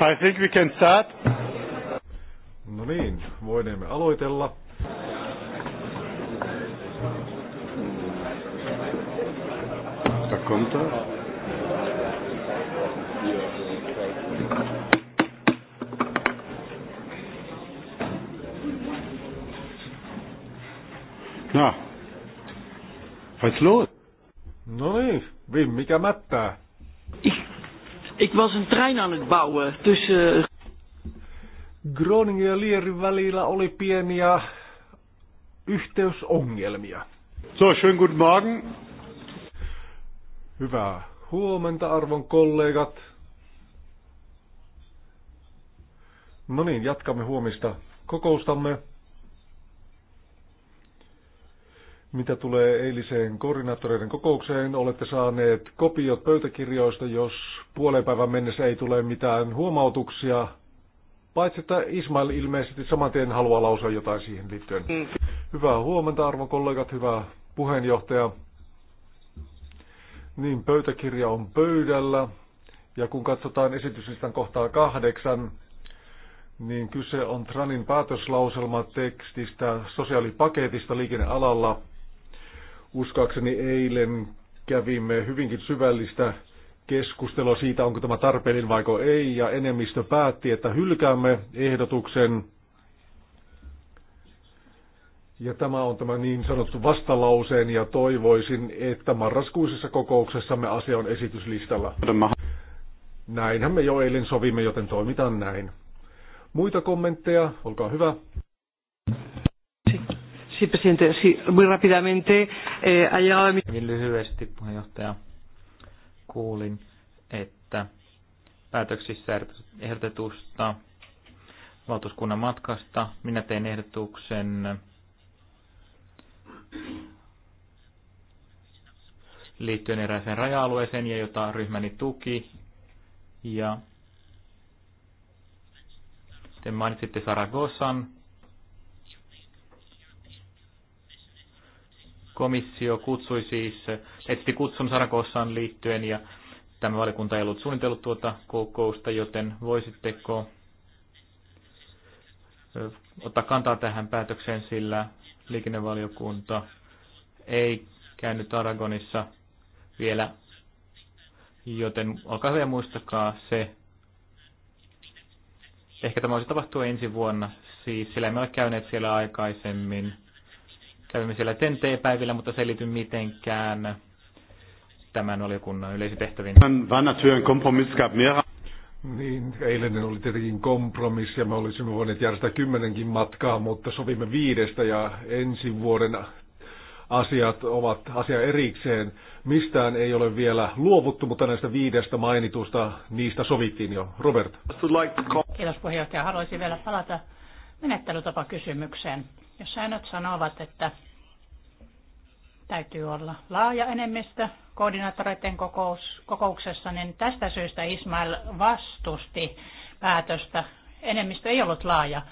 I think we can start. No niin, voimme aloitella. Takomta. kommt Na, was los? No niin, mikä mättää? was een trein aan het bouwen tussen... Groningen ja Lierin välillä oli pieniä yhteysongelmia. So, schönen guten Morgen. Hyvää huomenta, arvon kollegat. No niin, jatkamme huomista kokoustamme. Mitä tulee eiliseen koordinaattoreiden kokoukseen, olette saaneet kopiot pöytäkirjoista, jos puolen päivän mennessä ei tule mitään huomautuksia. Paitsi, että Ismail ilmeisesti saman tien haluaa lausua jotain siihen liittyen. Hyvää huomenta, arvon kollegat, hyvää puheenjohtaja. Niin, pöytäkirja on pöydällä. Ja kun katsotaan esityslistan kohtaa kahdeksan, niin kyse on Tranin päätöslauselma tekstistä sosiaalipaketista liikennealalla – Uskoakseni eilen kävimme hyvinkin syvällistä keskustelua siitä, onko tämä tarpeellinen vaiko ei, ja enemmistö päätti, että hylkäämme ehdotuksen. Ja tämä on tämä niin sanottu vastalauseen, ja toivoisin, että marraskuisessa kokouksessamme asia on esityslistalla. Näinhän me jo eilen sovimme, joten toimitaan näin. Muita kommentteja, olkaa hyvä. Sí, presidente, sí, muy rápidamente. Eh, ha llegado a mi... Hyvin lyhyesti, puheenjohtaja, kuulin, että päätöksissä ehdotetusta valtuuskunnan matkasta minä teen ehdotuksen liittyen erääseen raja-alueeseen, ja jota ryhmäni tuki. Ja te mainitsitte Saragossan, komissio kutsui siis, etsi kutsun Sarakoossaan liittyen ja tämä valikunta ei ollut suunnitellut tuota kokousta, joten voisitteko ottaa kantaa tähän päätökseen, sillä liikennevaliokunta ei käynyt Aragonissa vielä, joten olkaa hyvä muistakaa se. Ehkä tämä voisi tapahtua ensi vuonna, siis sillä emme ole käyneet siellä aikaisemmin Kävimme siellä TNT-päivillä, mutta se ei liity mitenkään tämän valiokunnan yleisötehtäviin. Niin, eilen oli tietenkin kompromissi ja me olisimme voineet järjestää kymmenenkin matkaa, mutta sovimme viidestä ja ensi vuoden asiat ovat asia erikseen. Mistään ei ole vielä luovuttu, mutta näistä viidestä mainitusta niistä sovittiin jo. Robert. Kiitos puheenjohtaja. Haluaisin vielä palata menettelytapakysymykseen. Jos säännöt sanovat, että täytyy olla laaja enemmistö koordinaattoreiden kokous, kokouksessa, niin tästä syystä Ismail vastusti päätöstä. Enemmistö ei ollut laaja.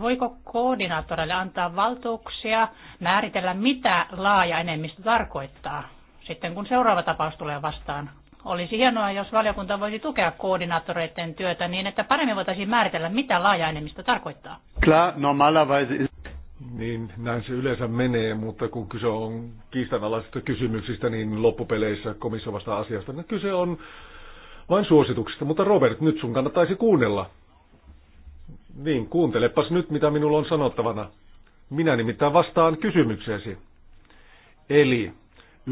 Voiko koordinaattoreille antaa valtuuksia määritellä, mitä laaja enemmistö tarkoittaa, sitten kun seuraava tapaus tulee vastaan? Olisi hienoa, jos valiokunta voisi tukea koordinaattoreiden työtä niin, että paremmin voitaisiin määritellä, mitä laaja enemmistö tarkoittaa. niin näin se yleensä menee, mutta kun kyse on kiistanalaisista kysymyksistä, niin loppupeleissä komissio vastaa asiasta. niin kyse on vain suosituksista, mutta Robert, nyt sun kannattaisi kuunnella. Niin, kuuntelepas nyt, mitä minulla on sanottavana. Minä nimittäin vastaan kysymykseesi. Eli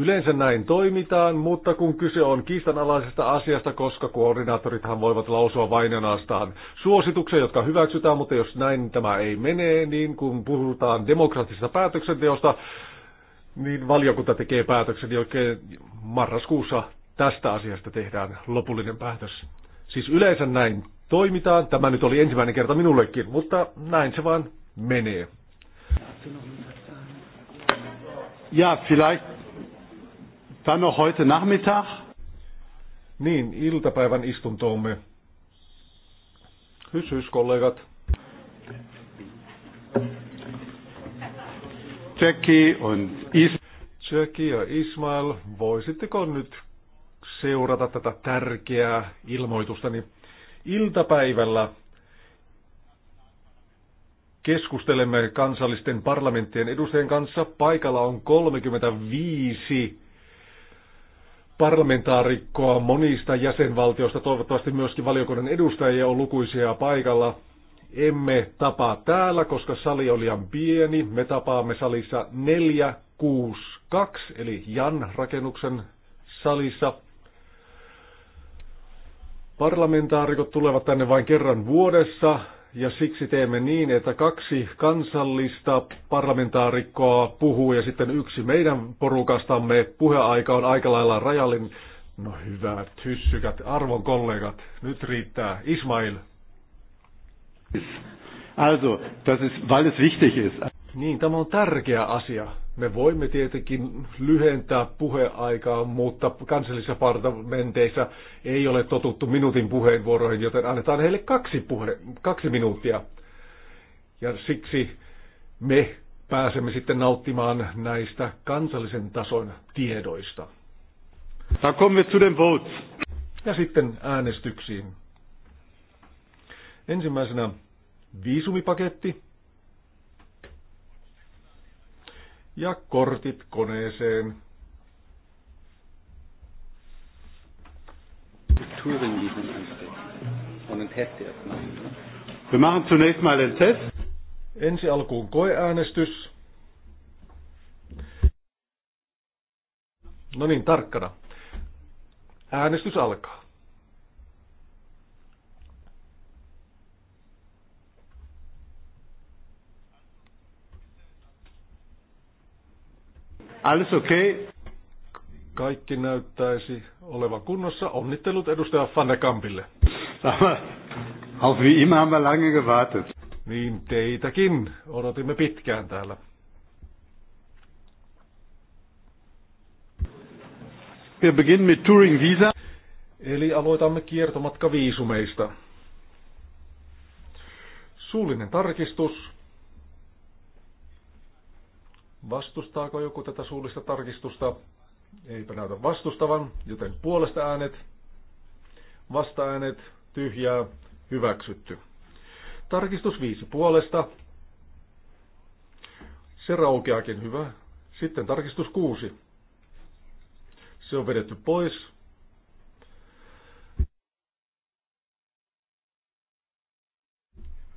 Yleensä näin toimitaan, mutta kun kyse on kiistanalaisesta asiasta, koska koordinaattorithan voivat lausua vain ainoastaan suosituksia, jotka hyväksytään, mutta jos näin tämä ei mene, niin kun puhutaan demokraattisesta päätöksenteosta, niin valiokunta tekee päätöksen, jolloin marraskuussa tästä asiasta tehdään lopullinen päätös. Siis yleensä näin toimitaan. Tämä nyt oli ensimmäinen kerta minullekin, mutta näin se vaan menee. Ja, vielleicht Dann noch heute Nachmittag. Niin, iltapäivän istuntoomme. Hys, hys kollegat. Tseki on Is- Tseki ja Ismail, voisitteko nyt seurata tätä tärkeää ilmoitustani? Niin iltapäivällä keskustelemme kansallisten parlamenttien edustajien kanssa. Paikalla on 35 parlamentaarikkoa monista jäsenvaltioista, toivottavasti myöskin valiokunnan edustajia on lukuisia paikalla. Emme tapaa täällä, koska sali on liian pieni. Me tapaamme salissa 462, eli Jan rakennuksen salissa. Parlamentaarikot tulevat tänne vain kerran vuodessa, ja siksi teemme niin, että kaksi kansallista parlamentaarikkoa puhuu ja sitten yksi meidän porukastamme. Puheaika on aika lailla rajallinen. No hyvät hyssykät, arvon kollegat, nyt riittää. Ismail. Also, das ist, weil es wichtig ist. Niin, tämä on tärkeä asia. Me voimme tietenkin lyhentää puheaikaa, mutta kansallisissa parlamenteissa ei ole totuttu minuutin puheenvuoroihin, joten annetaan heille kaksi, puhe, kaksi minuuttia. Ja siksi me pääsemme sitten nauttimaan näistä kansallisen tason tiedoista. Now come votes. Ja sitten äänestyksiin. Ensimmäisenä viisumipaketti. ja kortit koneeseen. Wir machen zunächst mal den Test. Ensi alkuun koeäänestys. No niin, tarkkana. Äänestys alkaa. Alles okay. Kaikki näyttäisi olevan kunnossa. Onnittelut edustaja Fanne Kampille. Auf wie immer haben wir lange gewartet. Niin teitäkin. Odotimme pitkään täällä. Wir beginnen mit Touring Visa. Eli aloitamme kiertomatka viisumeista. Suullinen tarkistus. Vastustaako joku tätä suullista tarkistusta? Eipä näytä vastustavan, joten puolesta äänet, vasta äänet, tyhjää, hyväksytty. Tarkistus viisi puolesta. Se raukeakin hyvä. Sitten tarkistus kuusi, Se on vedetty pois.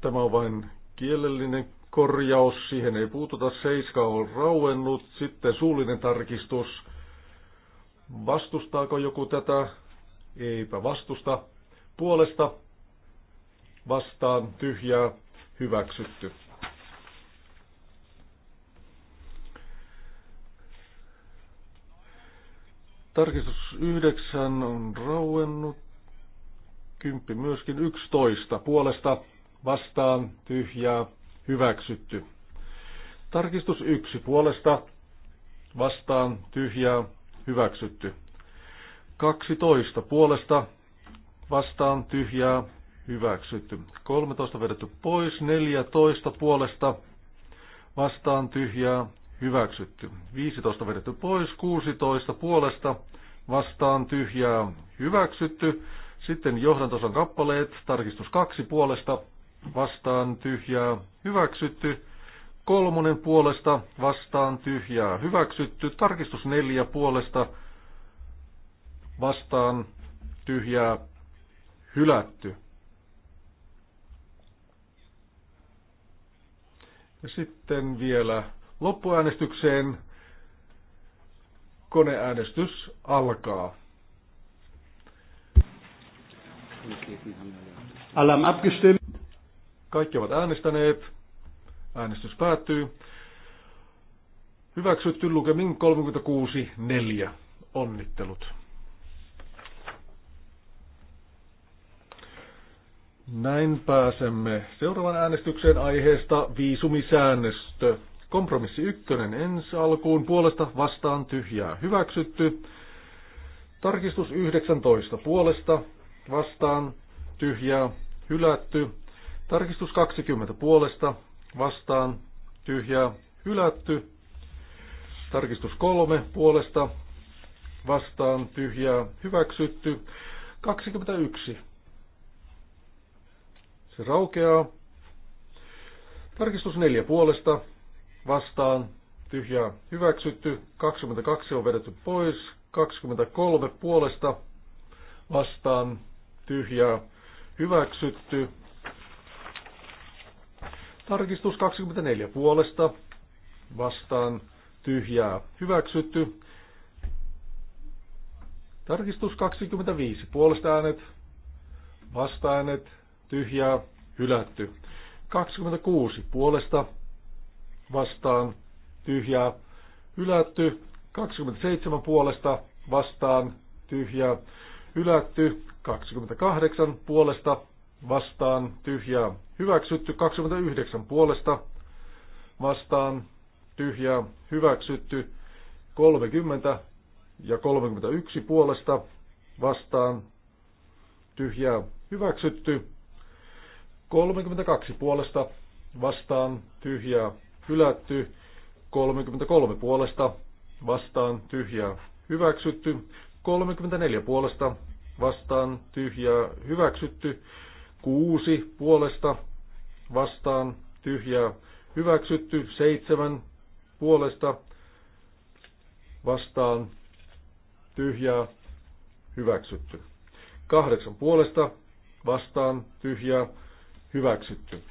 Tämä on vain kielellinen korjaus, siihen ei puututa, seiska on rauennut, sitten suullinen tarkistus. Vastustaako joku tätä? Eipä vastusta. Puolesta vastaan tyhjää hyväksytty. Tarkistus 9 on rauennut. 10 myöskin 11 puolesta vastaan tyhjää hyväksytty. Tarkistus 1 puolesta vastaan tyhjää hyväksytty. 12 puolesta vastaan tyhjää hyväksytty. 13 vedetty pois, 14 puolesta vastaan tyhjää hyväksytty. 15 vedetty pois, 16 puolesta vastaan tyhjää hyväksytty. Sitten johdantosan kappaleet, tarkistus 2 puolesta vastaan tyhjää hyväksytty. Kolmonen puolesta vastaan tyhjää hyväksytty. Tarkistus neljä puolesta vastaan tyhjää hylätty. Ja sitten vielä loppuäänestykseen koneäänestys alkaa. Alam abgestimmt. Kaikki ovat äänestäneet. Äänestys päättyy. Hyväksytty lukemin 36.4. Onnittelut. Näin pääsemme seuraavan äänestykseen aiheesta viisumisäännöstö. Kompromissi ykkönen ensi alkuun puolesta vastaan tyhjää hyväksytty. Tarkistus 19 puolesta vastaan tyhjää hylätty. Tarkistus 20 puolesta vastaan tyhjää hylätty. Tarkistus 3 puolesta vastaan tyhjää hyväksytty. 21. Se raukeaa. Tarkistus 4 puolesta vastaan tyhjää hyväksytty. 22 on vedetty pois. 23 puolesta vastaan tyhjää hyväksytty. Tarkistus 24 puolesta vastaan tyhjää hyväksytty. Tarkistus 25 puolesta äänet, vasta äänet, tyhjää hylätty. 26 puolesta vastaan tyhjää hylätty. 27 puolesta vastaan tyhjää hylätty. 28 puolesta vastaan tyhjää Hyväksytty 29 puolesta vastaan tyhjää. Hyväksytty 30 ja 31 puolesta vastaan tyhjää. Hyväksytty 32 puolesta vastaan tyhjää. Hylätty 33 puolesta vastaan tyhjää. Hyväksytty 34 puolesta vastaan tyhjää. Hyväksytty 6 puolesta vastaan tyhjää hyväksytty. Seitsemän puolesta vastaan tyhjää hyväksytty. Kahdeksan puolesta vastaan tyhjää hyväksytty.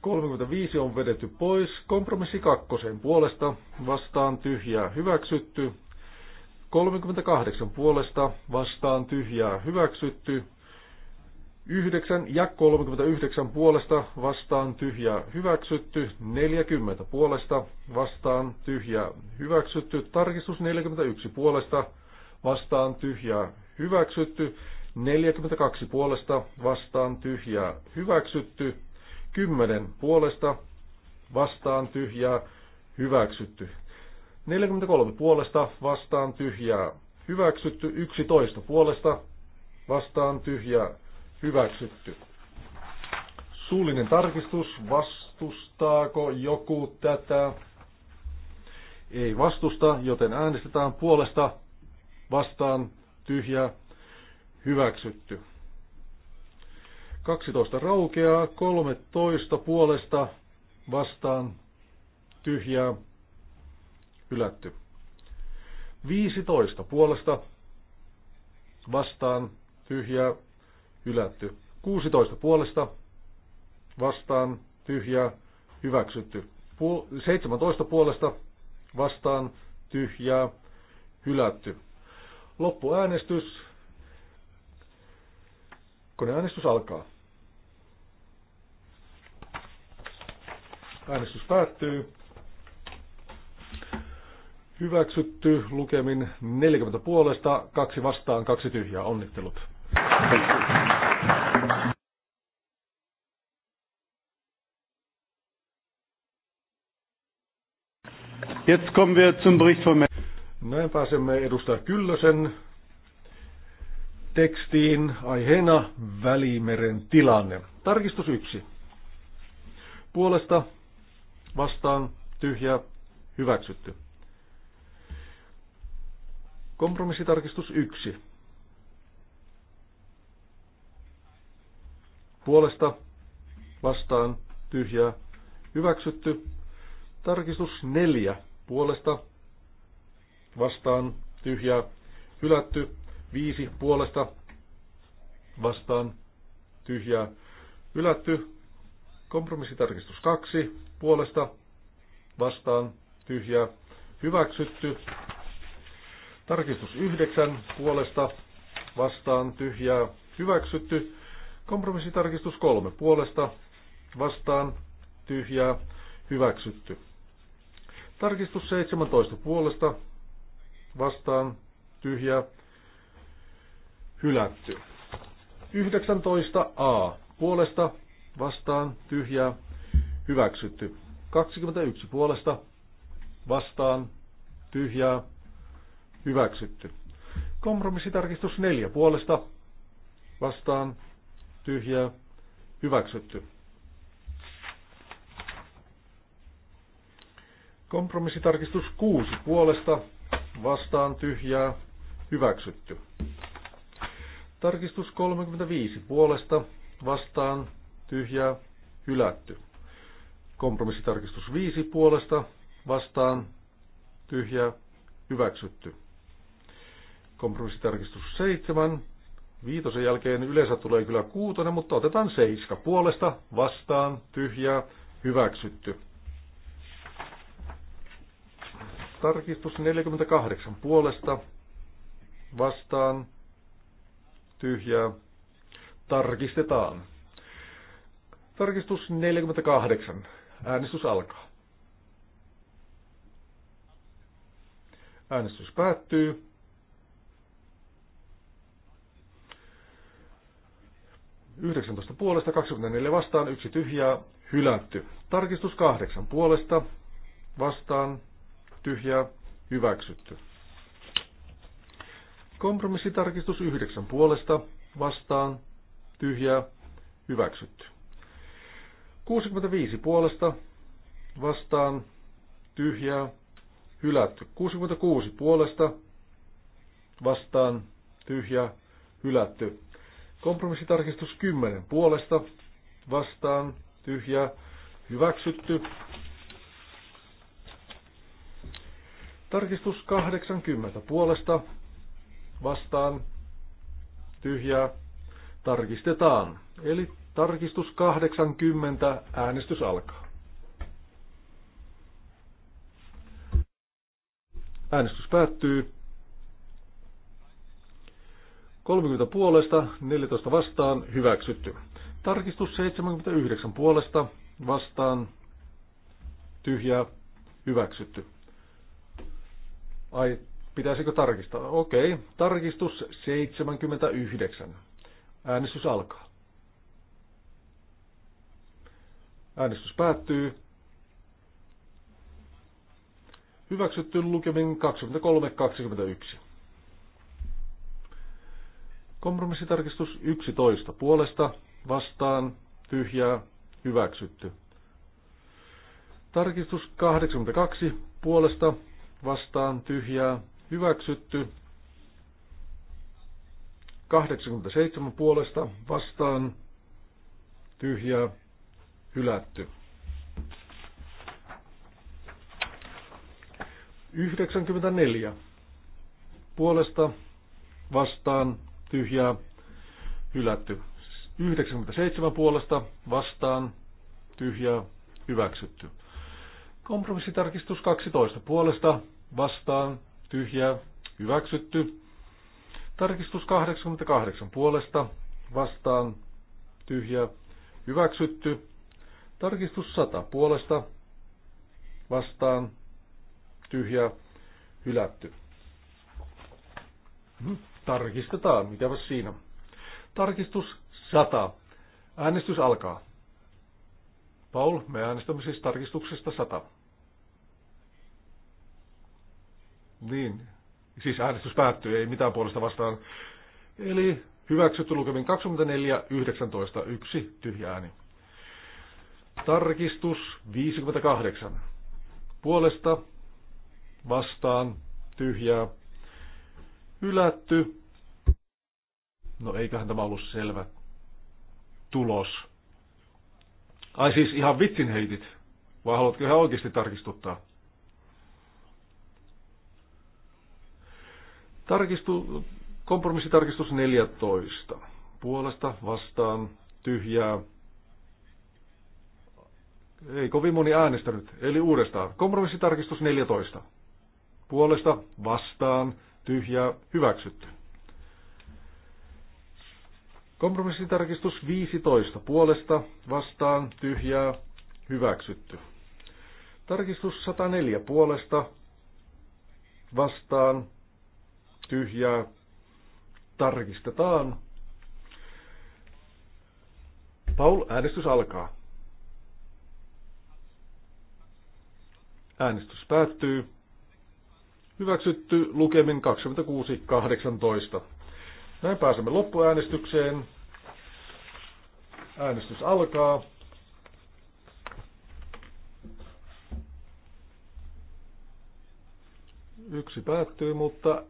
35 on vedetty pois. Kompromissi kakkosen puolesta vastaan tyhjää hyväksytty. 38 puolesta vastaan tyhjää hyväksytty. 9 ja 39 puolesta vastaan tyhjä hyväksytty, 40 puolesta vastaan tyhjä hyväksytty, tarkistus 41 puolesta vastaan tyhjä hyväksytty, 42 puolesta vastaan tyhjä hyväksytty, 10 puolesta vastaan tyhjä hyväksytty, 43 puolesta vastaan tyhjä hyväksytty, 11 puolesta vastaan tyhjää Hyväksytty. Suullinen tarkistus. Vastustaako joku tätä? Ei vastusta, joten äänestetään puolesta vastaan tyhjä hyväksytty. 12 raukeaa, 13 puolesta vastaan tyhjää hylätty. 15 puolesta vastaan tyhjää hylätty. 16 puolesta vastaan tyhjää hyväksytty. 17 puolesta vastaan tyhjää hylätty. Loppuäänestys. Koneäänestys alkaa. Äänestys päättyy. Hyväksytty lukemin 40 puolesta, kaksi vastaan, kaksi tyhjää. Onnittelut. Thank you. Jetzt kommen wir zum Bericht von Näin pääsemme edustaja Kyllösen tekstiin aiheena Välimeren tilanne. Tarkistus yksi. Puolesta vastaan tyhjä hyväksytty. Kompromissitarkistus 1. Puolesta vastaan tyhjä hyväksytty. Tarkistus 4 puolesta vastaan tyhjää hylätty. viisi puolesta vastaan tyhjää hylätty. Kompromissitarkistus kaksi puolesta vastaan tyhjää hyväksytty. Tarkistus yhdeksän puolesta vastaan tyhjää hyväksytty. Kompromissitarkistus kolme puolesta vastaan tyhjää hyväksytty. Tarkistus 17 puolesta vastaan tyhjä hylätty. 19a puolesta vastaan tyhjää hyväksytty. 21 puolesta vastaan tyhjää hyväksytty. Kompromissitarkistus 4 puolesta vastaan tyhjää hyväksytty. Kompromissitarkistus 6 puolesta vastaan tyhjää hyväksytty. Tarkistus 35 puolesta vastaan tyhjää hylätty. Kompromissitarkistus 5 puolesta vastaan tyhjää hyväksytty. Kompromissitarkistus 7. Viitosen jälkeen yleensä tulee kyllä kuutonen, mutta otetaan seiska puolesta vastaan tyhjää hyväksytty. Tarkistus 48 puolesta vastaan tyhjää tarkistetaan. Tarkistus 48. Äänestys alkaa. Äänestys päättyy. Yhdeksäntoista puolesta, 24 vastaan, yksi tyhjää, hylätty. Tarkistus kahdeksan puolesta, vastaan, tyhjää, hyväksytty. Kompromissitarkistus 9 puolesta, vastaan, tyhjää, hyväksytty. 65 puolesta, vastaan, tyhjää, hylätty. 66 puolesta, vastaan, tyhjää, hylätty. Kompromissitarkistus 10 puolesta, vastaan, tyhjää, hyväksytty. Tarkistus 80 puolesta vastaan tyhjää tarkistetaan. Eli tarkistus 80 äänestys alkaa. Äänestys päättyy. 30 puolesta, 14 vastaan, hyväksytty. Tarkistus 79 puolesta, vastaan, tyhjää, hyväksytty. Ai, pitäisikö tarkistaa? Okei, tarkistus 79. Äänestys alkaa. Äänestys päättyy. Hyväksytty lukemin 23.21. Kompromissitarkistus 11. Puolesta, vastaan, tyhjää, hyväksytty. Tarkistus 82. Puolesta, vastaan tyhjää hyväksytty. 87 puolesta vastaan tyhjää hylätty. 94 puolesta vastaan tyhjää hylätty. 97 puolesta vastaan tyhjää hyväksytty. Kompromissitarkistus 12 puolesta vastaan, tyhjää, hyväksytty. Tarkistus 88 puolesta, vastaan, tyhjää, hyväksytty. Tarkistus 100 puolesta, vastaan, tyhjää, hylätty. Hmm, tarkistetaan, mikäpäs siinä. Tarkistus 100. Äänestys alkaa. Paul, me äänestämme siis tarkistuksesta 100. Niin, siis äänestys päättyy, ei mitään puolesta vastaan. Eli hyväksytty lukemin 24, 19, 1 tyhjä ääni. Tarkistus 58. Puolesta vastaan tyhjää. Hylätty. No eiköhän tämä ollut selvä tulos. Ai siis ihan vitsin heitit. Vai haluatko ihan oikeasti tarkistuttaa? Tarkistu, kompromissitarkistus 14. Puolesta vastaan tyhjää. Ei kovin moni äänestänyt, eli uudestaan. Kompromissitarkistus 14. Puolesta vastaan tyhjää hyväksytty. Kompromissitarkistus 15. Puolesta vastaan tyhjää hyväksytty. Tarkistus 104. Puolesta vastaan tyhjää, tarkistetaan. Paul, äänestys alkaa. Äänestys päättyy. Hyväksytty lukemin 26.18. Näin pääsemme loppuäänestykseen. Äänestys alkaa. Yksi päättyy, mutta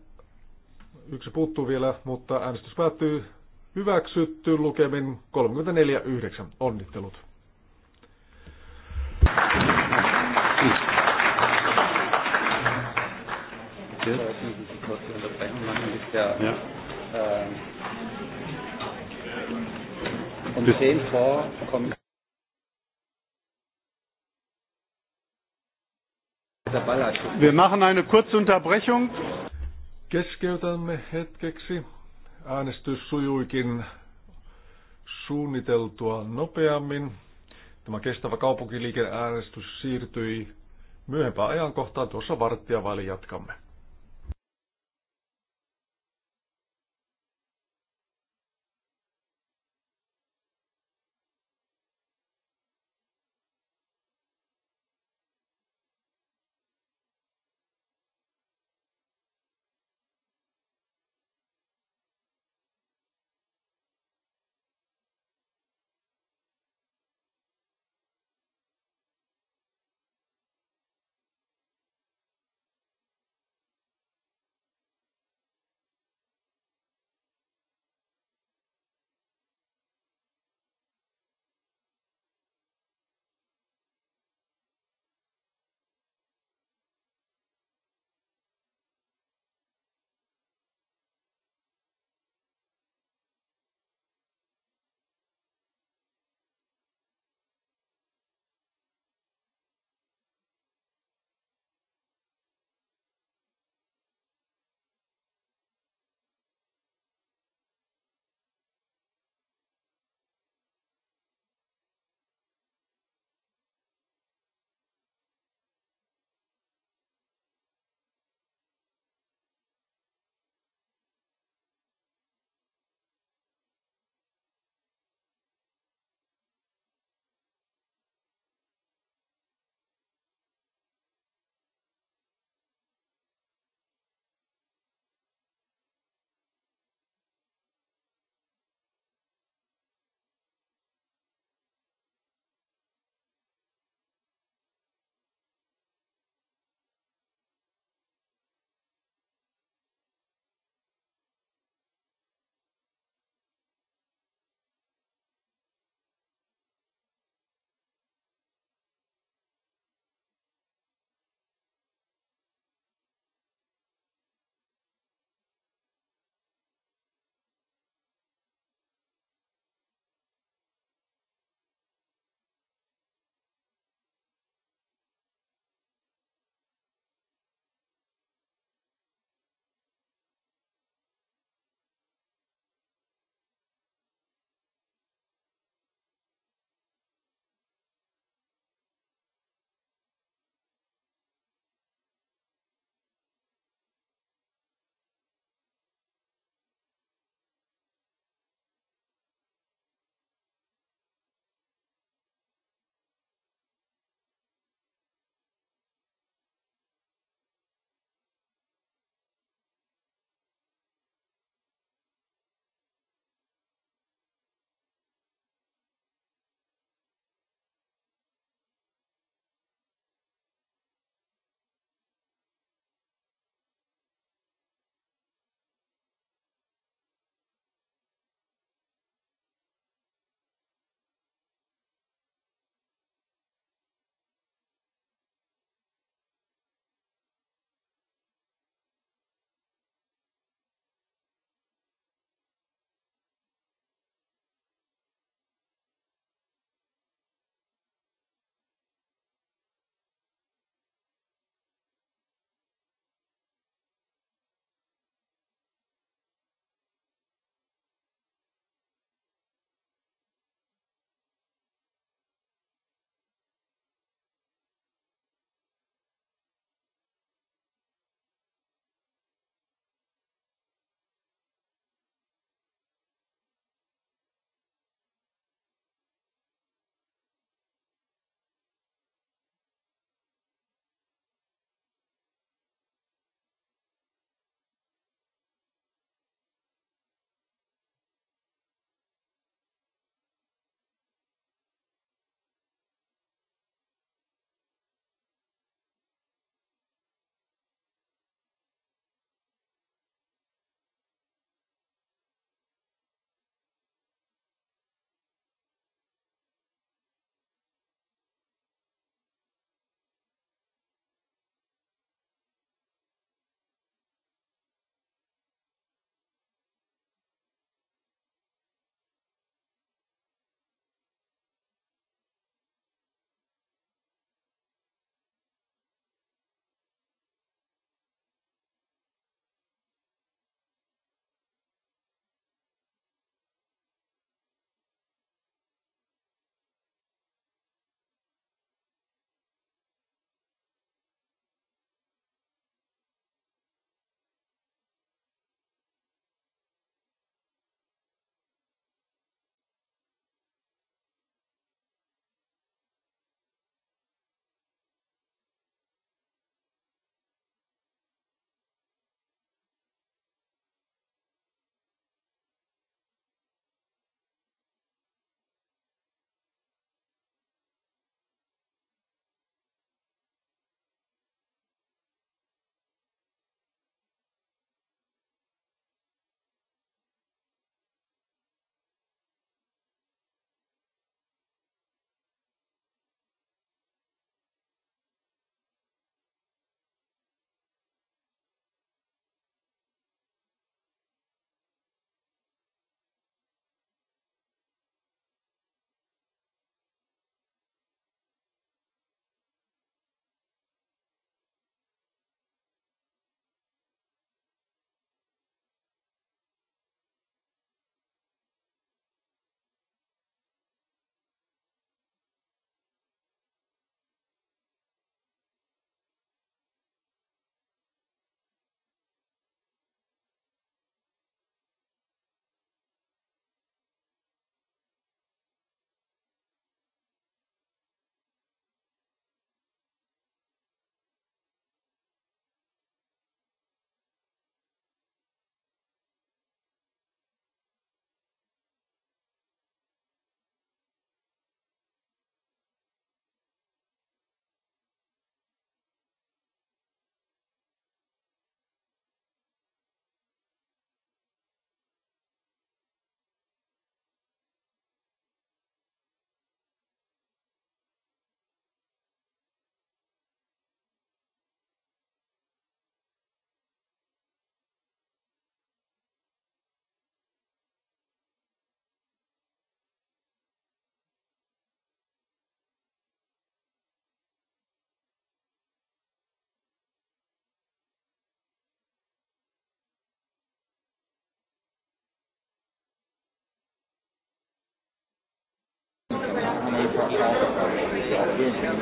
Yksi puuttuu vielä, mutta äänestys päättyy hyväksytty lukemin 34.9. Onnittelut. Um Wir machen eine kurze Unterbrechung. Keskeytämme hetkeksi. Äänestys sujuikin suunniteltua nopeammin. Tämä kestävä kaupunkiliikeäänestys siirtyi myöhempään ajankohtaan tuossa varttia vaille jatkamme.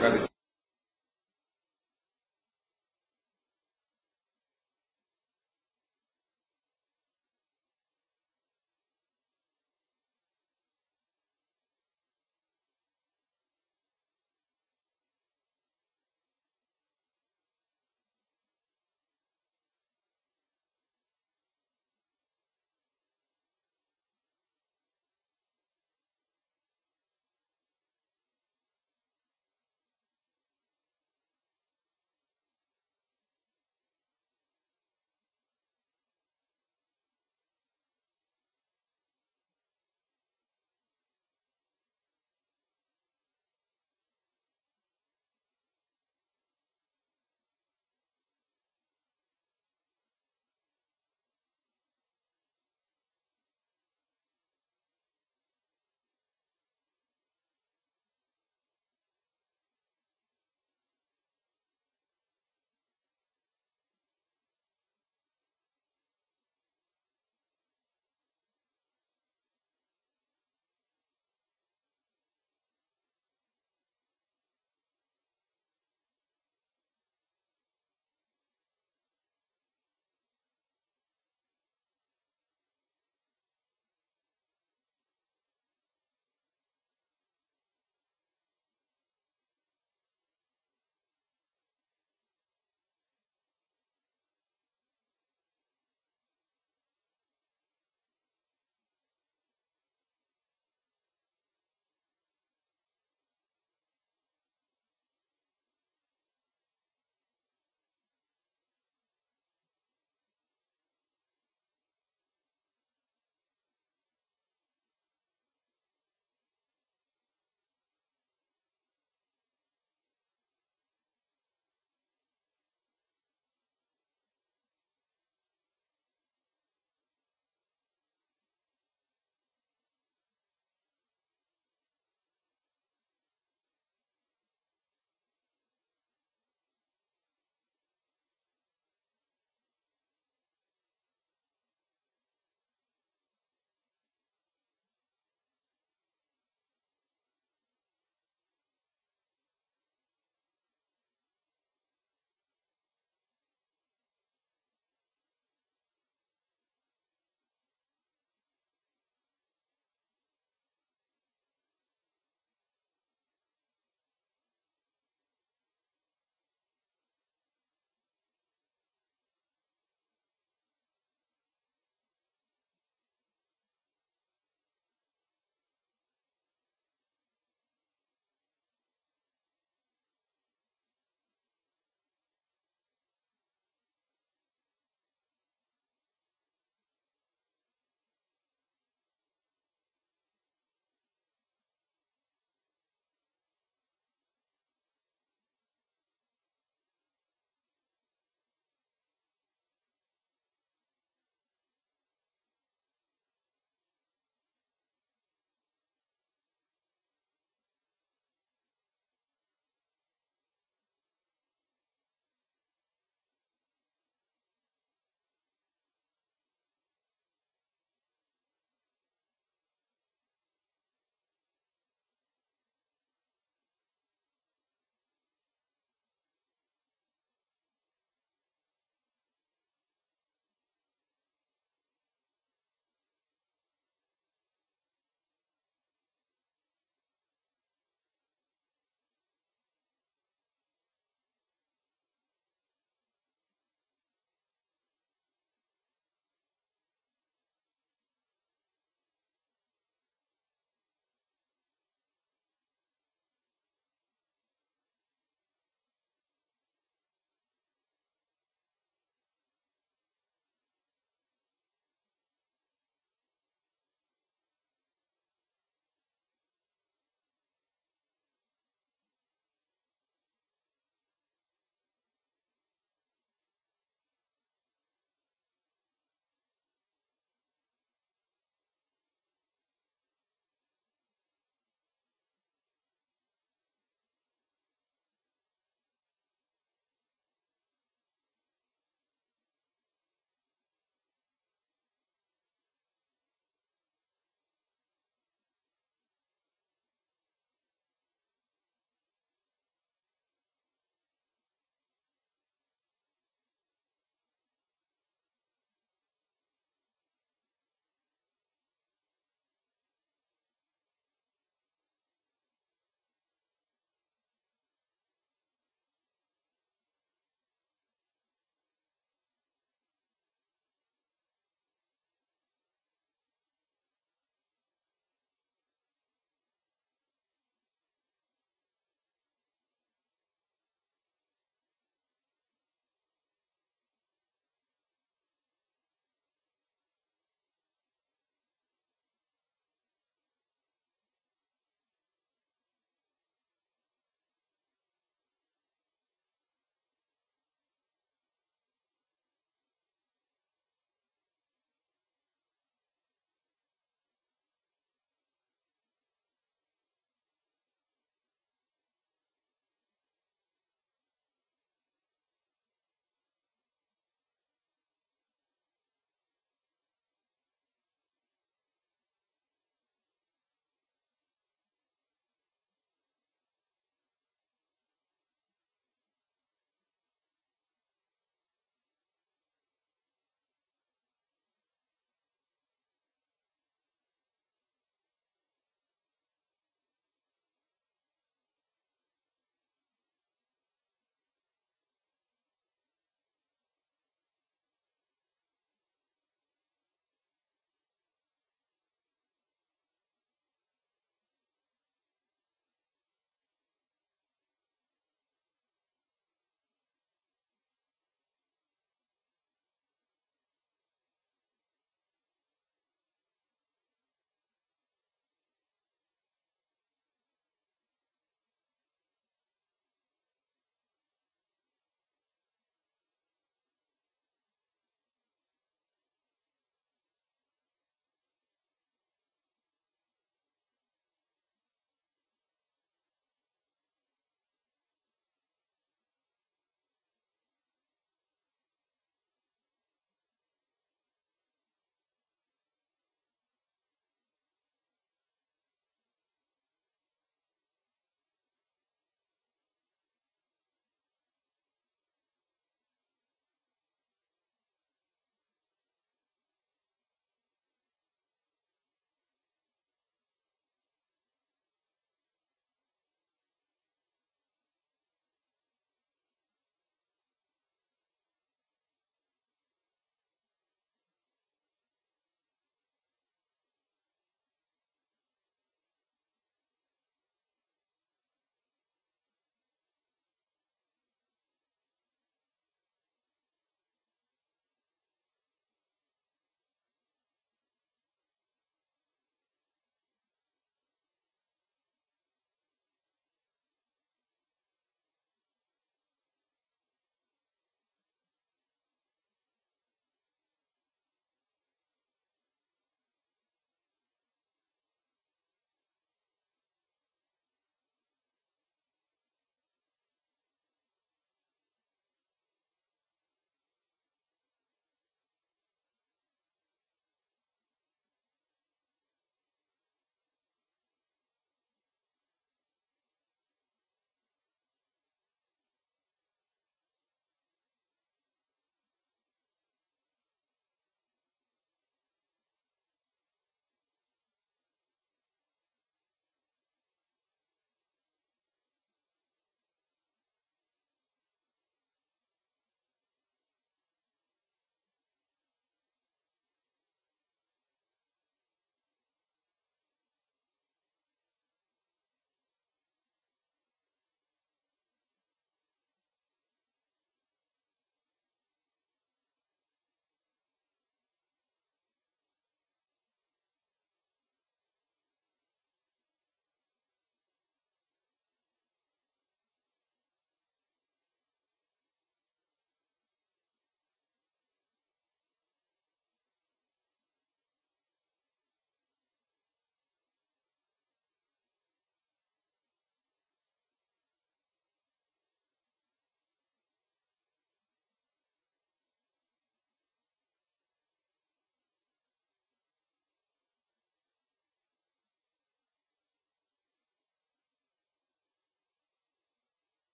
Grazie.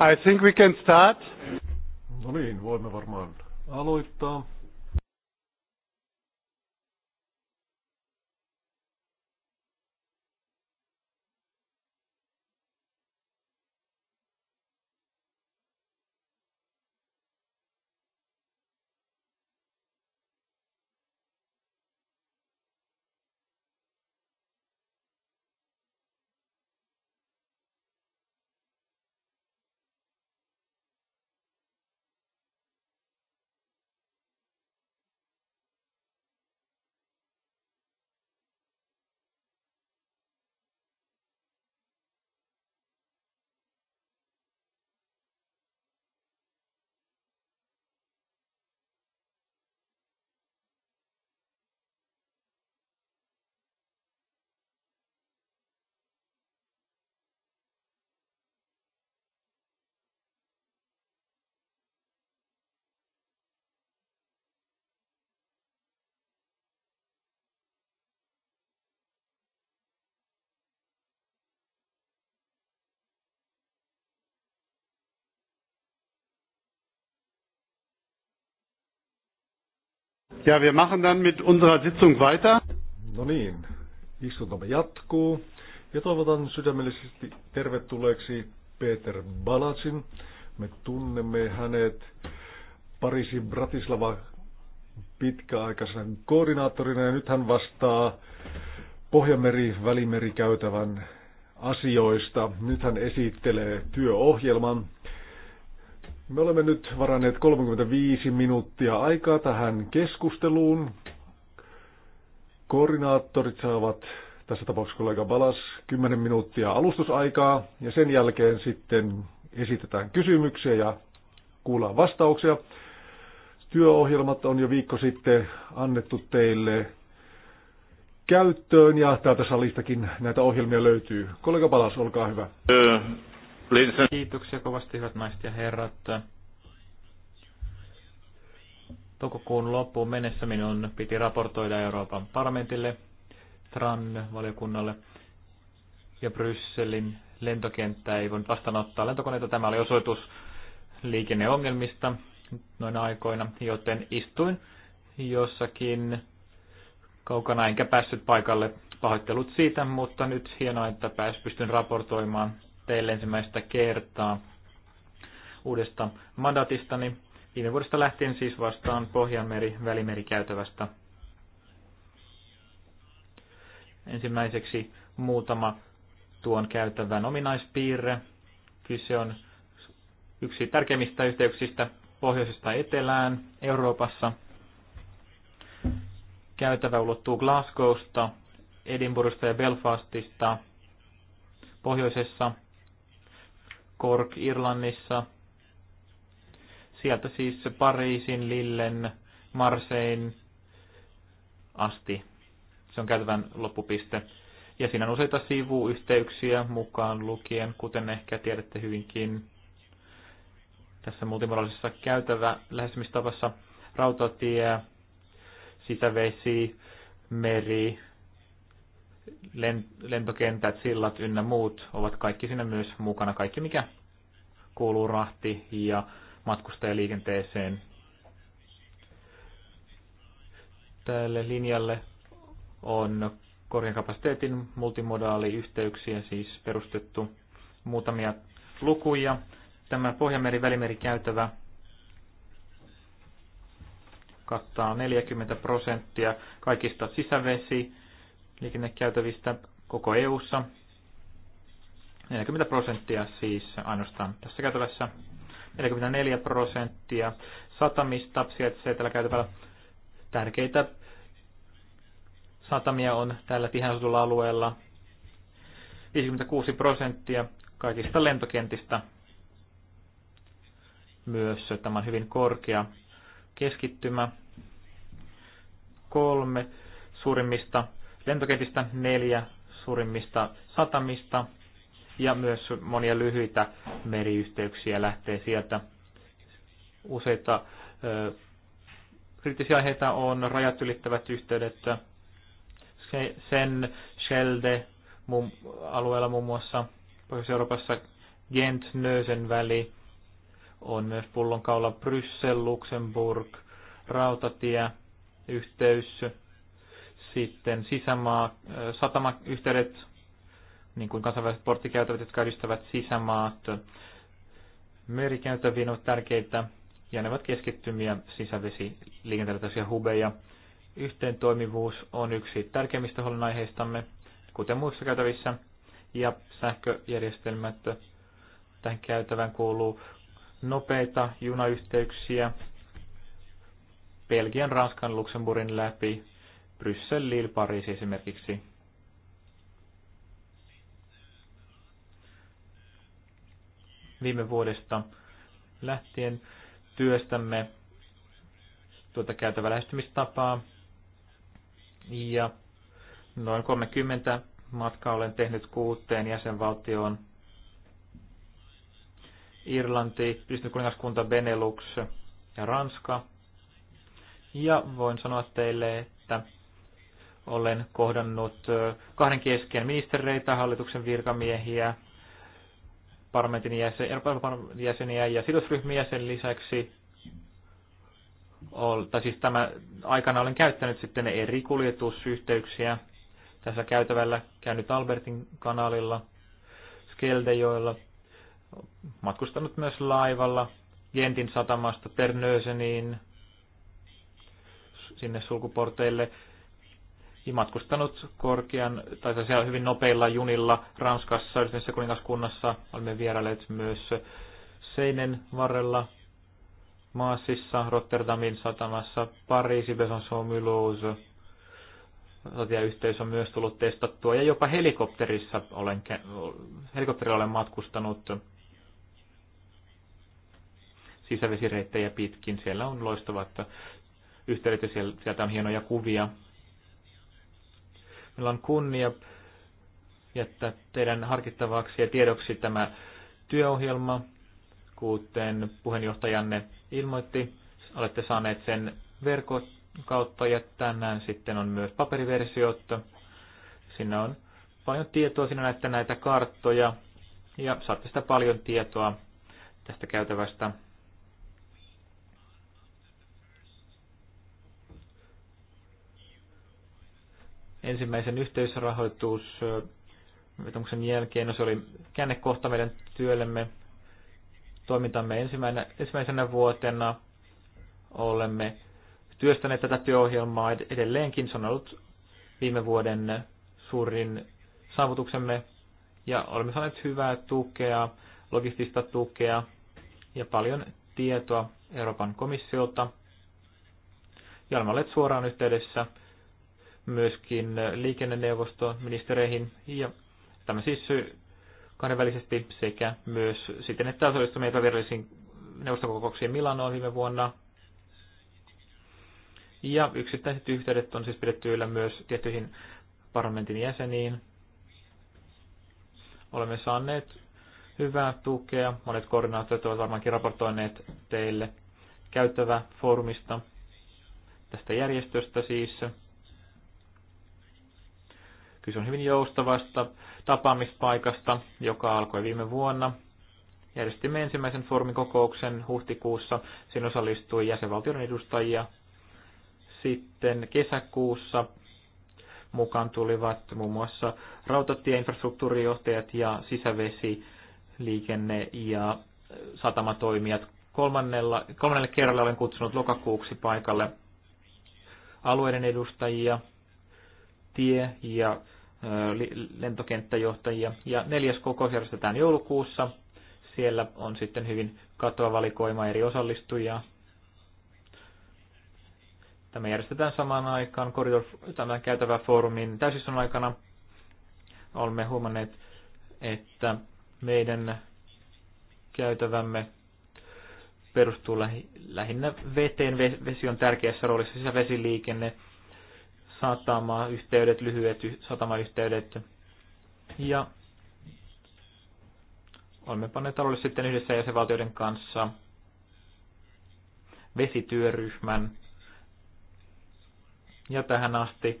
I think we can start. No niin, voimme varmaan aloittaa. Ja, wir machen dann mit unserer Sitzung weiter. No niin, istuntomme jatkuu. Ja toivotan sydämellisesti tervetulleeksi Peter Balatsin. Me tunnemme hänet Pariisin Bratislava pitkäaikaisena koordinaattorina ja nyt hän vastaa Pohjameri-Välimeri-käytävän asioista. Nyt hän esittelee työohjelman me olemme nyt varanneet 35 minuuttia aikaa tähän keskusteluun. Koordinaattorit saavat tässä tapauksessa kollega Balas 10 minuuttia alustusaikaa ja sen jälkeen sitten esitetään kysymyksiä ja kuullaan vastauksia. Työohjelmat on jo viikko sitten annettu teille käyttöön ja täältä salistakin näitä ohjelmia löytyy. Kollega Palas, olkaa hyvä. Kiitoksia kovasti, hyvät naiset ja herrat. Toukokuun loppuun mennessä minun piti raportoida Euroopan parlamentille, TRAN-valiokunnalle ja Brysselin lentokenttä ei voinut vastaanottaa lentokoneita. Tämä oli osoitus liikenneongelmista noina aikoina, joten istuin jossakin kaukana enkä päässyt paikalle. Pahoittelut siitä, mutta nyt hienoa, että pääs pystyn raportoimaan teille ensimmäistä kertaa uudesta mandatistani. Niin viime vuodesta lähtien siis vastaan Pohjanmeri käytävästä. Ensimmäiseksi muutama tuon käytävän ominaispiirre. Kyse on yksi tärkeimmistä yhteyksistä pohjoisesta etelään Euroopassa. Käytävä ulottuu Glasgowsta, Edinburghista ja Belfastista pohjoisessa Cork Irlannissa. Sieltä siis Pariisin, Lillen, Marsein asti. Se on käytävän loppupiste. Ja siinä on useita sivuyhteyksiä mukaan lukien, kuten ehkä tiedätte hyvinkin tässä multimodaalisessa käytävä lähestymistavassa rautatie, sisävesi, meri, lentokentät, sillat ynnä muut ovat kaikki siinä myös mukana. Kaikki mikä kuuluu rahti- ja matkustajaliikenteeseen. Tälle linjalle on korkean kapasiteetin multimodaaliyhteyksiä siis perustettu muutamia lukuja. Tämä Pohjanmeri-Välimeri käytävä kattaa 40 prosenttia kaikista sisävesi- liikennekäytävistä koko EU:ssa. 40 prosenttia siis ainoastaan tässä käytävässä. 44 prosenttia satamista sijaitsee tällä käytävällä. Tärkeitä satamia on tällä tihänsutulla alueella. 56 prosenttia kaikista lentokentistä myös. Tämä on hyvin korkea keskittymä. Kolme suurimmista lentokentistä, neljä suurimmista satamista ja myös monia lyhyitä meriyhteyksiä lähtee sieltä. Useita ö, kriittisiä aiheita on rajat ylittävät yhteydet, sen Schelde muun, alueella muun muassa Pohjois-Euroopassa Gent-Nösen väli on myös pullonkaula Bryssel, Luxemburg, rautatieyhteys sitten sisämaa, äh, satamayhteydet, niin kuin kansainväliset porttikäytävät, jotka edistävät sisämaat. Merikäytäviin ovat tärkeitä ja ne ovat keskittymiä sisävesiliikenteellisiä hubeja. Yhteen toimivuus on yksi tärkeimmistä huolenaiheistamme, kuten muissa käytävissä, ja sähköjärjestelmät. Tähän käytävään kuuluu nopeita junayhteyksiä Belgian, Ranskan, Luxemburgin läpi Bryssel, Lille, Pariisi esimerkiksi. Viime vuodesta lähtien työstämme tuota käytävä lähestymistapaa ja noin 30 matkaa olen tehnyt kuuteen jäsenvaltioon. Irlanti, Yhdistynyt kuningaskunta, Benelux ja Ranska. Ja voin sanoa teille, että olen kohdannut kahden kesken ministereitä, hallituksen virkamiehiä, parlamentin jäsen, jäseniä ja sidosryhmiä sen lisäksi. Tai siis tämä aikana olen käyttänyt sitten eri kuljetusyhteyksiä tässä käytävällä, käynyt Albertin kanalilla, Skeldejoilla, matkustanut myös laivalla Gentin satamasta Ternöseniin sinne sulkuporteille ja matkustanut korkean, tai siellä hyvin nopeilla junilla Ranskassa, yhdessä kuningaskunnassa. Olemme vierailleet myös Seinen varrella, Maasissa, Rotterdamin satamassa, Pariisi, Besançon, Mulhouse. Sotiayhteys on myös tullut testattua ja jopa helikopterissa olen, helikopterilla olen matkustanut sisävesireittejä pitkin. Siellä on loistavat yhteydet ja sieltä on hienoja kuvia Meillä on kunnia jättää teidän harkittavaksi ja tiedoksi tämä työohjelma, kuten puheenjohtajanne ilmoitti. Olette saaneet sen verkon kautta ja tänään sitten on myös paperiversiota. Siinä on paljon tietoa, siinä näette näitä karttoja ja saatte sitä paljon tietoa tästä käytävästä ensimmäisen yhteisrahoitusvetomuksen jälkeen. No se oli käännekohta meidän työllemme. Toimintamme ensimmäisenä, ensimmäisenä vuotena olemme työstäneet tätä työohjelmaa edelleenkin. Se on ollut viime vuoden suurin saavutuksemme ja olemme saaneet hyvää tukea, logistista tukea ja paljon tietoa Euroopan komissiolta. Ja olemme olleet suoraan yhteydessä myöskin liikenneneuvoston ministereihin ja tämä siis kahdenvälisesti sekä myös siten, että osallistumme epävirallisiin neuvoston neuvostokokouksiin Milanoon viime vuonna. Ja yksittäiset yhteydet on siis pidetty yllä myös tiettyihin parlamentin jäseniin. Olemme saaneet hyvää tukea. Monet koordinaattorit ovat varmaankin raportoineet teille käyttävä foorumista tästä järjestöstä siis. Kyse on hyvin joustavasta tapaamispaikasta, joka alkoi viime vuonna. Järjestimme ensimmäisen formikokouksen huhtikuussa. Siinä osallistui jäsenvaltion edustajia. Sitten kesäkuussa mukaan tulivat muun muassa rautatieinfrastruktuurijohtajat ja sisävesi, liikenne ja satamatoimijat. Kolmannella, kolmannelle kerralla olen kutsunut lokakuuksi paikalle alueiden edustajia, tie- ja lentokenttäjohtajia. Ja neljäs kokous järjestetään joulukuussa. Siellä on sitten hyvin katoa valikoima eri osallistujia. Tämä järjestetään samaan aikaan koridor, tämän käytävän foorumin täysistunnon aikana. Olemme huomanneet, että meidän käytävämme perustuu lähinnä veteen. Vesi on tärkeässä roolissa sisävesiliikenne satamayhteydet, lyhyet satamayhteydet. Ja olemme panneet alulle sitten yhdessä jäsenvaltioiden kanssa vesityöryhmän. Ja tähän asti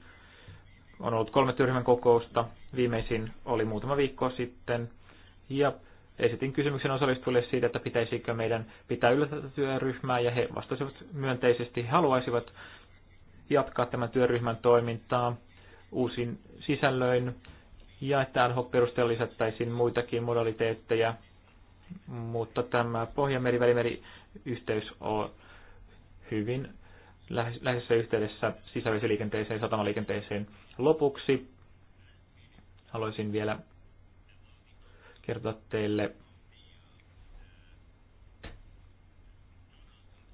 on ollut kolme työryhmän kokousta. Viimeisin oli muutama viikko sitten. Ja esitin kysymyksen osallistujille siitä, että pitäisikö meidän pitää yllä tätä työryhmää, ja he vastasivat myönteisesti. He haluaisivat jatkaa tämän työryhmän toimintaa uusin sisällöin ja että ad hoc perusteella lisättäisiin muitakin modaliteetteja, mutta tämä Pohjanmeri-välimeri-yhteys on hyvin läheisessä yhteydessä sisävesiliikenteeseen ja satamaliikenteeseen. Lopuksi haluaisin vielä kertoa teille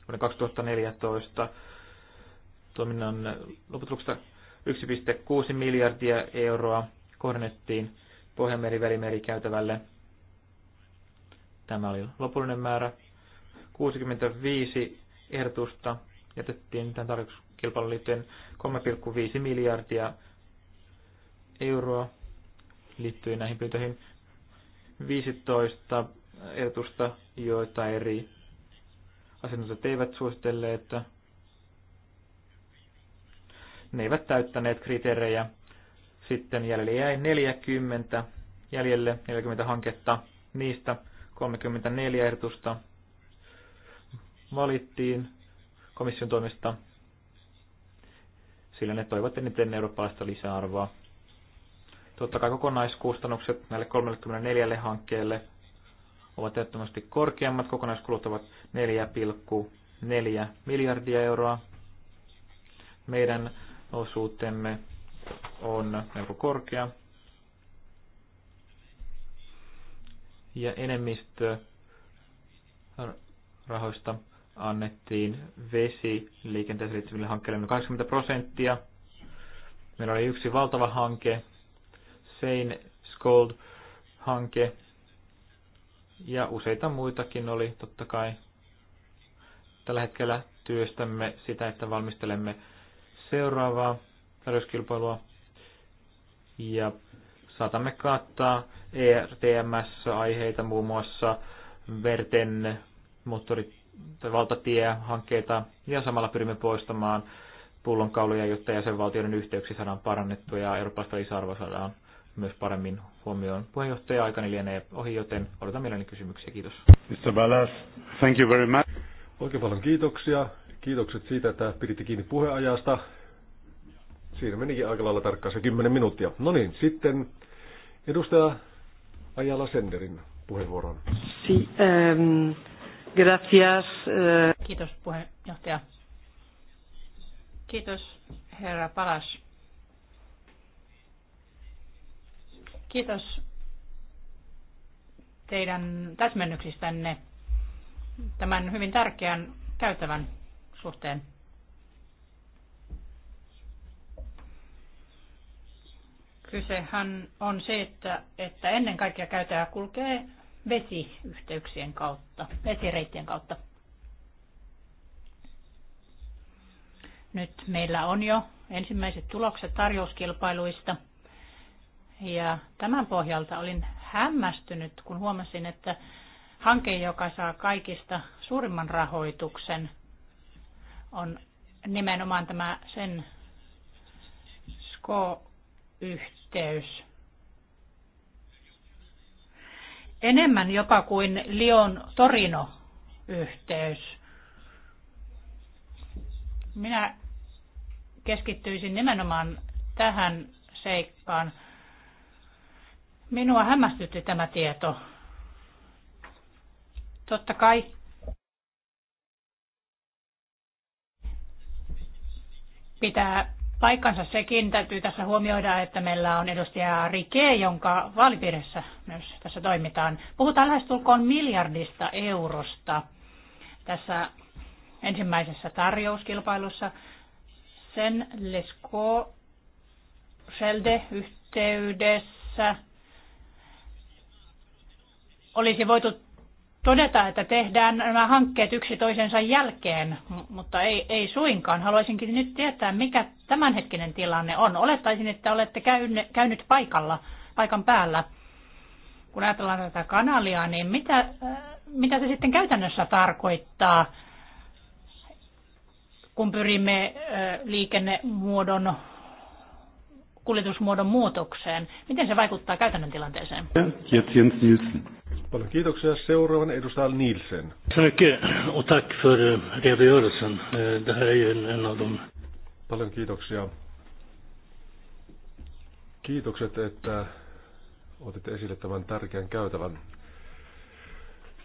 vuoden 2014 toiminnan lopputuloksesta 1,6 miljardia euroa kohdennettiin pohjanmeri käytävälle. Tämä oli lopullinen määrä. 65 ehdotusta jätettiin tämän tarjouskilpailun liittyen 3,5 miljardia euroa liittyen näihin pyyntöihin. 15 ehdotusta, joita eri asiantuntijat eivät suositelleet, että ne eivät täyttäneet kriteerejä. Sitten jäljelle jäi 40, jäljelle 40 hanketta, niistä 34 ehdotusta valittiin komission toimesta, sillä ne toivat eniten eurooppalaista lisäarvoa. Totta kai kokonaiskustannukset näille 34 hankkeelle ovat ehdottomasti korkeammat. Kokonaiskulut ovat 4,4 miljardia euroa. Meidän osuutemme on melko korkea. Ja enemmistö rahoista annettiin vesi liikenteeseen liittyville hankkeille 80 prosenttia. Meillä oli yksi valtava hanke, Sein Scold-hanke, ja useita muitakin oli totta kai. Tällä hetkellä työstämme sitä, että valmistelemme seuraavaa tarjouskilpailua ja saatamme kattaa ERTMS-aiheita muun muassa verten moottori- tai valtatiehankkeita ja samalla pyrimme poistamaan pullonkauluja, jotta jäsenvaltioiden yhteyksiä saadaan parannettua ja eurooppalaista lisäarvoa saadaan myös paremmin huomioon. Puheenjohtaja aikani lienee ohi, joten odotan mielelläni kysymyksiä. Kiitos. Mr. Ballas, thank you very much. Oikein paljon kiitoksia. Kiitokset siitä, että piditte kiinni puheajasta. Siinä menikin aika lailla tarkkaan se 10 minuuttia. No niin, sitten edustaja Ajala Senderin puheenvuoron. Si, ähm, gracias. Äh... Kiitos puheenjohtaja. Kiitos herra Palas. Kiitos teidän täsmennyksistänne tämän hyvin tärkeän käytävän suhteen. Kysehän on se, että ennen kaikkea käytäjä kulkee vesiyhteyksien kautta, vesireittien kautta. Nyt meillä on jo ensimmäiset tulokset tarjouskilpailuista. Ja tämän pohjalta olin hämmästynyt, kun huomasin, että hanke, joka saa kaikista suurimman rahoituksen, on nimenomaan tämä sen SKO-yhteys yhteys. Enemmän jopa kuin Lion Torino yhteys. Minä keskittyisin nimenomaan tähän seikkaan. Minua hämmästytti tämä tieto. Totta kai pitää paikkansa sekin. Täytyy tässä huomioida, että meillä on edustaja Rike, jonka vaalipiirissä myös tässä toimitaan. Puhutaan lähestulkoon miljardista eurosta tässä ensimmäisessä tarjouskilpailussa. Sen Lesko selde yhteydessä olisi voitu todeta, että tehdään nämä hankkeet yksi toisensa jälkeen, mutta ei, ei suinkaan. Haluaisinkin nyt tietää, mikä tämänhetkinen tilanne on. Olettaisin, että olette käyne, käynyt paikalla, paikan päällä. Kun ajatellaan tätä kanalia, niin mitä, äh, mitä se sitten käytännössä tarkoittaa, kun pyrimme äh, liikennemuodon kuljetusmuodon muutokseen. Miten se vaikuttaa käytännön tilanteeseen? Jens Nielsen. Paljon kiitoksia. Seuraavan edustaja Nielsen. tack för eh, redogörelsen. Eh, det här är ju en av Paljon kiitoksia. Kiitokset, että otit esille tämän tärkeän käytävän.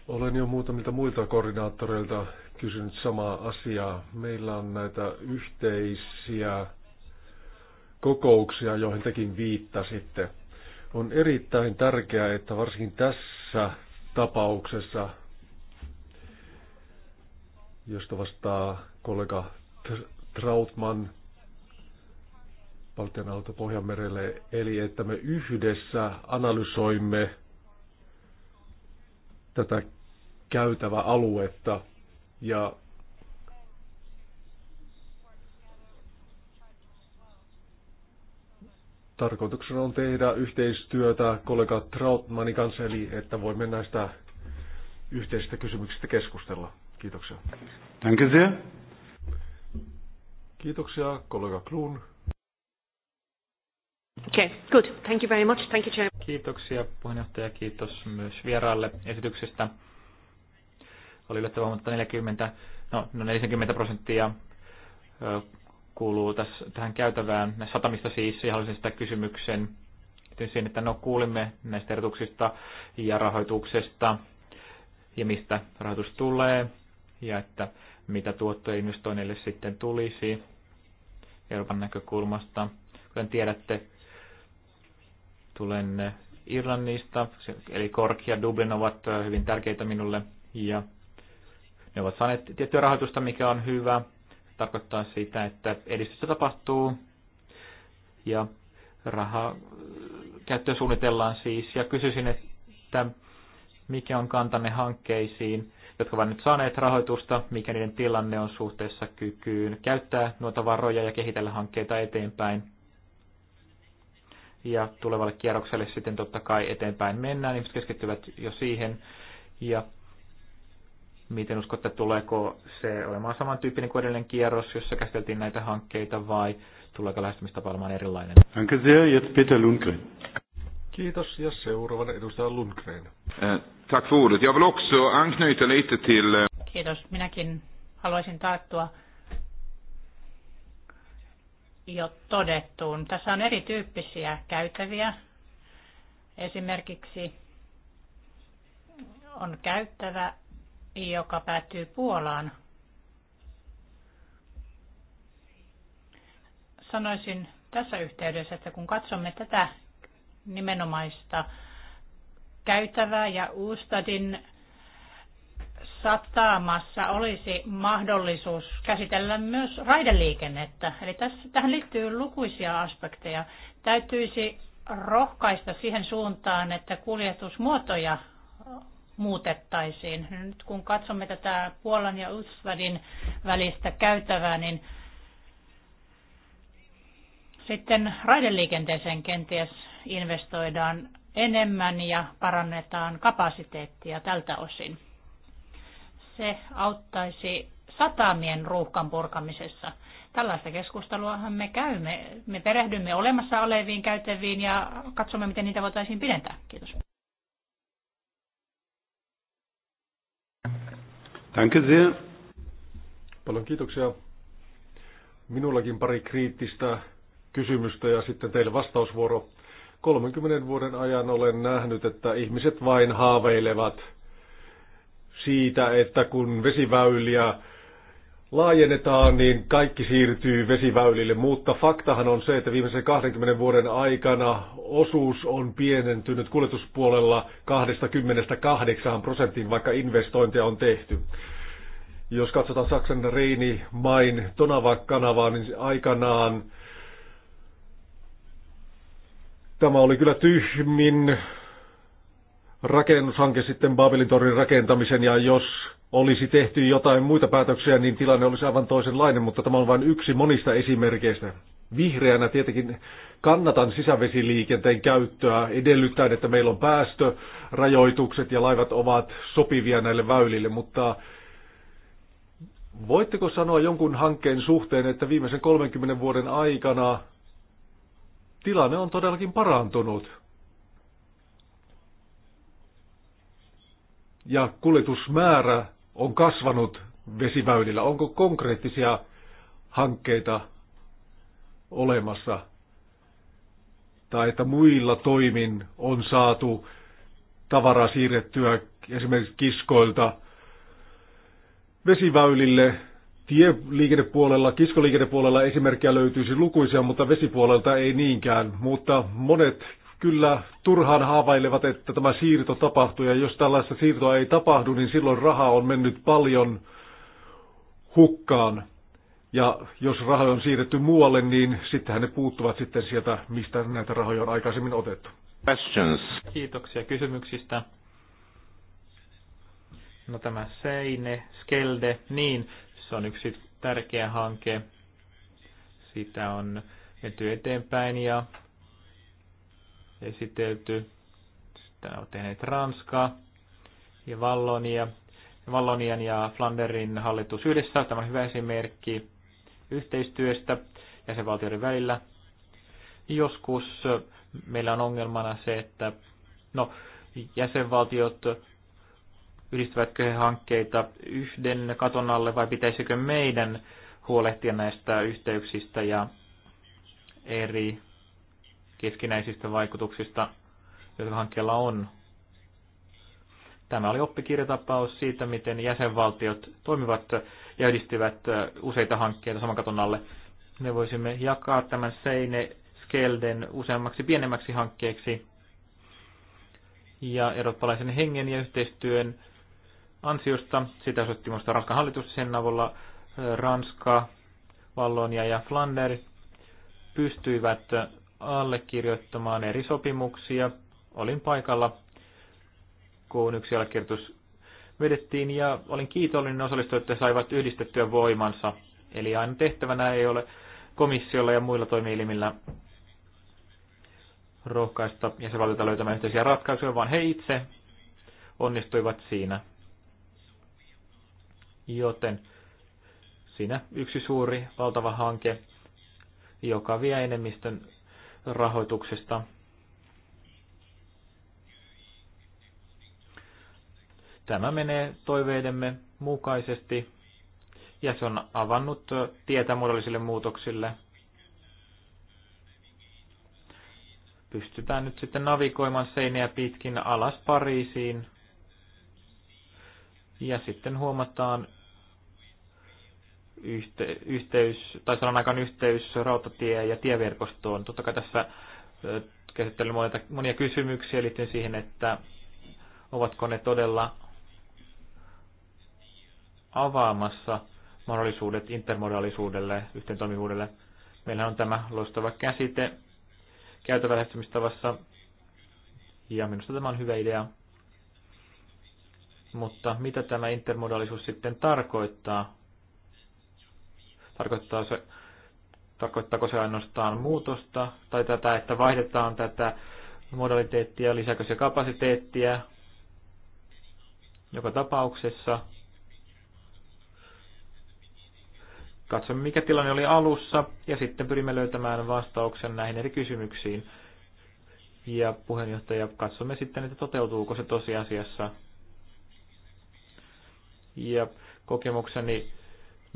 Olen jo muutamilta muilta koordinaattoreilta kysynyt samaa asiaa. Meillä on näitä yhteisiä kokouksia, joihin tekin viittasitte. On erittäin tärkeää, että varsinkin tässä tässä tapauksessa, josta vastaa kollega Trautman Baltian auto Pohjanmerelle, eli että me yhdessä analysoimme tätä käytävä aluetta ja Tarkoituksena on tehdä yhteistyötä kollega Trautmanin kanssa, eli että voimme näistä yhteisistä kysymyksistä keskustella. Kiitoksia. Danke sehr. Kiitoksia, kollega Kluun. Okay, good. Thank you very much. Thank you, Chair. Kiitoksia puheenjohtaja. Kiitos myös vieraalle esityksestä. Oli yllättävää, mutta 40, no, no 40 prosenttia kuuluu tässä, tähän käytävään näistä satamista siis, ja haluaisin sitä kysymyksen siihen, että no kuulimme näistä erotuksista ja rahoituksesta, ja mistä rahoitus tulee, ja että mitä tuottoja investoinnille sitten tulisi Euroopan näkökulmasta. Kuten tiedätte, tulen Irlannista, eli Cork ja Dublin ovat äh, hyvin tärkeitä minulle, ja ne ovat saaneet tiettyä rahoitusta, mikä on hyvä, tarkoittaa sitä, että edistystä tapahtuu ja raha äh, käyttö suunnitellaan siis. Ja kysyisin, että mikä on kantanne hankkeisiin, jotka ovat nyt saaneet rahoitusta, mikä niiden tilanne on suhteessa kykyyn käyttää noita varoja ja kehitellä hankkeita eteenpäin. Ja tulevalle kierrokselle sitten totta kai eteenpäin mennään, ihmiset keskittyvät jo siihen. Ja Miten uskotte, tuleeko se olemaan samantyyppinen kuin edellinen kierros, jossa käsiteltiin näitä hankkeita, vai tuleeko lähestymistapa olemaan erilainen? Danke sehr, jetzt Peter Lundgren. Kiitos, ja seuraavan edustaja Lundgren. Eh, tack för ordet. Jag vill också anknyta lite till... Eh, Kiitos, minäkin haluaisin taattua jo todettuun. Tässä on erityyppisiä käytäviä. Esimerkiksi on käyttävä, joka päättyy Puolaan, sanoisin tässä yhteydessä, että kun katsomme tätä nimenomaista käytävää ja Uustadin sataamassa olisi mahdollisuus käsitellä myös raideliikennettä. Eli tässä, tähän liittyy lukuisia aspekteja. Täytyisi rohkaista siihen suuntaan, että kuljetusmuotoja muutettaisiin. Nyt kun katsomme tätä Puolan ja Usvadin välistä käytävää, niin sitten raideliikenteeseen kenties investoidaan enemmän ja parannetaan kapasiteettia tältä osin. Se auttaisi satamien ruuhkan purkamisessa. Tällaista keskusteluahan me käymme. Me perehdymme olemassa oleviin käytäviin ja katsomme, miten niitä voitaisiin pidentää. Kiitos. Danke sehr. Paljon kiitoksia. Minullakin pari kriittistä kysymystä ja sitten teille vastausvuoro. 30 vuoden ajan olen nähnyt, että ihmiset vain haaveilevat siitä, että kun vesiväyliä laajennetaan, niin kaikki siirtyy vesiväylille, mutta faktahan on se, että viimeisen 20 vuoden aikana osuus on pienentynyt kuljetuspuolella 28 prosenttiin, vaikka investointeja on tehty. Jos katsotaan Saksan Reini Main Tonava-kanavaa, niin aikanaan tämä oli kyllä tyhmin rakennushanke sitten Babylin torin rakentamisen ja jos olisi tehty jotain muita päätöksiä, niin tilanne olisi aivan toisenlainen, mutta tämä on vain yksi monista esimerkkeistä. Vihreänä tietenkin kannatan sisävesiliikenteen käyttöä edellyttäen, että meillä on päästörajoitukset ja laivat ovat sopivia näille väylille, mutta voitteko sanoa jonkun hankkeen suhteen, että viimeisen 30 vuoden aikana tilanne on todellakin parantunut? ja kuljetusmäärä on kasvanut vesiväylillä. Onko konkreettisia hankkeita olemassa? Tai että muilla toimin on saatu tavaraa siirrettyä esimerkiksi kiskoilta vesiväylille, tieliikennepuolella, kiskoliikennepuolella esimerkkejä löytyisi lukuisia, mutta vesipuolelta ei niinkään. Mutta monet kyllä turhaan haavailevat, että tämä siirto tapahtuu. Ja jos tällaista siirtoa ei tapahdu, niin silloin raha on mennyt paljon hukkaan. Ja jos raha on siirretty muualle, niin sittenhän ne puuttuvat sitten sieltä, mistä näitä rahoja on aikaisemmin otettu. Questions. Kiitoksia kysymyksistä. No tämä Seine, Skelde, niin se on yksi tärkeä hanke. Sitä on menty eteenpäin ja esitelty. Tänään ovat tehneet Ranskaa ja Vallonia. Vallonian ja Flanderin hallitus yhdessä. Tämä on hyvä esimerkki yhteistyöstä jäsenvaltioiden välillä. Joskus meillä on ongelmana se, että no, jäsenvaltiot yhdistävätkö he hankkeita yhden katon alle vai pitäisikö meidän huolehtia näistä yhteyksistä ja eri keskinäisistä vaikutuksista, joita hankkeella on. Tämä oli oppikirjatapaus siitä, miten jäsenvaltiot toimivat ja yhdistivät useita hankkeita saman katon alle. Me voisimme jakaa tämän Seine Skelden useammaksi pienemmäksi hankkeeksi ja eurooppalaisen hengen ja yhteistyön ansiosta. Sitä osoitti minusta Ranskan hallitus sen avulla Ranska, Vallonia ja Flander pystyivät allekirjoittamaan eri sopimuksia. Olin paikalla, kun yksi allekirjoitus vedettiin ja olin kiitollinen osallistujille, että saivat yhdistettyä voimansa. Eli aina tehtävänä ei ole komissiolla ja muilla toimielimillä rohkaista ja se valita löytämään yhteisiä ratkaisuja, vaan he itse onnistuivat siinä. Joten siinä yksi suuri, valtava hanke, joka vie enemmistön rahoituksesta. Tämä menee toiveidemme mukaisesti ja se on avannut tietä muodollisille muutoksille. Pystytään nyt sitten navigoimaan seinää pitkin alas Pariisiin ja sitten huomataan, yhte, yhteys, tai sanon aikaan yhteys rautatie- ja tieverkostoon. Totta kai tässä käsittelen monia, monia kysymyksiä liittyen siihen, että ovatko ne todella avaamassa mahdollisuudet intermodaalisuudelle, yhteen toimivuudelle. Meillähän on tämä loistava käsite käytävälähtymistavassa, ja minusta tämä on hyvä idea. Mutta mitä tämä intermodaalisuus sitten tarkoittaa? Tarkoittaa se, tarkoittaako se ainoastaan muutosta tai tätä, että vaihdetaan tätä modaliteettia, lisääkö se kapasiteettia? Joka tapauksessa katsomme, mikä tilanne oli alussa, ja sitten pyrimme löytämään vastauksen näihin eri kysymyksiin. Ja puheenjohtaja, katsomme sitten, että toteutuuko se tosiasiassa. Ja kokemukseni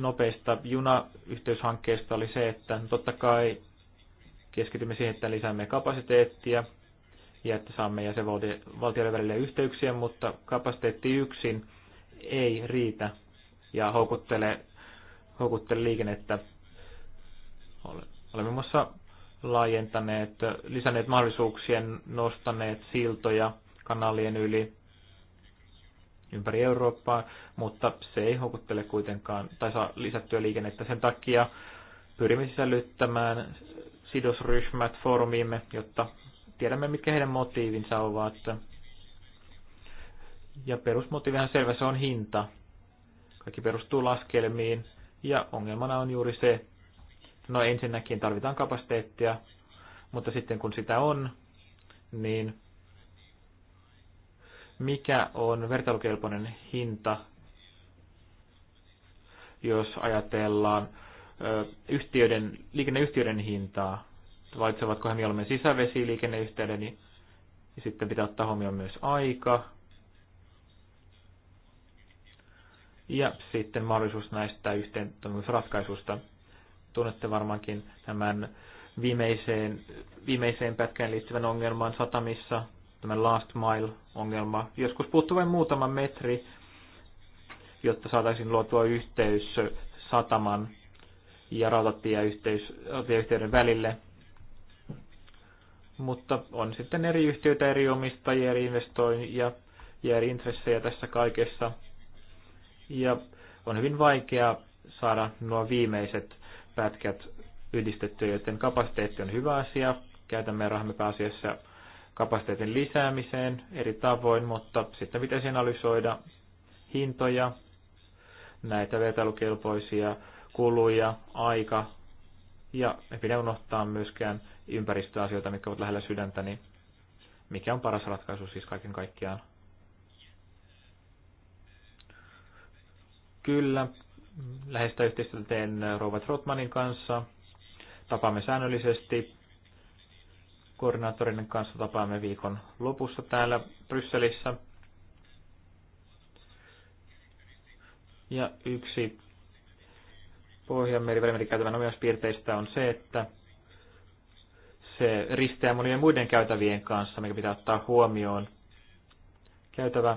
nopeista junayhteyshankkeista oli se, että no totta kai keskitymme siihen, että lisäämme kapasiteettia ja että saamme jäsenvaltioiden välille yhteyksiä, mutta kapasiteetti yksin ei riitä ja houkuttele, houkuttele liikennettä. Olemme muassa laajentaneet, lisänneet mahdollisuuksien, nostaneet siltoja kanalien yli, ympäri Eurooppaa, mutta se ei houkuttele kuitenkaan tai saa lisättyä liikennettä. Sen takia pyrimme sisällyttämään sidosryhmät foorumiimme, jotta tiedämme, mitkä heidän motiivinsa ovat. Ja on selvä, se on hinta. Kaikki perustuu laskelmiin ja ongelmana on juuri se, no ensinnäkin tarvitaan kapasiteettia, mutta sitten kun sitä on, niin mikä on vertailukelpoinen hinta, jos ajatellaan yhtiöiden, liikenneyhtiöiden hintaa. Valitsevatko he mieluummin sisävesiliikenneyhteyden, niin sitten pitää ottaa huomioon myös aika. Ja sitten mahdollisuus näistä ratkaisusta. Tunnette varmaankin tämän viimeiseen, viimeiseen pätkään liittyvän ongelman satamissa, tämä last mile-ongelma. Joskus puuttuu vain muutama metri, jotta saataisiin luotua yhteys sataman ja rautatieyhteyden välille. Mutta on sitten eri yhtiöitä, eri omistajia, eri investoijia ja eri intressejä tässä kaikessa. Ja on hyvin vaikea saada nuo viimeiset pätkät yhdistettyä, joten kapasiteetti on hyvä asia. Käytämme rahamme pääasiassa kapasiteetin lisäämiseen eri tavoin, mutta sitten pitäisi analysoida hintoja, näitä vertailukelpoisia kuluja, aika ja ei pidä unohtaa myöskään ympäristöasioita, mitkä ovat lähellä sydäntä, niin mikä on paras ratkaisu siis kaiken kaikkiaan. Kyllä, lähestä yhteistyötä teen Robert Rotmanin kanssa. Tapaamme säännöllisesti koordinaattorin kanssa tapaamme viikon lopussa täällä Brysselissä. Ja yksi Pohjanmeri käytävän ominaispiirteistä on se, että se risteää monien muiden käytävien kanssa, mikä pitää ottaa huomioon. Käytävä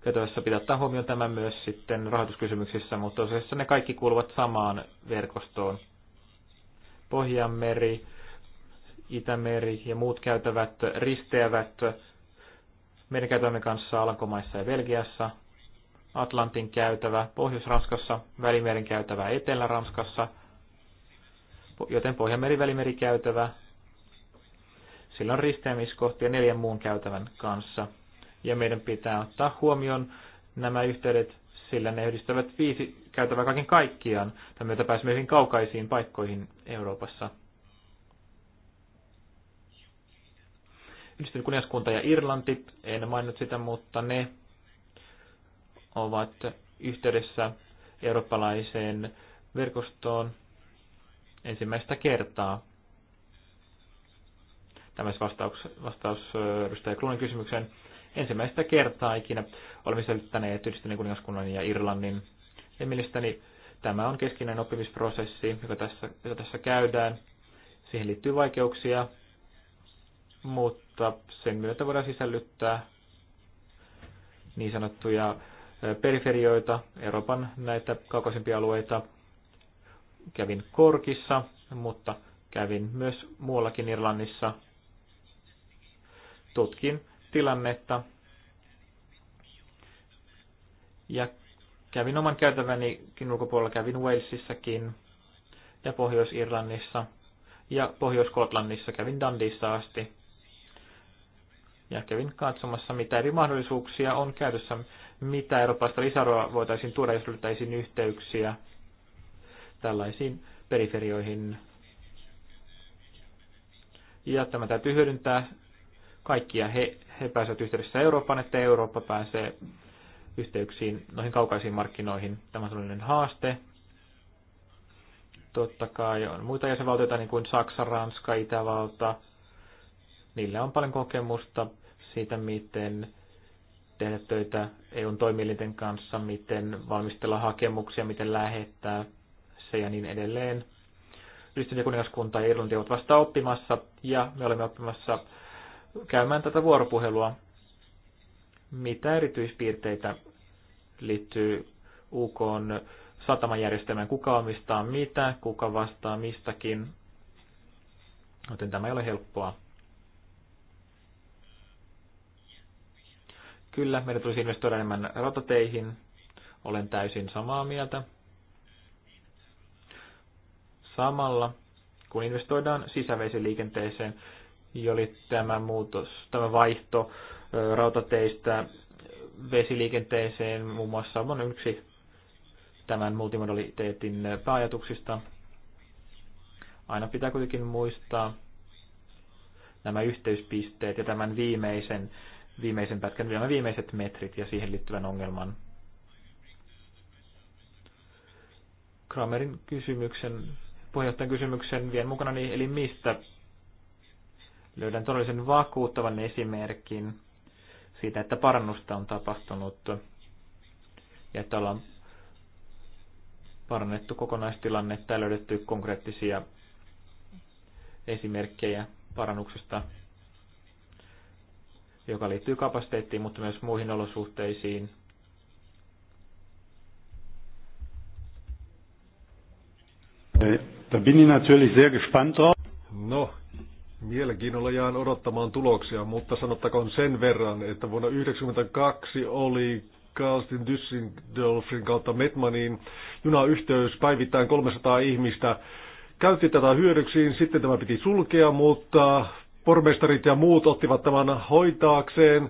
käytävässä pitää ottaa huomioon tämä myös sitten rahoituskysymyksissä, mutta tosiaan ne kaikki kuuluvat samaan verkostoon. Pohjanmeri, Itämeri ja muut käytävät risteävät meidän käytävämme kanssa Alankomaissa ja Belgiassa, Atlantin käytävä Pohjois-Ranskassa, Välimeren käytävä Etelä-Ranskassa, joten Pohjanmeri-Välimeri käytävä, sillä on risteämiskohtia neljän muun käytävän kanssa. Ja meidän pitää ottaa huomioon nämä yhteydet sillä ne yhdistävät viisi käytävää kaiken kaikkiaan. Tämän myötä pääsemme hyvin kaukaisiin paikkoihin Euroopassa. Yhdistynyt kuningaskunta ja Irlanti, en maininnut sitä, mutta ne ovat yhteydessä eurooppalaiseen verkostoon ensimmäistä kertaa. Tämä siis vastaus, vastaus edustaja Kruunin kysymykseen ensimmäistä kertaa ikinä olemme selvittäneet Yhdistyneen niin kuningaskunnan ja Irlannin. Ja niin mielestäni tämä on keskinäinen oppimisprosessi, joka tässä, jota tässä käydään. Siihen liittyy vaikeuksia, mutta sen myötä voidaan sisällyttää niin sanottuja periferioita, Euroopan näitä kaukaisempia alueita. Kävin Korkissa, mutta kävin myös muuallakin Irlannissa. Tutkin tilannetta ja kävin oman käytävänikin ulkopuolella, kävin Walesissakin ja Pohjois-Irlannissa ja pohjois kotlannissa kävin Dundissa asti. Ja kävin katsomassa, mitä eri mahdollisuuksia on käytössä, mitä Euroopasta lisäarvoa voitaisiin tuoda, jos löytäisiin yhteyksiä tällaisiin periferioihin. Ja tämä täytyy hyödyntää kaikkia. He, he pääsevät yhteydessä Eurooppaan, että Eurooppa pääsee yhteyksiin noihin kaukaisiin markkinoihin. Tämä on sellainen haaste. Totta kai on muita jäsenvaltioita, niin kuin Saksa, Ranska, Itävalta. Niillä on paljon kokemusta siitä, miten tehdä töitä EUn toimielinten kanssa, miten valmistella hakemuksia, miten lähettää se ja niin edelleen. Yhdistynyt ja kuningaskunta ja Irlanti ovat vasta oppimassa ja me olemme oppimassa käymään tätä vuoropuhelua mitä erityispiirteitä liittyy UK satamajärjestelmään, kuka omistaa mitä, kuka vastaa mistäkin, joten tämä ei ole helppoa. Kyllä, meidän tulisi investoida enemmän ratateihin. Olen täysin samaa mieltä. Samalla, kun investoidaan liikenteeseen, joli tämä muutos, tämä vaihto rautateistä vesiliikenteeseen muun muassa on yksi tämän multimodaliteetin pääajatuksista. Aina pitää kuitenkin muistaa nämä yhteyspisteet ja tämän viimeisen, viimeisen pätkän, nämä viimeiset metrit ja siihen liittyvän ongelman. Kramerin kysymyksen, puheenjohtajan kysymyksen vien mukana, eli mistä löydän todellisen vakuuttavan esimerkin siitä, että parannusta on tapahtunut ja että ollaan parannettu kokonaistilannetta ja löydetty konkreettisia esimerkkejä parannuksesta, joka liittyy kapasiteettiin, mutta myös muihin olosuhteisiin. No, Mielenkiinnolla jään odottamaan tuloksia, mutta sanottakoon sen verran, että vuonna 1992 oli Karlstin Düsseldorfin kautta Metmaniin junayhteys päivittäin 300 ihmistä. Käytti tätä hyödyksiin, sitten tämä piti sulkea, mutta pormestarit ja muut ottivat tämän hoitaakseen.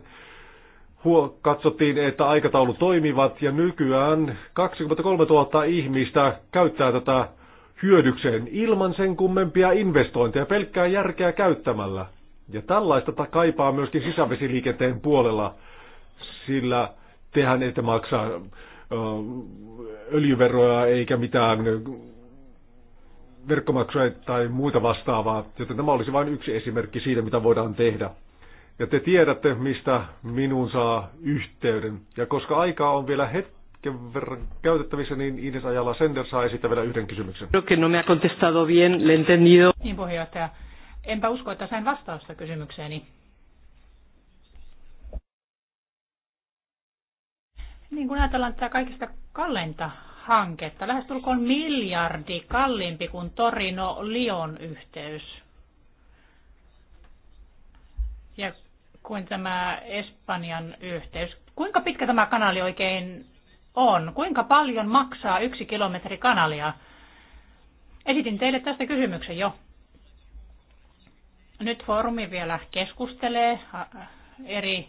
Huo, katsottiin, että aikataulu toimivat ja nykyään 23 000 ihmistä käyttää tätä hyödykseen ilman sen kummempia investointeja pelkkää järkeä käyttämällä. Ja tällaista kaipaa myöskin sisävesiliikenteen puolella, sillä tehän ette maksa öljyveroja eikä mitään verkkomaksuja tai muita vastaavaa, joten tämä olisi vain yksi esimerkki siitä, mitä voidaan tehdä. Ja te tiedätte, mistä minun saa yhteyden. Ja koska aikaa on vielä hetki, hetken verran käytettävissä, niin Ines Ajala Sender saa esittää vielä yhden kysymyksen. Creo que no me ha contestado bien, le entendido. Niin puheenjohtaja, enpä usko, että sain vastausta kysymykseeni. Niin kun ajatellaan tätä kaikista kalleinta hanketta, tulkoon miljardi kalliimpi kuin Torino-Lion yhteys. Ja kuin tämä Espanjan yhteys. Kuinka pitkä tämä kanali oikein on? Kuinka paljon maksaa yksi kilometri kanalia? Esitin teille tästä kysymyksen jo. Nyt foorumi vielä keskustelee eri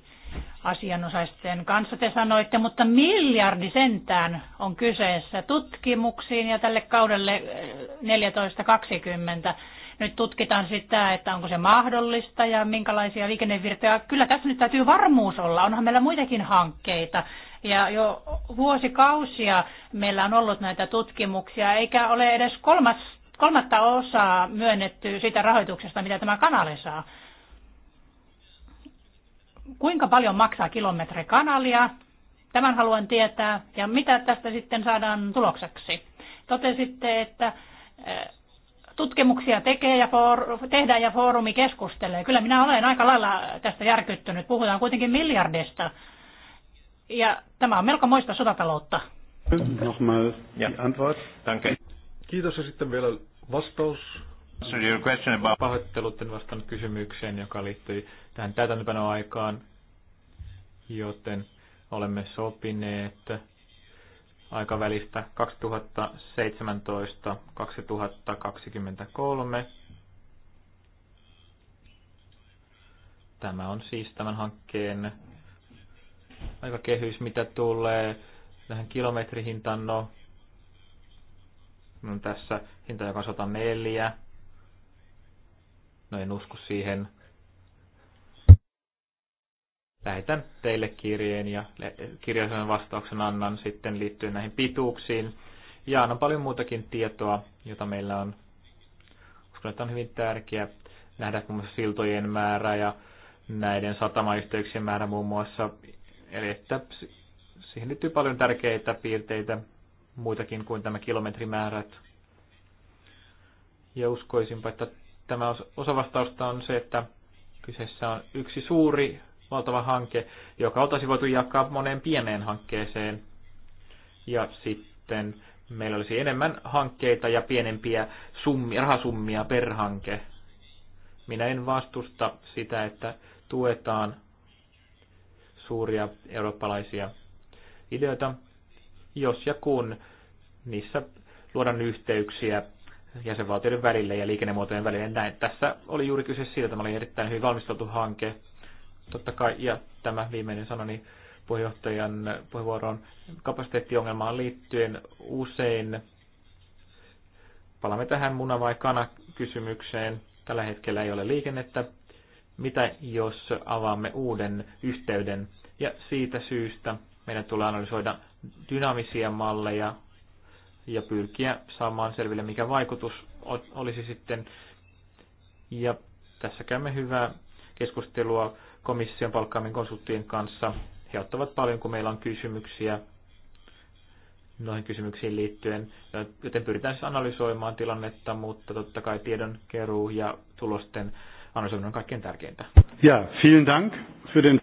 asianosaisten kanssa te sanoitte, mutta miljardi sentään on kyseessä tutkimuksiin ja tälle kaudelle 14 eh, nyt tutkitaan sitä, että onko se mahdollista ja minkälaisia liikennevirtoja. Kyllä tässä nyt täytyy varmuus olla. Onhan meillä muitakin hankkeita. Ja jo vuosikausia meillä on ollut näitä tutkimuksia, eikä ole edes kolmas, kolmatta osaa myönnetty siitä rahoituksesta, mitä tämä kanali saa. Kuinka paljon maksaa kilometri kanalia? Tämän haluan tietää. Ja mitä tästä sitten saadaan tulokseksi? Totesitte, että tutkimuksia tekee ja foor, tehdään ja foorumi keskustelee. Kyllä minä olen aika lailla tästä järkyttynyt. Puhutaan kuitenkin miljardista. Ja tämä on melko moista sotataloutta. Kiitos ja sitten vielä vastaus. So your question about... Pahoittelut en vastannut kysymykseen, joka liittyi tähän täytäntöpanoaikaan, joten olemme sopineet aikavälistä 2017-2023. Tämä on siis tämän hankkeen aika kehys, mitä tulee tähän kilometrihintaan. No, on tässä hinta, joka on 104. No en usko siihen lähetän teille kirjeen ja kirjallisen vastauksen annan sitten liittyen näihin pituuksiin. Ja on paljon muutakin tietoa, jota meillä on. Uskon, että on hyvin tärkeää nähdä muun muassa siltojen määrä ja näiden satamayhteyksien määrä muun muassa. Eli että siihen liittyy paljon tärkeitä piirteitä, muitakin kuin tämä kilometrimäärät. Ja uskoisinpa, että tämä osavastausta on se, että kyseessä on yksi suuri valtava hanke, joka oltaisiin voitu jakaa moneen pieneen hankkeeseen. Ja sitten meillä olisi enemmän hankkeita ja pienempiä summia, rahasummia per hanke. Minä en vastusta sitä, että tuetaan suuria eurooppalaisia ideoita, jos ja kun niissä luodaan yhteyksiä jäsenvaltioiden välille ja liikennemuotojen välille. Näin. Tässä oli juuri kyse siitä, että tämä oli erittäin hyvin valmisteltu hanke totta kai, ja tämä viimeinen sanoni puheenjohtajan puheenvuoroon kapasiteettiongelmaan liittyen usein palaamme tähän muna vai kana kysymykseen. Tällä hetkellä ei ole liikennettä. Mitä jos avaamme uuden yhteyden? Ja siitä syystä meidän tulee analysoida dynaamisia malleja ja pyrkiä saamaan selville, mikä vaikutus olisi sitten. Ja tässä käymme hyvää keskustelua komission palkkaamien konsulttien kanssa. He ottavat paljon, kun meillä on kysymyksiä noihin kysymyksiin liittyen, joten pyritään siis analysoimaan tilannetta, mutta totta kai tiedon keruu ja tulosten analysoiminen on kaikkein tärkeintä. Ja, vielen dank für den...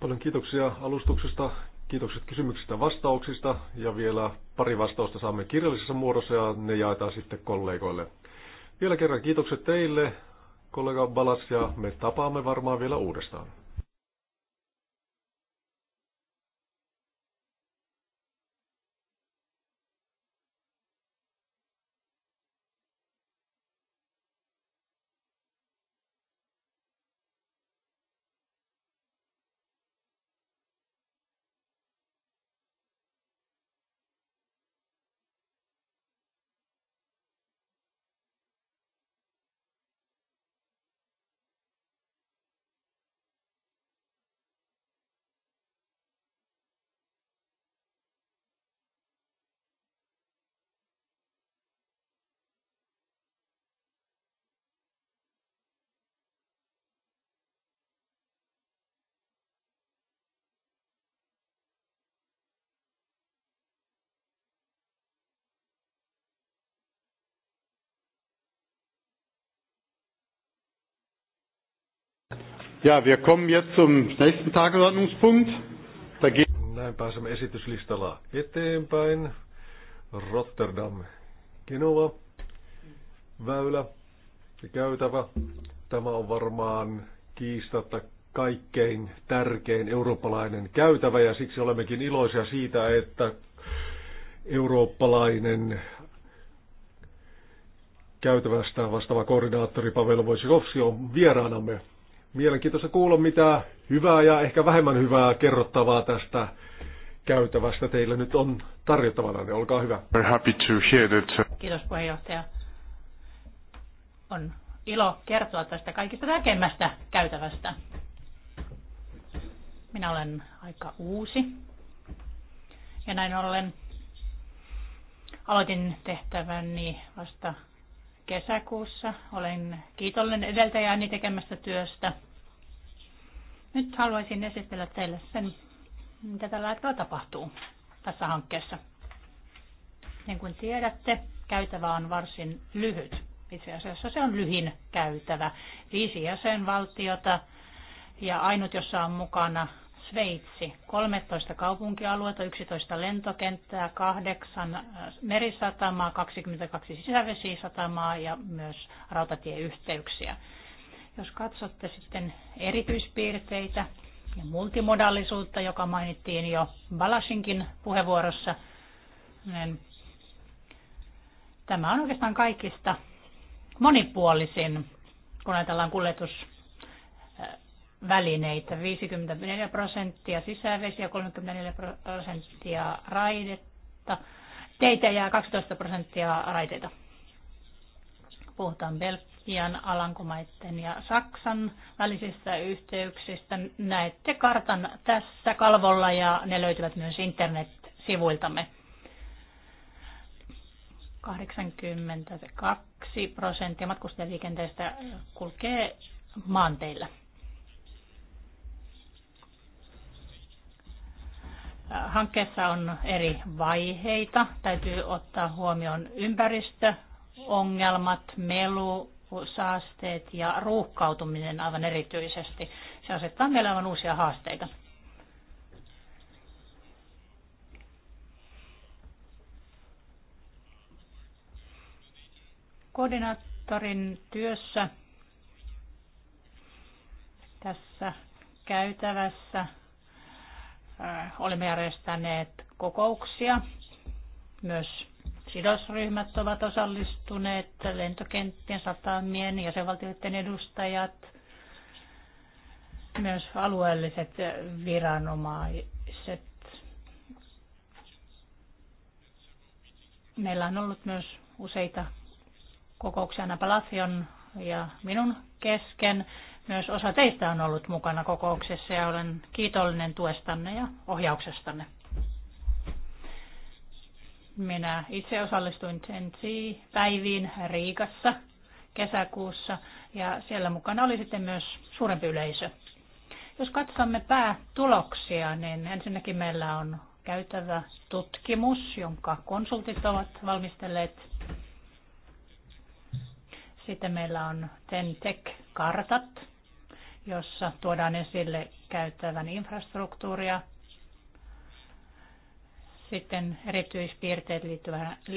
Paljon kiitoksia alustuksesta, kiitokset kysymyksistä vastauksista ja vielä pari vastausta saamme kirjallisessa muodossa ja ne jaetaan sitten kollegoille. Vielä kerran kiitokset teille, kollega Balas ja me tapaamme varmaan vielä uudestaan. Ja, wir kommen jetzt zum nächsten Tagesordnungspunkt. Da geht Näin pääsemme esityslistalla eteenpäin. Rotterdam, Genova, väylä ja käytävä. Tämä on varmaan kiistatta kaikkein tärkein eurooppalainen käytävä ja siksi olemmekin iloisia siitä, että eurooppalainen käytävästä vastaava koordinaattori Pavel Wojciechowski on vieraanamme Mielenkiintoista kuulla, mitä hyvää ja ehkä vähemmän hyvää kerrottavaa tästä käytävästä teillä nyt on tarjottavana, niin olkaa hyvä. Happy to hear that. Uh, Kiitos puheenjohtaja. On ilo kertoa tästä kaikista tärkeimmästä käytävästä. Minä olen aika uusi ja näin ollen aloitin tehtäväni vasta kesäkuussa. Olen kiitollinen edeltäjääni tekemästä työstä. Nyt haluaisin esitellä teille sen, mitä tällä hetkellä tapahtuu tässä hankkeessa. Niin kuin tiedätte, käytävä on varsin lyhyt. Itse asiassa se on lyhin käytävä. Viisi jäsenvaltiota ja ainut, jossa on mukana Sveitsi. 13 kaupunkialuetta, 11 lentokenttää, 8 äh, merisatamaa, 22 sisävesisatamaa ja myös rautatieyhteyksiä. Jos katsotte sitten erityispiirteitä ja multimodallisuutta, joka mainittiin jo Balasinkin puheenvuorossa, niin tämä on oikeastaan kaikista monipuolisin, kun ajatellaan kuljetus välineitä. 54 prosenttia sisävesiä, 34 prosenttia raidetta. Teitä jää 12 prosenttia raiteita. Puhutaan Belgian, Alankomaiden ja Saksan välisistä yhteyksistä. Näette kartan tässä kalvolla ja ne löytyvät myös internet-sivuiltamme. 82 prosenttia matkustajaliikenteestä kulkee maanteillä. Hankkeessa on eri vaiheita. Täytyy ottaa huomioon ympäristöongelmat, melu, saasteet ja ruuhkautuminen aivan erityisesti. Se asettaa meille aivan uusia haasteita. Koordinaattorin työssä tässä käytävässä olemme järjestäneet kokouksia. Myös sidosryhmät ovat osallistuneet, lentokenttien, satamien, jäsenvaltioiden edustajat, myös alueelliset viranomaiset. Meillä on ollut myös useita kokouksia Napalafion ja minun kesken myös osa teistä on ollut mukana kokouksessa ja olen kiitollinen tuestanne ja ohjauksestanne. Minä itse osallistuin Tsensi-päiviin Riikassa kesäkuussa ja siellä mukana oli sitten myös suurempi yleisö. Jos katsomme päätuloksia, niin ensinnäkin meillä on käytävä tutkimus, jonka konsultit ovat valmistelleet. Sitten meillä on TenTech-kartat, jossa tuodaan esille käyttävän infrastruktuuria, sitten erityispiirteet,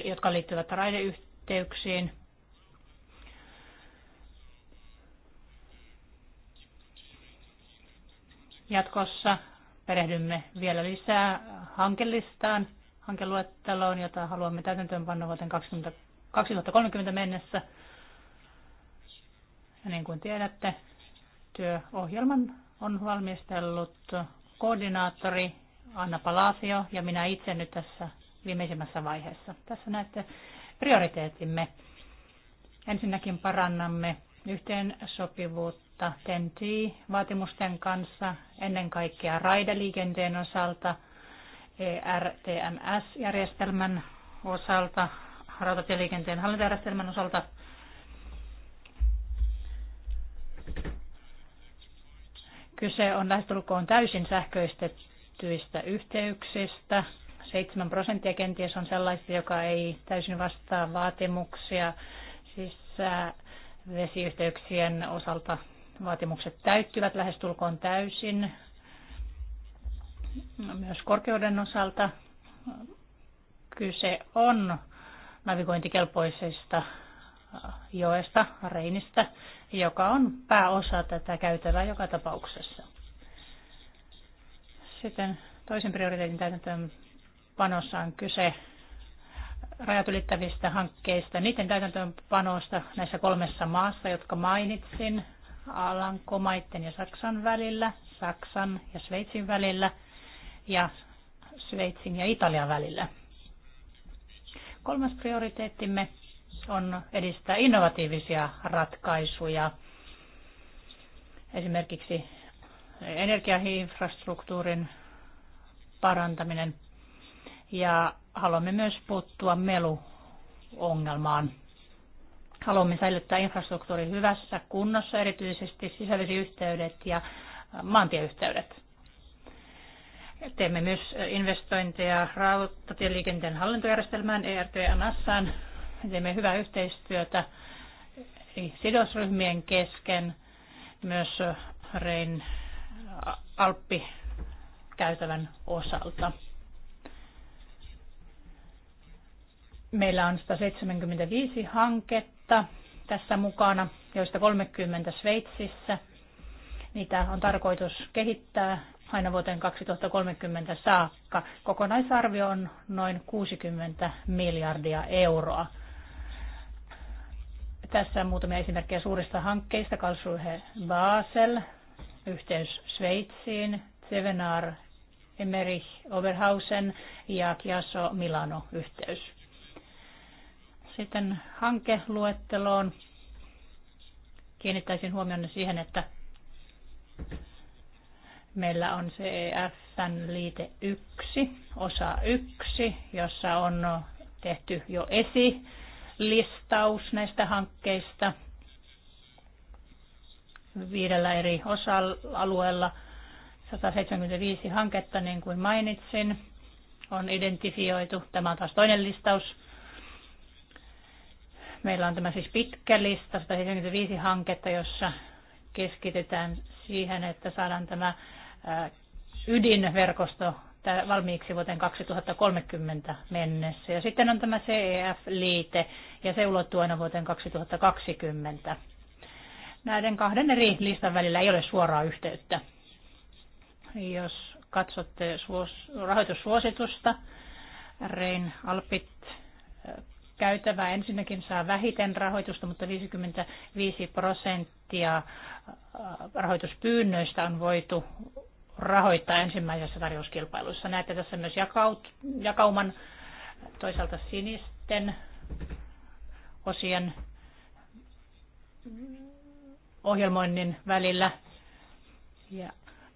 jotka liittyvät raideyhteyksiin, Jatkossa perehdymme vielä lisää hankelistaan, hankeluetteloon, jota haluamme täytäntöönpanna vuoteen 2030 mennessä. Ja niin kuin tiedätte, Työohjelman on valmistellut koordinaattori Anna Palacio ja minä itse nyt tässä viimeisimmässä vaiheessa. Tässä näette prioriteetimme. Ensinnäkin parannamme yhteensopivuutta TEN-T-vaatimusten kanssa, ennen kaikkea raideliikenteen osalta, ERTMS-järjestelmän osalta, rautatieliikenteen hallintajärjestelmän osalta – Kyse on lähestulkoon täysin sähköistettyistä yhteyksistä. 7 prosenttia kenties on sellaisia, joka ei täysin vastaa vaatimuksia. vesiyhteyksien osalta vaatimukset täyttyvät lähestulkoon täysin. Myös korkeuden osalta kyse on navigointikelpoisista joesta, Reinistä, joka on pääosa tätä käytävää joka tapauksessa. Sitten toisen prioriteetin täytäntöön panossa on kyse rajat ylittävistä hankkeista, niiden täytäntöönpanosta näissä kolmessa maassa, jotka mainitsin, Alankomaitten ja Saksan välillä, Saksan ja Sveitsin välillä ja Sveitsin ja Italian välillä. Kolmas prioriteettimme on edistää innovatiivisia ratkaisuja. Esimerkiksi energiainfrastruktuurin parantaminen ja haluamme myös puuttua meluongelmaan. Haluamme säilyttää infrastruktuuri hyvässä kunnossa, erityisesti sisävesiyhteydet ja maantieyhteydet. Teemme myös investointeja rautatieliikenteen hallintojärjestelmään ERTMSään teemme hyvää yhteistyötä sidosryhmien kesken, myös Rein Alppi käytävän osalta. Meillä on 175 hanketta tässä mukana, joista 30 Sveitsissä. Niitä on tarkoitus kehittää aina vuoteen 2030 saakka. Kokonaisarvio on noin 60 miljardia euroa. Tässä muutamia esimerkkejä suurista hankkeista. Karlsruhe Basel, yhteys Sveitsiin, Sevenar Emmerich Oberhausen ja Chiasso Milano yhteys. Sitten hankeluetteloon kiinnittäisin huomioon siihen, että meillä on CEFn liite 1, osa 1, jossa on tehty jo esi listaus näistä hankkeista viidellä eri osa-alueella. 175 hanketta, niin kuin mainitsin, on identifioitu. Tämä on taas toinen listaus. Meillä on tämä siis pitkä lista, 175 hanketta, jossa keskitytään siihen, että saadaan tämä ydinverkosto valmiiksi vuoteen 2030 mennessä. Ja sitten on tämä CEF-liite ja se ulottuu aina vuoteen 2020. Näiden kahden eri listan välillä ei ole suoraa yhteyttä. Jos katsotte rahoitussuositusta, Rein Alpit käytävä ensinnäkin saa vähiten rahoitusta, mutta 55 prosenttia rahoituspyynnöistä on voitu rahoittaa ensimmäisessä tarjouskilpailussa. Näette tässä myös jakaut, jakauman toisaalta sinisten osien ohjelmoinnin välillä. Ja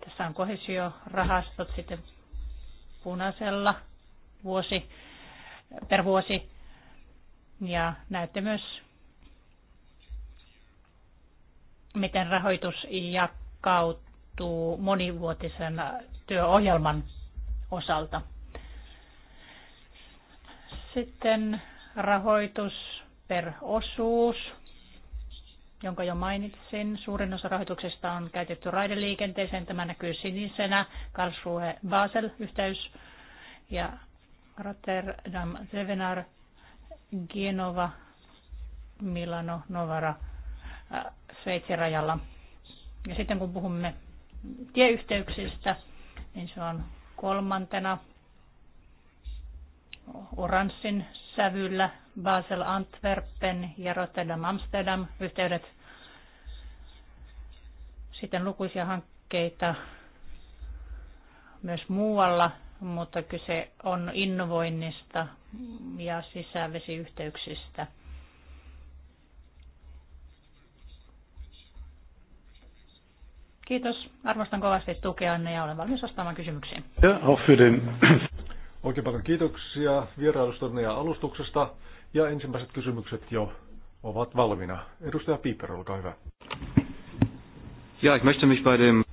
tässä on kohesiorahastot sitten punaisella vuosi, per vuosi. Ja näette myös, miten rahoitus jakautuu tapahtuu monivuotisen työohjelman osalta. Sitten rahoitus per osuus, jonka jo mainitsin. Suurin osa rahoituksesta on käytetty raideliikenteeseen. Tämä näkyy sinisenä. Karlsruhe Basel yhteys ja Rotterdam Sevenar Genova Milano Novara äh, Sveitsin rajalla. Ja sitten kun puhumme tieyhteyksistä, niin se on kolmantena oranssin sävyllä Basel Antwerpen ja Rotterdam Amsterdam yhteydet. Sitten lukuisia hankkeita myös muualla, mutta kyse on innovoinnista ja sisävesiyhteyksistä – Kiitos. Arvostan kovasti tukeanne ja olen valmis vastaamaan kysymyksiin. Ja Hoffiden. Oikein paljon kiitoksia vierailustonne ja alustuksesta. Ja ensimmäiset kysymykset jo ovat valmiina. Edustaja Piper, olkaa hyvä. Ja, ich möchte mich bei dem...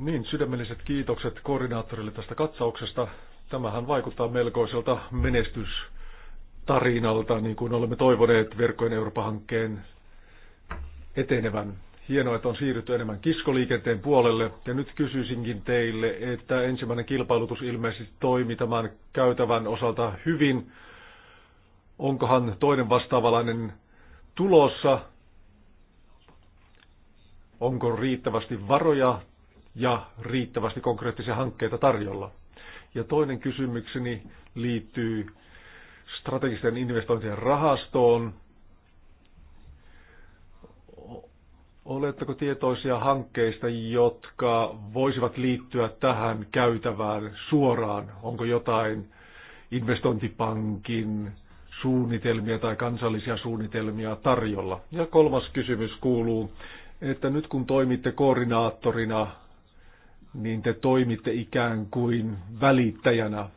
Niin, sydämelliset kiitokset koordinaattorille tästä katsauksesta. Tämähän vaikuttaa melkoiselta menestystarinalta, niin kuin olemme toivoneet verkkojen Eurooppa-hankkeen etenevän Hienoa, että on siirrytty enemmän kiskoliikenteen puolelle. Ja nyt kysyisinkin teille, että ensimmäinen kilpailutus ilmeisesti toimi tämän käytävän osalta hyvin. Onkohan toinen vastaavalainen tulossa? Onko riittävästi varoja ja riittävästi konkreettisia hankkeita tarjolla? Ja toinen kysymykseni liittyy strategisten investointien rahastoon. Oletteko tietoisia hankkeista, jotka voisivat liittyä tähän käytävään suoraan? Onko jotain investointipankin suunnitelmia tai kansallisia suunnitelmia tarjolla? Ja kolmas kysymys kuuluu, että nyt kun toimitte koordinaattorina, niin te toimitte ikään kuin välittäjänä.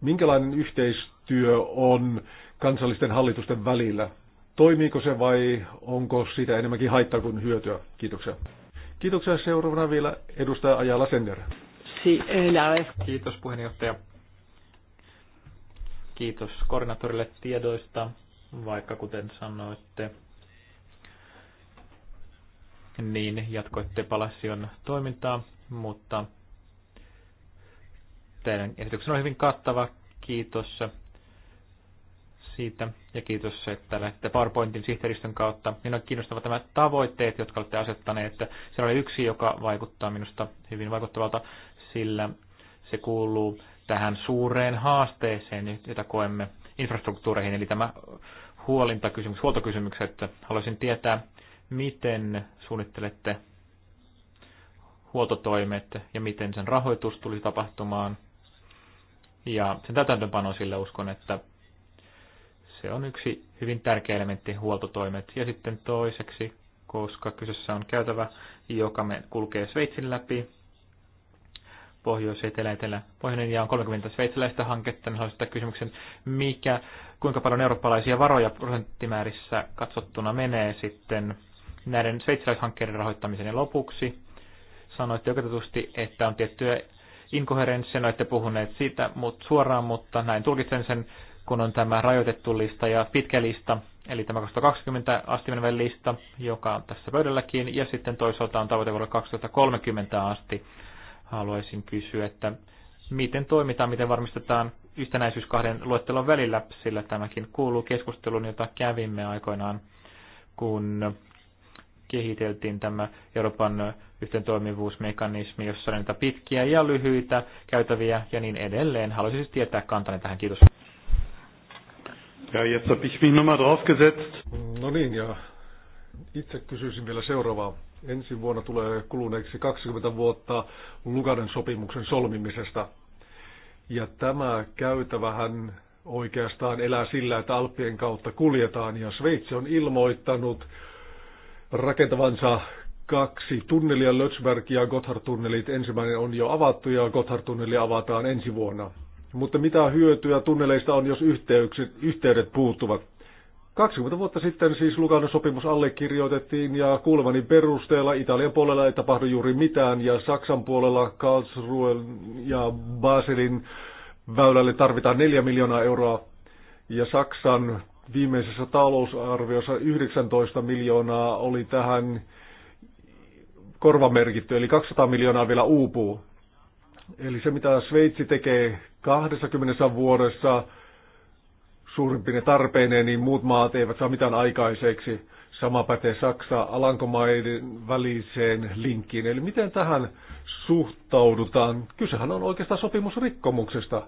Minkälainen yhteistyö on kansallisten hallitusten välillä? Toimiiko se vai onko siitä enemmänkin haittaa kuin hyötyä? Kiitoksia. Kiitoksia. Seuraavana vielä edustaja Ajala Sender. Eh, Kiitos puheenjohtaja. Kiitos koordinaattorille tiedoista, vaikka kuten sanoitte, niin jatkoitte Palasion toimintaa, mutta teidän esityksen on hyvin kattava. Kiitos siitä ja kiitos, että lähdette PowerPointin sihteeristön kautta. Minua kiinnostavat nämä tavoitteet, jotka olette asettaneet. että Se oli yksi, joka vaikuttaa minusta hyvin vaikuttavalta, sillä se kuuluu tähän suureen haasteeseen, jota koemme infrastruktuureihin, eli tämä huolintakysymys, huoltokysymykset. Haluaisin tietää, miten suunnittelette huoltotoimet ja miten sen rahoitus tulisi tapahtumaan. Ja sen täytäntöpano sille uskon, että se on yksi hyvin tärkeä elementti, huoltotoimet. Ja sitten toiseksi, koska kyseessä on käytävä, joka me kulkee Sveitsin läpi, pohjois, etelä, etelä, pohjoinen ja on 30 sveitsiläistä hanketta, niin sitä kysymyksen, mikä, kuinka paljon eurooppalaisia varoja prosenttimäärissä katsottuna menee sitten näiden sveitsiläishankkeiden rahoittamiseen. Ja lopuksi sanoitte oikeutetusti, että on tiettyä inkoherenssia, olette no, puhuneet siitä mut, suoraan, mutta näin tulkitsen sen kun on tämä rajoitettu lista ja pitkä lista, eli tämä 2020 asti menevä lista, joka on tässä pöydälläkin, ja sitten toisaalta on tavoite vuodelle 2030 asti. Haluaisin kysyä, että miten toimitaan, miten varmistetaan yhtenäisyys kahden luettelon välillä, sillä tämäkin kuuluu keskusteluun, jota kävimme aikoinaan, kun kehiteltiin tämä Euroopan toimivuusmekanismi, jossa on niitä pitkiä ja lyhyitä käytäviä ja niin edelleen. Haluaisin siis tietää kantani tähän. Kiitos. Ja jetzt habe ich mich nochmal draufgesetzt. No niin, ja itse kysyisin vielä seuraavaa. Ensi vuonna tulee kuluneeksi 20 vuotta Luganen sopimuksen solmimisesta. Ja tämä käytävähän oikeastaan elää sillä, että Alppien kautta kuljetaan. Ja Sveitsi on ilmoittanut rakentavansa kaksi tunnelia, Lötsberg ja Gotthard-tunnelit. Ensimmäinen on jo avattu ja Gotthard-tunneli avataan ensi vuonna. Mutta mitä hyötyä tunneleista on, jos yhteydet puuttuvat? 20 vuotta sitten siis Luganon sopimus allekirjoitettiin ja kuulemani perusteella Italian puolella ei tapahdu juuri mitään ja Saksan puolella Karlsruhe ja Baselin väylälle tarvitaan 4 miljoonaa euroa ja Saksan viimeisessä talousarviossa 19 miljoonaa oli tähän korvamerkitty, eli 200 miljoonaa vielä uupuu. Eli se, mitä Sveitsi tekee 20 vuodessa suurimpine tarpeineen, niin muut maat eivät saa mitään aikaiseksi. Sama pätee Saksa Alankomaiden väliseen linkkiin. Eli miten tähän suhtaudutaan? Kysehän on oikeastaan sopimusrikkomuksesta.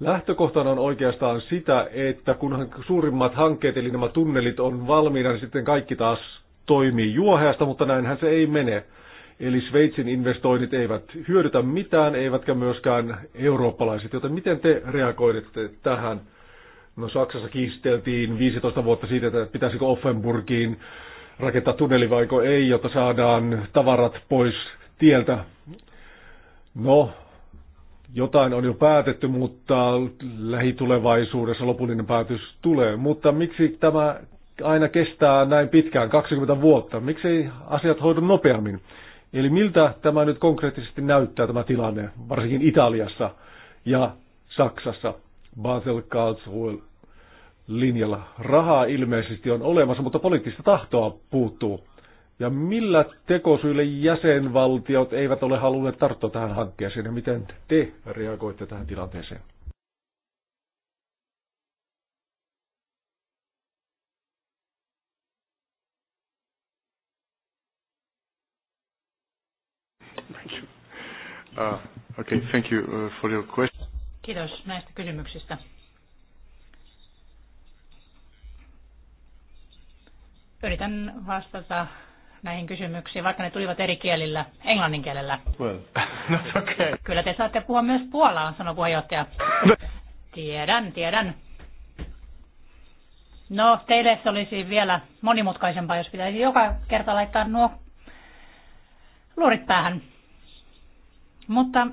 Lähtökohtana on oikeastaan sitä, että kunhan suurimmat hankkeet, eli nämä tunnelit on valmiina, niin sitten kaikki taas toimii juoheasta, mutta näinhän se ei mene. Eli Sveitsin investoinnit eivät hyödytä mitään, eivätkä myöskään eurooppalaiset. Joten miten te reagoitte tähän? No Saksassa kiisteltiin 15 vuotta siitä, että pitäisikö Offenburgiin rakentaa tunneli vaiko ei, jotta saadaan tavarat pois tieltä. No, jotain on jo päätetty, mutta lähitulevaisuudessa lopullinen päätös tulee. Mutta miksi tämä aina kestää näin pitkään, 20 vuotta? Miksi ei asiat hoidu nopeammin? Eli miltä tämä nyt konkreettisesti näyttää tämä tilanne, varsinkin Italiassa ja Saksassa, Basel Karlsruhe linjalla. Rahaa ilmeisesti on olemassa, mutta poliittista tahtoa puuttuu. Ja millä tekosyille jäsenvaltiot eivät ole halunneet tarttua tähän hankkeeseen ja miten te reagoitte tähän tilanteeseen? Uh, okay, thank you uh, for your question. Kiitos näistä kysymyksistä. Yritän vastata näihin kysymyksiin, vaikka ne tulivat eri kielillä, englannin kielellä. Well, not okay. Kyllä te saatte puhua myös puolaa, sanoi puheenjohtaja. No. tiedän, tiedän. No, teille se olisi vielä monimutkaisempaa, jos pitäisi joka kerta laittaa nuo luurit päähän. Mutta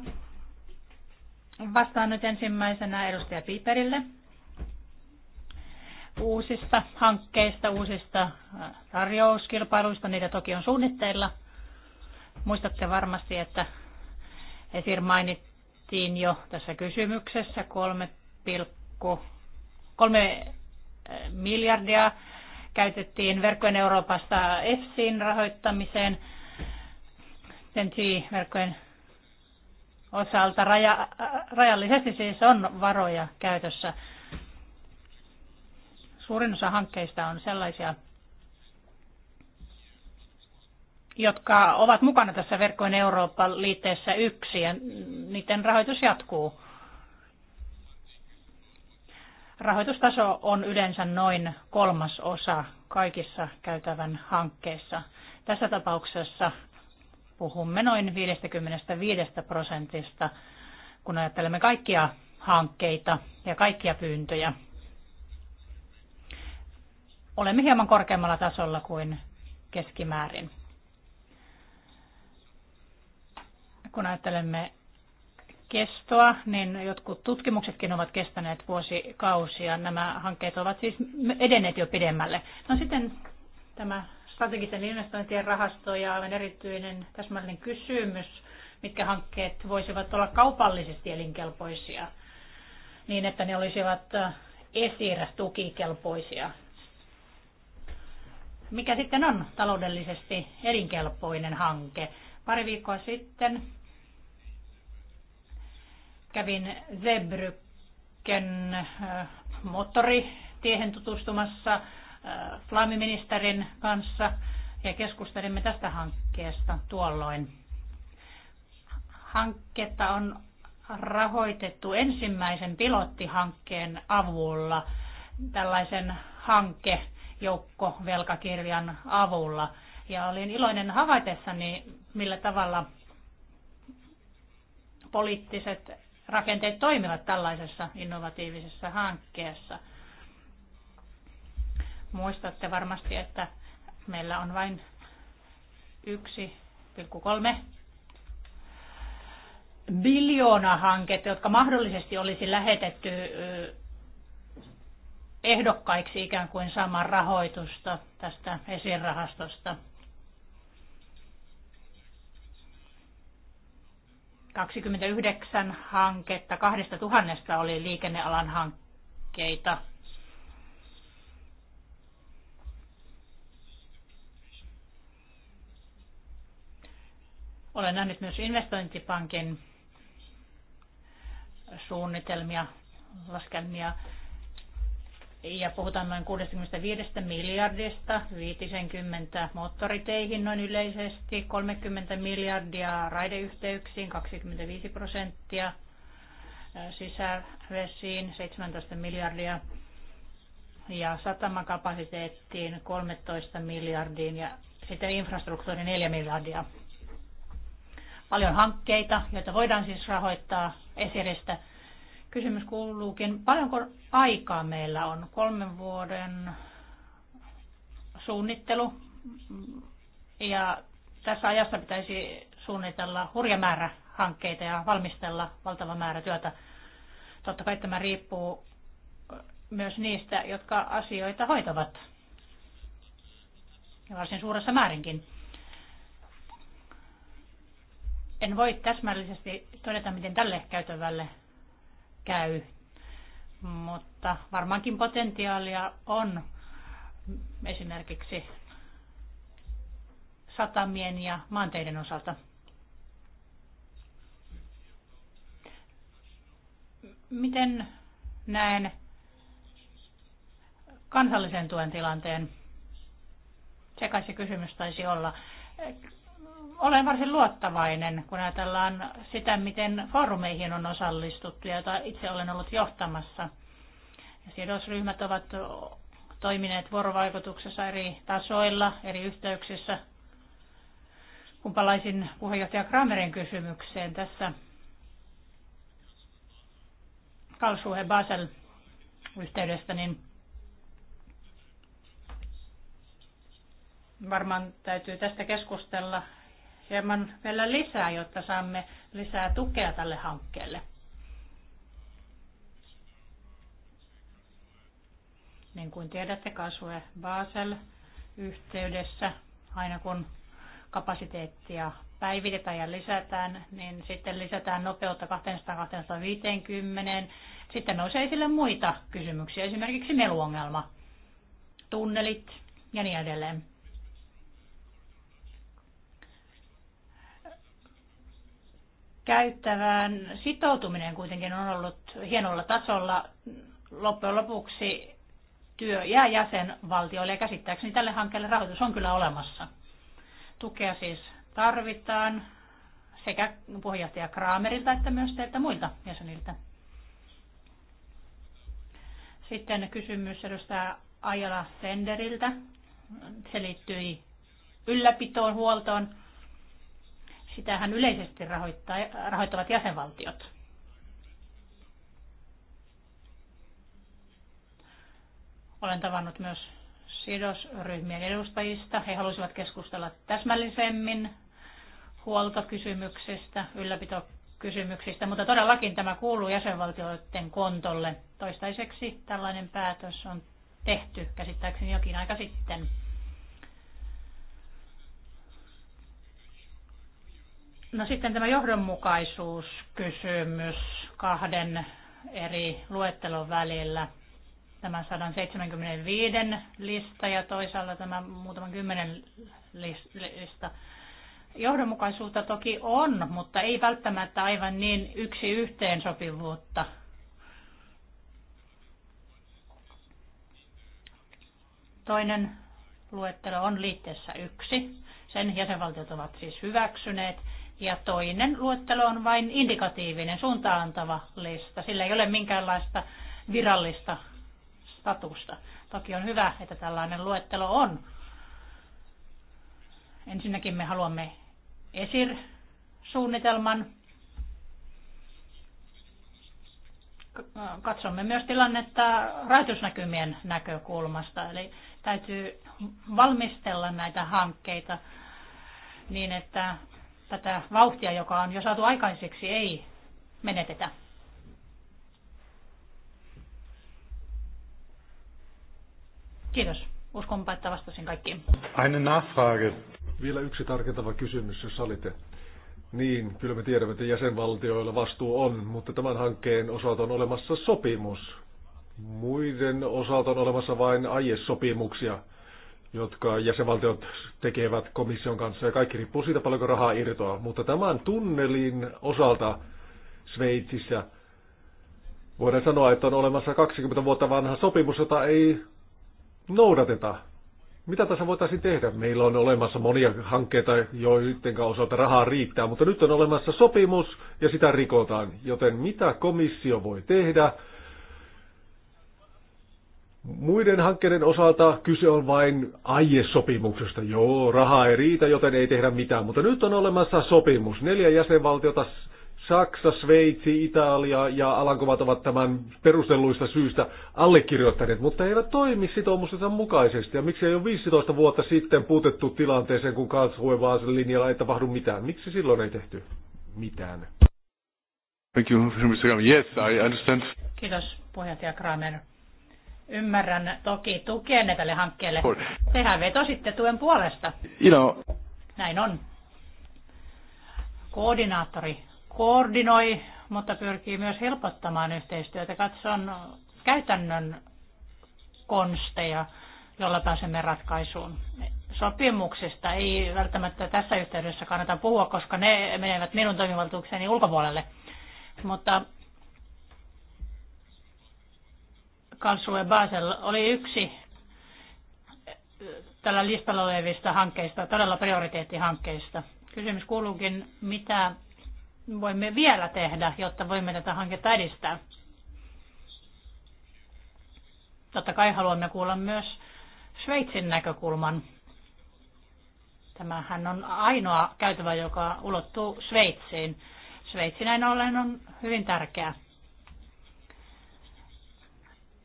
vastaan nyt ensimmäisenä edustaja Piiperille uusista hankkeista, uusista tarjouskilpailuista. Niitä toki on suunnitteilla. Muistatte varmasti, että Esir mainittiin jo tässä kysymyksessä 3,3 miljardia käytettiin verkkojen Euroopasta EFSIin rahoittamiseen. sen verkkojen osalta raja, rajallisesti siis on varoja käytössä. Suurin osa hankkeista on sellaisia, jotka ovat mukana tässä Verkkojen Euroopan liitteessä yksi ja niiden rahoitus jatkuu. Rahoitustaso on yleensä noin kolmas osa kaikissa käytävän hankkeissa. Tässä tapauksessa Puhumme noin 55 prosentista, kun ajattelemme kaikkia hankkeita ja kaikkia pyyntöjä. Olemme hieman korkeammalla tasolla kuin keskimäärin. Kun ajattelemme kestoa, niin jotkut tutkimuksetkin ovat kestäneet vuosikausia. Nämä hankkeet ovat siis edenneet jo pidemmälle. No sitten tämä strategisen investointien rahasto ja aivan erityinen täsmällinen kysymys, mitkä hankkeet voisivat olla kaupallisesti elinkelpoisia niin, että ne olisivat eh, ESIR-tukikelpoisia. Mikä sitten on taloudellisesti elinkelpoinen hanke? Pari viikkoa sitten kävin Zebrykken eh, moottoritiehen tutustumassa Slaamiministerin kanssa ja keskustelimme tästä hankkeesta tuolloin. Hanketta on rahoitettu ensimmäisen pilottihankkeen avulla, tällaisen hankejoukkovelkakirjan avulla. Ja olin iloinen havaitessani, millä tavalla poliittiset rakenteet toimivat tällaisessa innovatiivisessa hankkeessa – Muistatte varmasti, että meillä on vain 1,3 biljoona hanketta, jotka mahdollisesti olisi lähetetty ehdokkaiksi ikään kuin saamaan rahoitusta tästä esirahastosta. 29 hanketta, 2000 oli liikennealan hankkeita. Olen nähnyt myös investointipankin suunnitelmia, laskelmia ja puhutaan noin 65 miljardista, 50 moottoriteihin noin yleisesti, 30 miljardia raideyhteyksiin, 25 prosenttia sisävesiin, 17 miljardia ja satamakapasiteettiin 13 miljardiin ja sitten infrastruktuuri 4 miljardia paljon hankkeita, joita voidaan siis rahoittaa esiristä. Kysymys kuuluukin, paljonko aikaa meillä on? Kolmen vuoden suunnittelu ja tässä ajassa pitäisi suunnitella hurja määrä hankkeita ja valmistella valtava määrä työtä. Totta kai tämä riippuu myös niistä, jotka asioita hoitavat. Ja varsin suuressa määrinkin. En voi täsmällisesti todeta, miten tälle käytävälle käy, mutta varmaankin potentiaalia on esimerkiksi satamien ja maanteiden osalta. Miten näen kansallisen tuen tilanteen? Sekaisin kysymys taisi olla olen varsin luottavainen, kun ajatellaan sitä, miten foorumeihin on osallistuttu, jota itse olen ollut johtamassa. Sidosryhmät ovat toimineet vuorovaikutuksessa eri tasoilla, eri yhteyksissä. Kun palaisin puheenjohtaja Kramerin kysymykseen tässä Kalsuhe Basel yhteydestä, niin varmaan täytyy tästä keskustella hieman vielä lisää, jotta saamme lisää tukea tälle hankkeelle. Niin kuin tiedätte, kasvue Basel yhteydessä, aina kun kapasiteettia päivitetään ja lisätään, niin sitten lisätään nopeutta 200-250. Sitten nousee esille muita kysymyksiä, esimerkiksi meluongelma, tunnelit ja niin edelleen. käyttävään sitoutuminen kuitenkin on ollut hienolla tasolla. Loppujen lopuksi työ jää jäsenvaltioille ja käsittääkseni tälle hankkeelle rahoitus on kyllä olemassa. Tukea siis tarvitaan sekä puheenjohtaja Kraamerilta että myös teiltä muilta jäseniltä. Sitten kysymys edustaja Ajala Senderiltä. Se liittyi ylläpitoon, huoltoon. Sitähän yleisesti rahoittavat jäsenvaltiot. Olen tavannut myös sidosryhmien edustajista. He halusivat keskustella täsmällisemmin huoltokysymyksistä, ylläpitokysymyksistä, mutta todellakin tämä kuuluu jäsenvaltioiden kontolle. Toistaiseksi tällainen päätös on tehty käsittääkseni jokin aika sitten. No sitten tämä johdonmukaisuuskysymys kahden eri luettelon välillä. Tämä 175 lista ja toisaalla tämä muutaman kymmenen lista. Johdonmukaisuutta toki on, mutta ei välttämättä aivan niin yksi yhteen sopivuutta. Toinen luettelo on liitteessä yksi. Sen jäsenvaltiot ovat siis hyväksyneet – ja toinen luettelo on vain indikatiivinen, suuntaantava lista. Sillä ei ole minkäänlaista virallista statusta. Toki on hyvä, että tällainen luettelo on. Ensinnäkin me haluamme ESIR-suunnitelman. Katsomme myös tilannetta rajoitusnäkymien näkökulmasta, eli täytyy valmistella näitä hankkeita niin, että tätä vauhtia, joka on jo saatu aikaiseksi, ei menetetä. Kiitos. Uskonpa, että vastasin kaikkiin. Aina Nachfrage. Vielä yksi tarkentava kysymys, jos salite. Niin, kyllä me tiedämme, että jäsenvaltioilla vastuu on, mutta tämän hankkeen osalta on olemassa sopimus. Muiden osalta on olemassa vain aiesopimuksia jotka jäsenvaltiot tekevät komission kanssa ja kaikki riippuu siitä paljonko rahaa irtoaa. Mutta tämän tunnelin osalta Sveitsissä voidaan sanoa, että on olemassa 20 vuotta vanha sopimus, jota ei noudateta. Mitä tässä voitaisiin tehdä? Meillä on olemassa monia hankkeita, joiden osalta rahaa riittää, mutta nyt on olemassa sopimus ja sitä rikotaan. Joten mitä komissio voi tehdä? Muiden hankkeiden osalta kyse on vain aiesopimuksesta. Joo, raha ei riitä, joten ei tehdä mitään, mutta nyt on olemassa sopimus. Neljä jäsenvaltiota, Saksa, Sveitsi, Italia ja Alankovat ovat tämän perustelluista syistä allekirjoittaneet, mutta eivät toimi sitoumustensa mukaisesti. Ja miksi ei ole 15 vuotta sitten puutettu tilanteeseen, kun Karlsruhe Vaasan linjalla ei tapahdu mitään? Miksi silloin ei tehty mitään? Thank you, Mr. Yes, I understand. Kiitos, puheenjohtaja Kramer Ymmärrän toki tukenne tälle hankkeelle. Tehän vetositte tuen puolesta. Joo. Näin on. Koordinaattori koordinoi, mutta pyrkii myös helpottamaan yhteistyötä. Katson käytännön konsteja, jolla pääsemme ratkaisuun. Sopimuksista ei välttämättä tässä yhteydessä kannata puhua, koska ne menevät minun toimivaltuukseni ulkopuolelle. Mutta Karlsruhe Basel oli yksi eh, tällä listalla olevista hankkeista, todella prioriteettihankkeista. Kysymys kuuluukin, mitä voimme vielä tehdä, jotta voimme tätä hanketta edistää? Totta kai haluamme kuulla myös Sveitsin näkökulman. Tämähän on ainoa käytävä, joka ulottuu Sveitsiin. Sveitsi näin ollen on hyvin tärkeä.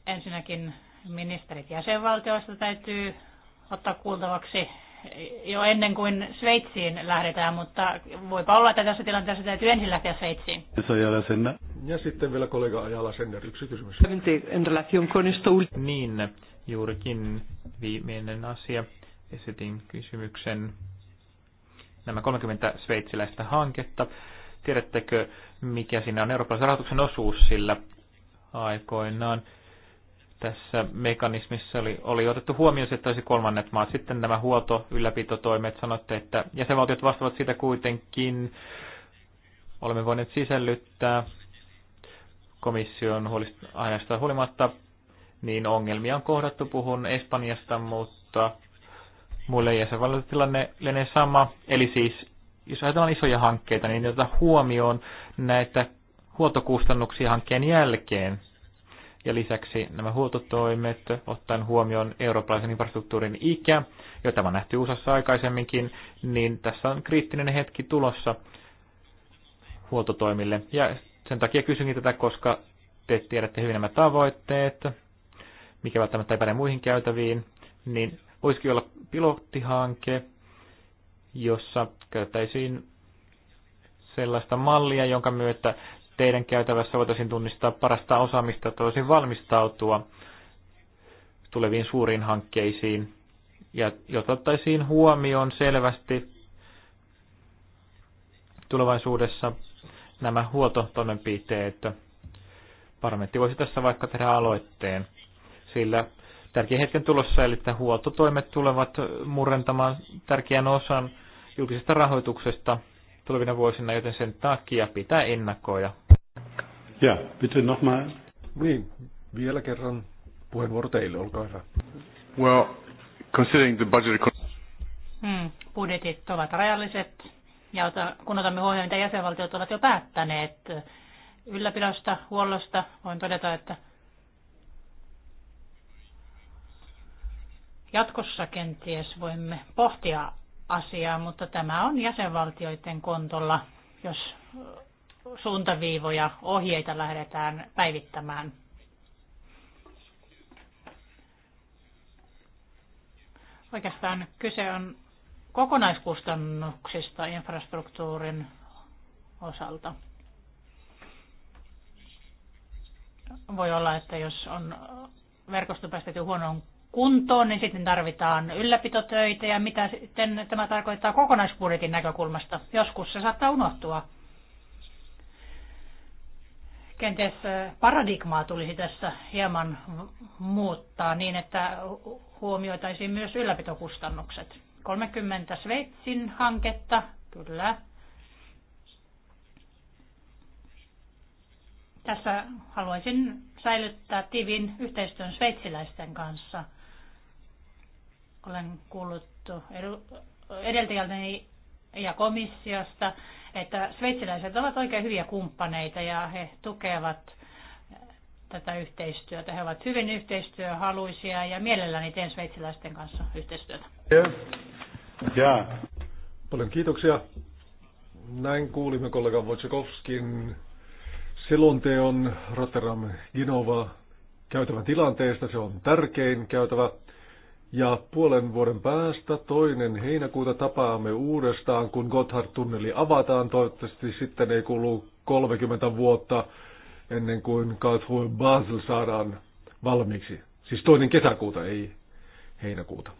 Ensinnäkin ministerit jäsenvaltioista täytyy ottaa kuultavaksi jo ennen kuin Sveitsiin lähdetään, mutta voipa olla, että tässä tilanteessa täytyy ensin lähteä Sveitsiin. Ja sitten vielä kollega Ajala Senner, yksi kysymys. Niin, juurikin viimeinen asia. Esitin kysymyksen nämä 30 sveitsiläistä hanketta. Tiedättekö, mikä siinä on eurooppalaisen rahoituksen osuus sillä aikoinaan? tässä mekanismissa oli, oli otettu huomioon että olisi kolmannet maat. Sitten nämä huolto, ylläpitotoimet, sanotte, että jäsenvaltiot vastaavat siitä kuitenkin. Olemme voineet sisällyttää komission huolista huolimatta, niin ongelmia on kohdattu. Puhun Espanjasta, mutta muille jäsenvaltioille tilanne lenee sama. Eli siis, jos ajatellaan isoja hankkeita, niin otetaan huomioon näitä huoltokustannuksia hankkeen jälkeen ja lisäksi nämä huoltotoimet, ottaen huomioon eurooppalaisen infrastruktuurin ikä, jota on nähty USAssa aikaisemminkin, niin tässä on kriittinen hetki tulossa huoltotoimille. Ja sen takia kysynkin tätä, koska te tiedätte hyvin nämä tavoitteet, mikä välttämättä ei päde muihin käytäviin, niin voisikin olla pilottihanke, jossa käytäisiin sellaista mallia, jonka myötä teidän käytävässä voitaisiin tunnistaa parasta osaamista, että voisin valmistautua tuleviin suuriin hankkeisiin, ja jotta ottaisiin huomioon selvästi tulevaisuudessa nämä huoltotoimenpiteet. Parlamentti voisi tässä vaikka tehdä aloitteen, sillä tärkeä hetken tulossa, eli että huoltotoimet tulevat murentamaan tärkeän osan julkisesta rahoituksesta tulevina vuosina, joten sen takia pitää ennakoida ja, bitte nochmal. Niin, vielä kerran puheenvuoro teille, olkaa hyvä. Well, considering the budget... Hmm, budjetit ovat rajalliset, ja kun otamme huomioon, mitä jäsenvaltiot ovat jo päättäneet ylläpidosta, huollosta, voin todeta, että jatkossa kenties voimme pohtia asiaa, mutta tämä on jäsenvaltioiden kontolla, jos suuntaviivoja, ohjeita lähdetään päivittämään. Oikeastaan kyse on kokonaiskustannuksista infrastruktuurin osalta. Voi olla, että jos on verkosto päästetty huonoon kuntoon, niin sitten tarvitaan ylläpitotöitä ja mitä sitten tämä tarkoittaa kokonaisbudjetin näkökulmasta. Joskus se saattaa unohtua kenties paradigmaa tulisi tässä hieman muuttaa niin, että huomioitaisiin myös ylläpitokustannukset. 30 Sveitsin hanketta, kyllä. Tässä haluaisin säilyttää tiivin yhteistyön sveitsiläisten kanssa. Olen kuullut edeltäjältäni ja komissiosta, että sveitsiläiset ovat oikein hyviä kumppaneita ja he tukevat tätä yhteistyötä. He ovat hyvin yhteistyöhaluisia ja mielelläni teen sveitsiläisten kanssa yhteistyötä. Ja. Paljon kiitoksia. Näin kuulimme kollega Wojciechowskin selonteon Rotterdam Ginova käytävän tilanteesta. Se on tärkein käytävä. Ja puolen vuoden päästä toinen heinäkuuta tapaamme uudestaan, kun Gotthard-tunneli avataan. Toivottavasti sitten ei kulu 30 vuotta ennen kuin Karlsruhe Basel saadaan valmiiksi. Siis toinen kesäkuuta, ei heinäkuuta.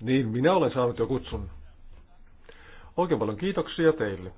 Niin, minä olen saanut jo kutsun. Oikein paljon kiitoksia teille.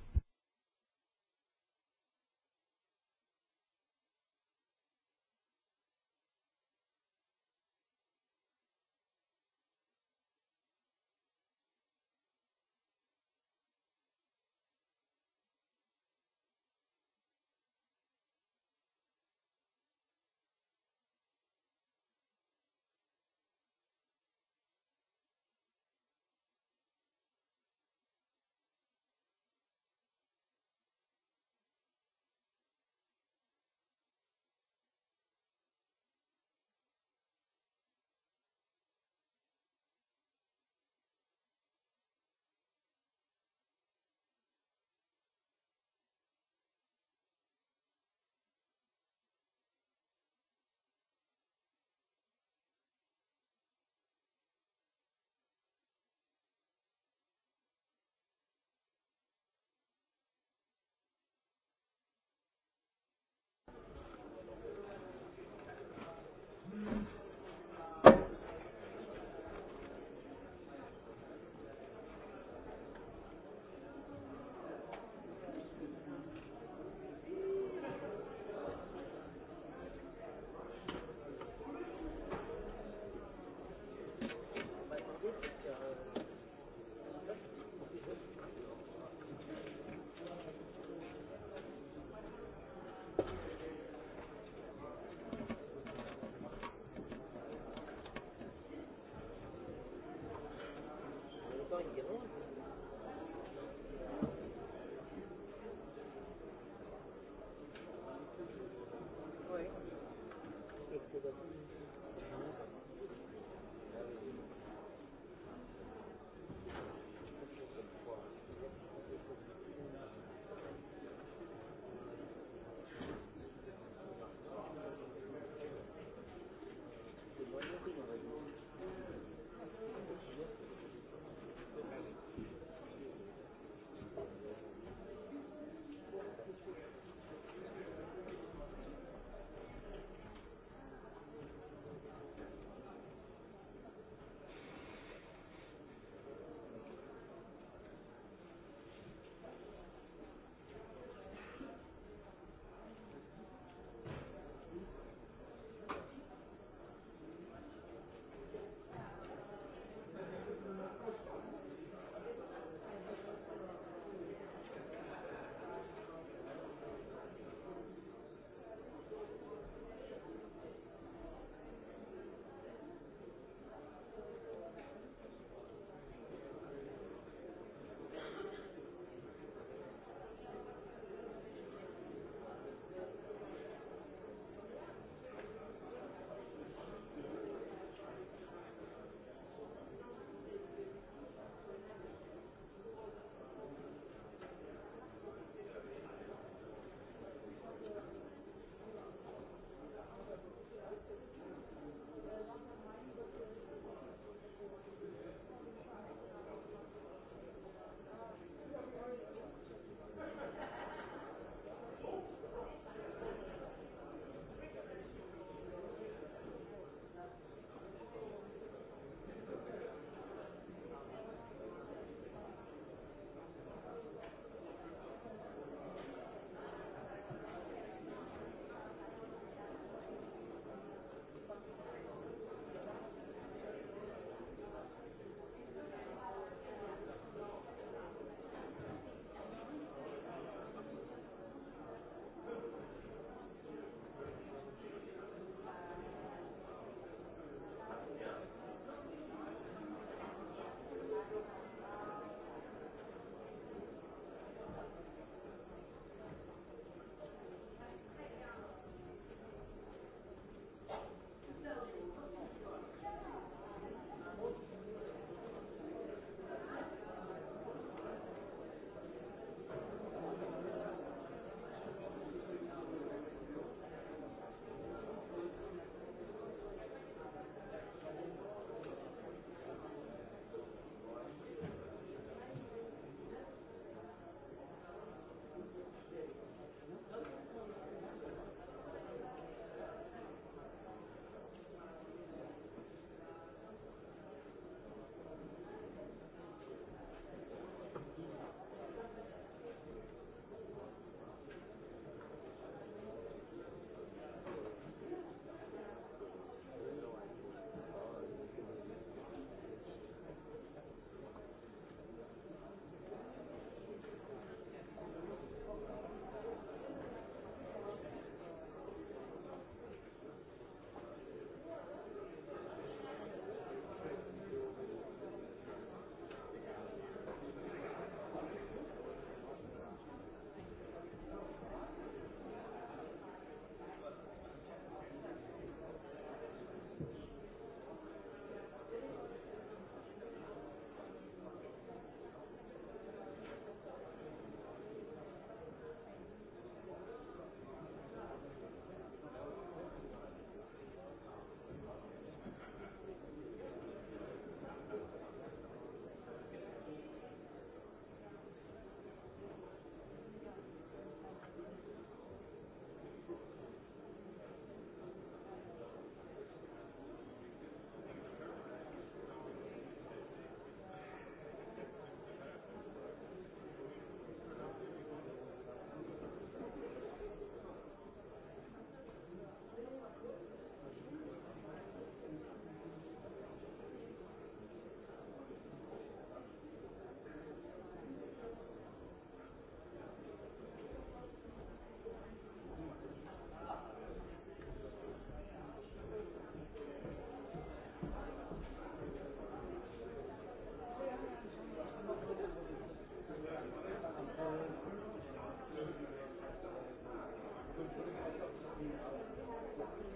Thank you.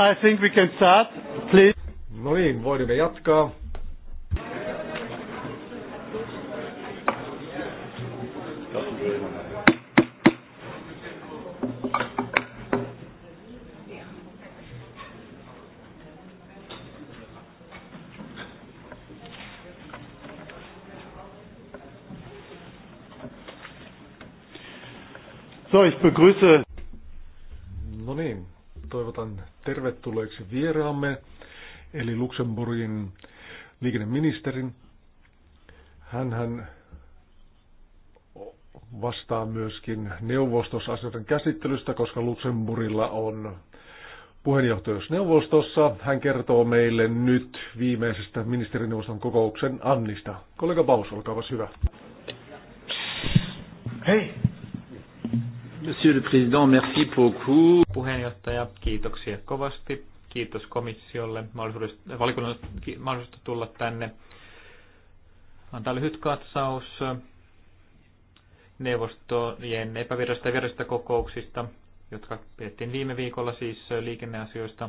I think we can start, please. No niin, voimme jatkaa. So, ich begrüße tervetulleeksi vieraamme, eli Luxemburgin liikenneministerin. hän vastaa myöskin neuvostossa asioiden käsittelystä, koska Luxemburilla on puheenjohtajuusneuvostossa. Hän kertoo meille nyt viimeisestä ministerineuvoston kokouksen Annista. Kollega Baus, olkaa hyvä. Hei, Monsieur le Président, merci beaucoup. Puheenjohtaja, kiitoksia kovasti. Kiitos komissiolle valikunnan mahdollisuudesta tulla tänne. Antaa lyhyt katsaus neuvostojen epävirallisista ja virallisista kokouksista, jotka pidettiin viime viikolla siis liikenneasioista.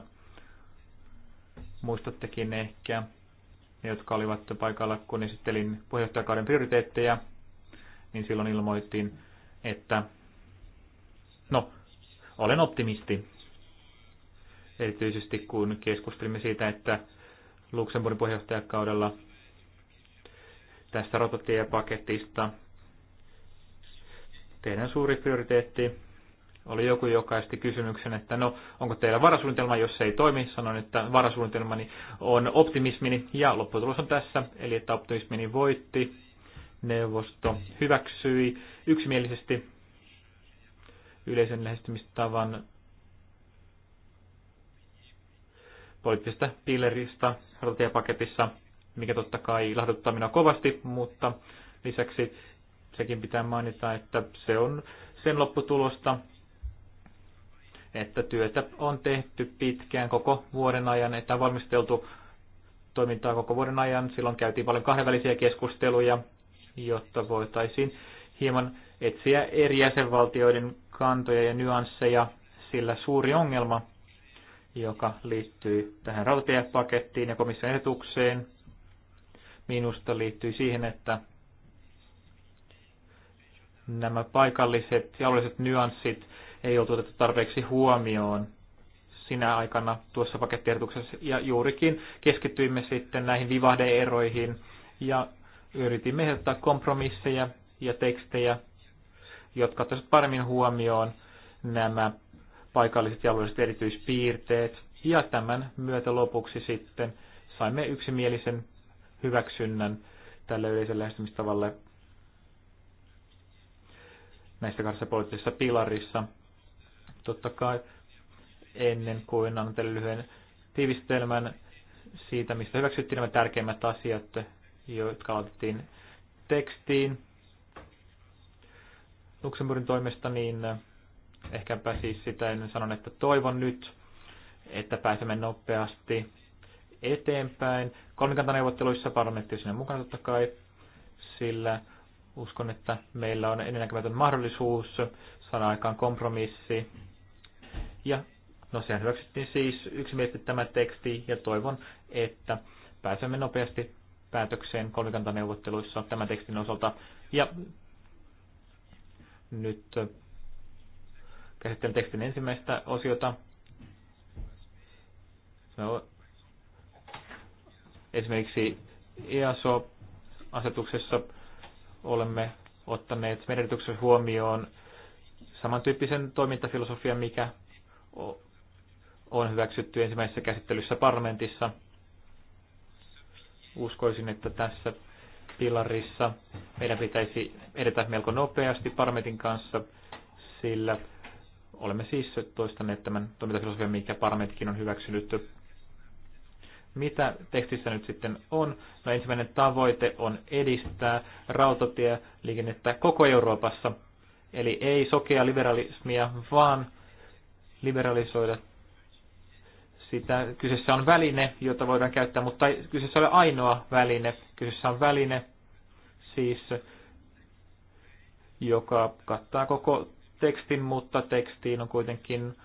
Muistattekin ehkä ne, jotka olivat paikalla, kun esittelin puheenjohtajakauden prioriteetteja, niin silloin ilmoitin, että No, olen optimisti. Erityisesti kun keskustelimme siitä, että Luxemburgin puheenjohtajakaudella tästä rototiepaketista teidän suuri prioriteetti oli joku, jokaisesti kysymyksen, että no, onko teillä varasuunnitelma, jos se ei toimi. Sanoin, että varasuunnitelmani on optimismini, ja lopputulos on tässä, eli että optimismini voitti, neuvosto hyväksyi yksimielisesti yleisen lähestymistavan poliittisesta piileristä rautatiepaketissa, mikä totta kai lahduttaa minua kovasti, mutta lisäksi sekin pitää mainita, että se on sen lopputulosta, että työtä on tehty pitkään koko vuoden ajan, että on valmisteltu toimintaa koko vuoden ajan. Silloin käytiin paljon kahdenvälisiä keskusteluja, jotta voitaisiin hieman etsiä eri jäsenvaltioiden kantoja ja nyansseja, sillä suuri ongelma, joka liittyy tähän rautatiepakettiin ja komission ehdotukseen, minusta liittyy siihen, että nämä paikalliset ja alueelliset nyanssit ei ole otettu tarpeeksi huomioon sinä aikana tuossa pakettiehdotuksessa. ja juurikin keskityimme sitten näihin vivahdeeroihin ja yritimme ehdottaa kompromisseja ja tekstejä, jotka ottaisivat paremmin huomioon nämä paikalliset ja alueelliset erityispiirteet. Ja tämän myötä lopuksi sitten saimme yksimielisen hyväksynnän tälle yleiselle lähestymistavalle näissä kahdessa poliittisessa pilarissa. Totta kai ennen kuin annan teille lyhyen tiivistelmän siitä, mistä hyväksyttiin nämä tärkeimmät asiat, jotka otettiin tekstiin. Luxemburgin toimesta, niin äh, ehkäpä siis sitä en sanon, että toivon nyt, että pääsemme nopeasti eteenpäin. Kolmikantaneuvotteluissa parlamentti on sinne mukana totta kai, sillä uskon, että meillä on ennennäkemätön mahdollisuus saada aikaan kompromissi. Ja no sehän hyväksyttiin siis yksimielisesti tämä teksti ja toivon, että pääsemme nopeasti päätökseen kolmikantaneuvotteluissa tämän tekstin osalta. Ja nyt äh, käsittelen tekstin ensimmäistä osiota. on esimerkiksi EASO-asetuksessa olemme ottaneet merkityksen huomioon samantyyppisen toimintafilosofian, mikä on hyväksytty ensimmäisessä käsittelyssä parlamentissa. Uskoisin, että tässä pilarissa. Meidän pitäisi edetä melko nopeasti Parmetin kanssa, sillä olemme siis toistaneet tämän toimintafilosofian, mikä Parmetkin on hyväksynyt. Mitä tekstissä nyt sitten on? No ensimmäinen tavoite on edistää rautatieliikennettä koko Euroopassa. Eli ei sokea liberalismia, vaan liberalisoida sitä. Kyseessä on väline, jota voidaan käyttää, mutta ei kyseessä ole ainoa väline. Kyseessä on väline, siis, joka kattaa koko tekstin, mutta tekstiin on kuitenkin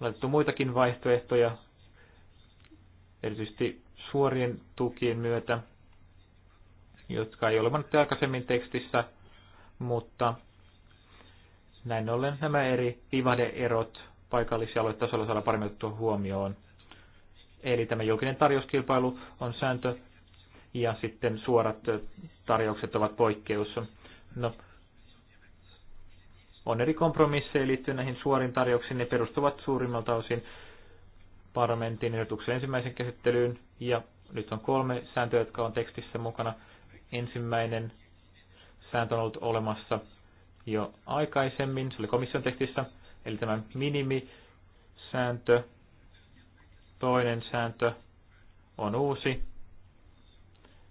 laitettu muitakin vaihtoehtoja, erityisesti suorien tukien myötä, jotka ei ole mainittu aikaisemmin tekstissä, mutta näin ollen nämä eri vivahdeerot paikallisia ja aluetasolla saadaan paremmin huomioon. Eli tämä julkinen tarjouskilpailu on sääntö ja sitten suorat tarjoukset ovat poikkeus. No, on eri kompromisseja liittyen näihin suoriin tarjouksiin. Ne perustuvat suurimmalta osin parlamentin ehdotuksen ensimmäisen käsittelyyn ja nyt on kolme sääntöä, jotka on tekstissä mukana. Ensimmäinen sääntö on ollut olemassa jo aikaisemmin, se oli komission tekstissä, eli tämä minimisääntö Toinen sääntö on uusi.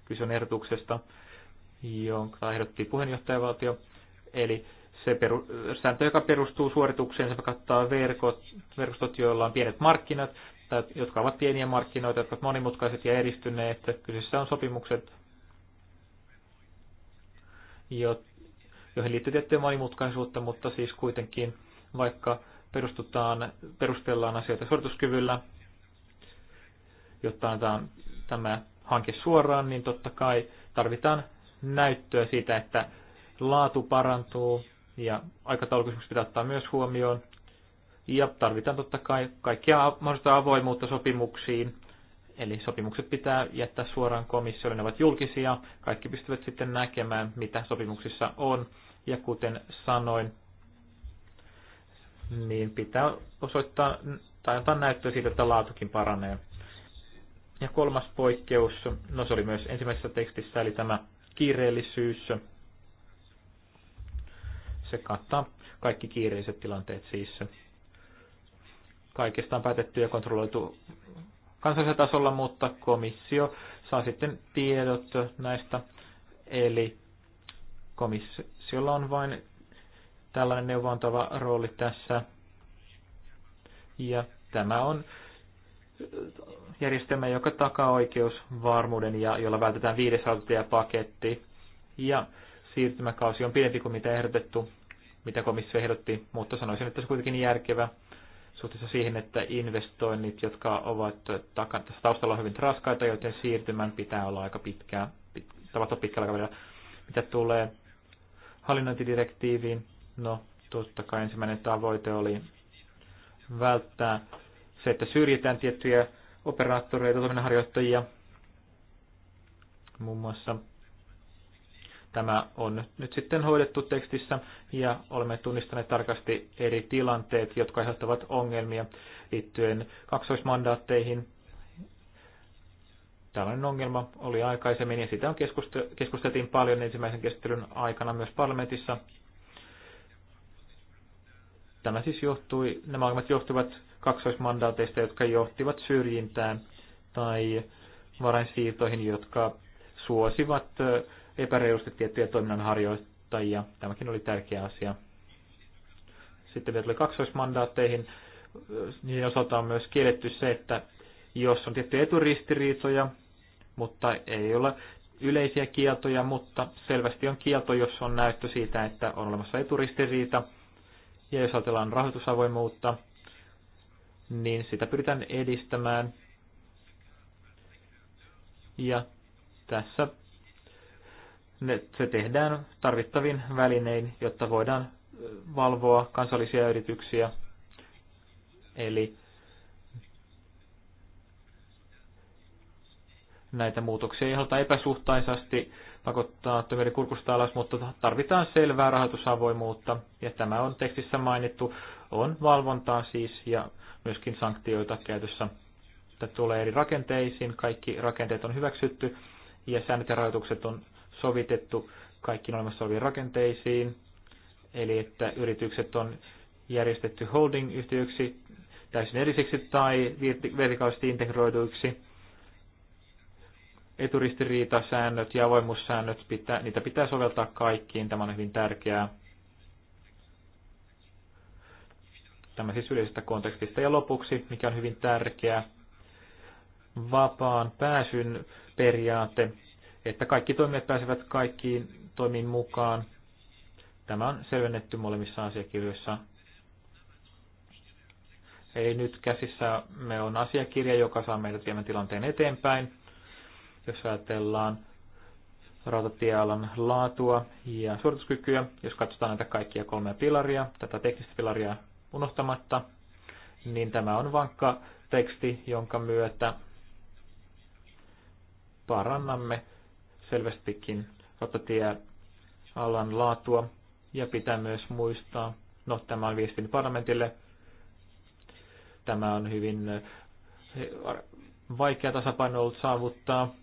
Kyse on ehdotuksesta, jonka ehdotti puheenjohtajavaltio. Eli se peru, sääntö, joka perustuu suoritukseen, se kattaa verkot, verkostot, joilla on pienet markkinat, tai jotka ovat pieniä markkinoita, jotka ovat monimutkaiset ja eristyneet. Kyseessä on sopimukset, jo, joihin liittyy tiettyä monimutkaisuutta, mutta siis kuitenkin vaikka perustutaan, perustellaan asioita suorituskyvyllä, jotta annetaan tämä hanke suoraan, niin totta kai tarvitaan näyttöä siitä, että laatu parantuu ja aikataulukysymykset pitää ottaa myös huomioon. Ja tarvitaan totta kai kaikkia mahdollista avoimuutta sopimuksiin. Eli sopimukset pitää jättää suoraan komissiolle, ne ovat julkisia, kaikki pystyvät sitten näkemään, mitä sopimuksissa on. Ja kuten sanoin, niin pitää osoittaa tai antaa näyttöä siitä, että laatukin paranee. Ja kolmas poikkeus, no se oli myös ensimmäisessä tekstissä, eli tämä kiireellisyys. Se kattaa kaikki kiireiset tilanteet siis. Kaikesta on päätetty ja kontrolloitu kansallisella tasolla, mutta komissio saa sitten tiedot näistä. Eli komissiolla on vain tällainen neuvontava rooli tässä. Ja tämä on järjestelmä, joka takaa oikeusvarmuuden ja jolla vältetään viides paketti. Ja siirtymäkausi on pidempi kuin mitä ehdotettu, mitä komissio ehdotti, mutta sanoisin, että se on kuitenkin järkevä suhteessa siihen, että investoinnit, jotka ovat tässä taustalla on hyvin raskaita, joten siirtymän pitää olla aika pitkää, pit, tapahtua pitkällä kaudella, Mitä tulee hallinnointidirektiiviin, no totta kai ensimmäinen tavoite oli välttää se, että syrjitään tiettyjä operaattoreita, toiminnanharjoittajia muun muassa. Tämä on nyt sitten hoidettu tekstissä ja olemme tunnistaneet tarkasti eri tilanteet, jotka aiheuttavat ongelmia liittyen kaksoismandaatteihin. Tällainen ongelma oli aikaisemmin ja sitä on keskusteltiin paljon ensimmäisen keskustelun aikana myös parlamentissa. Tämä siis johtui, nämä ongelmat johtuvat kaksoismandaateista, jotka johtivat syrjintään tai varainsiirtoihin, jotka suosivat epäreilusti tiettyjä toiminnanharjoittajia. Tämäkin oli tärkeä asia. Sitten vielä tuli kaksoismandaatteihin. Niin osalta on myös kielletty se, että jos on tiettyjä eturistiriitoja, mutta ei ole yleisiä kieltoja, mutta selvästi on kielto, jos on näyttö siitä, että on olemassa eturistiriita. Ja jos ajatellaan rahoitusavoimuutta, niin sitä pyritään edistämään. Ja tässä ne, se tehdään tarvittavin välinein, jotta voidaan valvoa kansallisia yrityksiä. Eli näitä muutoksia ei haluta epäsuhtaisesti pakottaa tömeri kurkusta alas, mutta tarvitaan selvää rahoitusavoimuutta, ja tämä on tekstissä mainittu, on valvontaa siis, ja myöskin sanktioita käytössä. Tämä tulee eri rakenteisiin, kaikki rakenteet on hyväksytty ja säännöt ja rajoitukset on sovitettu kaikkiin olemassa oleviin rakenteisiin. Eli että yritykset on järjestetty holding-yhtiöksi täysin erisiksi tai vertikaalisesti integroiduiksi. Eturistiriitasäännöt ja avoimuussäännöt, pitää, niitä pitää soveltaa kaikkiin, tämä on hyvin tärkeää. Tämä siis yleisestä kontekstista. Ja lopuksi, mikä on hyvin tärkeää, vapaan pääsyn periaate, että kaikki toimijat pääsevät kaikkiin toimiin mukaan. Tämä on selvennetty molemmissa asiakirjoissa. Eli nyt käsissä me on asiakirja, joka saa meidät viemään tilanteen eteenpäin. Jos ajatellaan rautatiealan laatua ja suorituskykyä, jos katsotaan näitä kaikkia kolmea pilaria, tätä teknistä pilaria, unohtamatta, niin tämä on vankka teksti, jonka myötä parannamme selvästikin alan laatua ja pitää myös muistaa, no tämä on viestin parlamentille, tämä on hyvin äh, vaikea tasapaino ollut saavuttaa.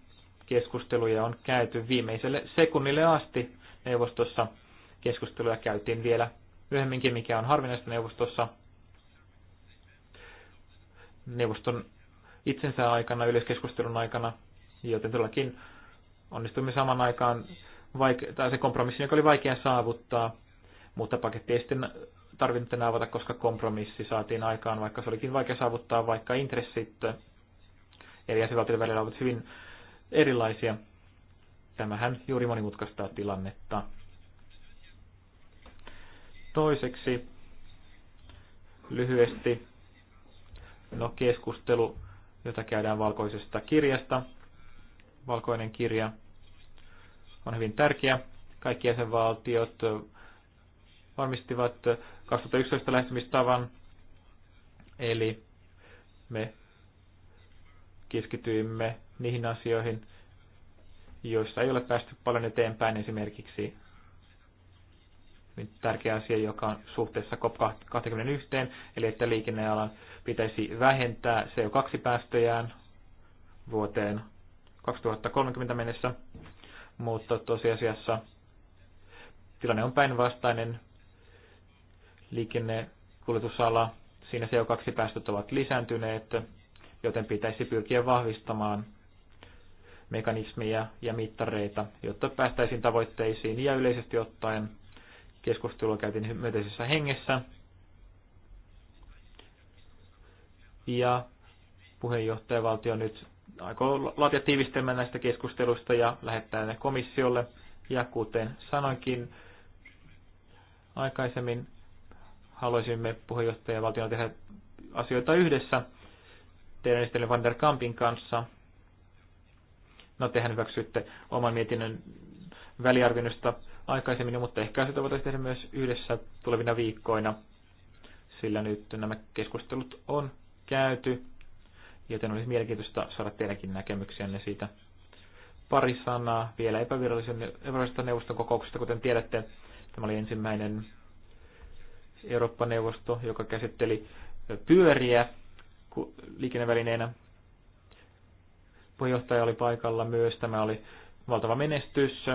Keskusteluja on käyty viimeiselle sekunnille asti neuvostossa. Keskusteluja käytiin vielä myöhemminkin, mikä on harvinaista neuvostossa. Neuvoston itsensä aikana, yleiskeskustelun aikana, joten todellakin onnistuimme saman aikaan vaike- tai se kompromissi, joka oli vaikea saavuttaa, mutta paketti ei sitten tarvinnut enää avata, koska kompromissi saatiin aikaan, vaikka se olikin vaikea saavuttaa, vaikka intressit eri jäsenvaltioiden välillä ovat hyvin erilaisia. Tämähän juuri monimutkaistaa tilannetta. Toiseksi lyhyesti no, keskustelu, jota käydään valkoisesta kirjasta. Valkoinen kirja on hyvin tärkeä. Kaikki jäsenvaltiot varmistivat 2011 lähestymistavan, eli me keskityimme niihin asioihin, joissa ei ole päästy paljon eteenpäin, esimerkiksi hyvin tärkeä asia, joka on suhteessa COP21, eli että liikennealan pitäisi vähentää CO2-päästöjään vuoteen 2030 mennessä, mutta tosiasiassa tilanne on päinvastainen. Liikennekuljetusala, siinä CO2-päästöt ovat lisääntyneet, joten pitäisi pyrkiä vahvistamaan mekanismeja ja mittareita, jotta päästäisiin tavoitteisiin ja yleisesti ottaen – Keskustelua käytiin myötäisessä hengessä. Ja puheenjohtajavaltio nyt aikoo laatia tiivistelmän näistä keskusteluista ja lähettää ne komissiolle. Ja kuten sanoinkin aikaisemmin, haluaisimme valtio tehdä asioita yhdessä teidän Van der Kampin kanssa. No, tehän hyväksytte oman mietinnön väliarvioinnista aikaisemmin, mutta ehkä sitä voitaisiin tehdä myös yhdessä tulevina viikkoina, sillä nyt nämä keskustelut on käyty, joten olisi mielenkiintoista saada teidänkin näkemyksiänne siitä. Pari sanaa vielä epävirallisesta neuvoston kokouksesta, kuten tiedätte, tämä oli ensimmäinen Eurooppa-neuvosto, joka käsitteli pyöriä liikennevälineenä. Puheenjohtaja oli paikalla myös. Tämä oli valtava menestys.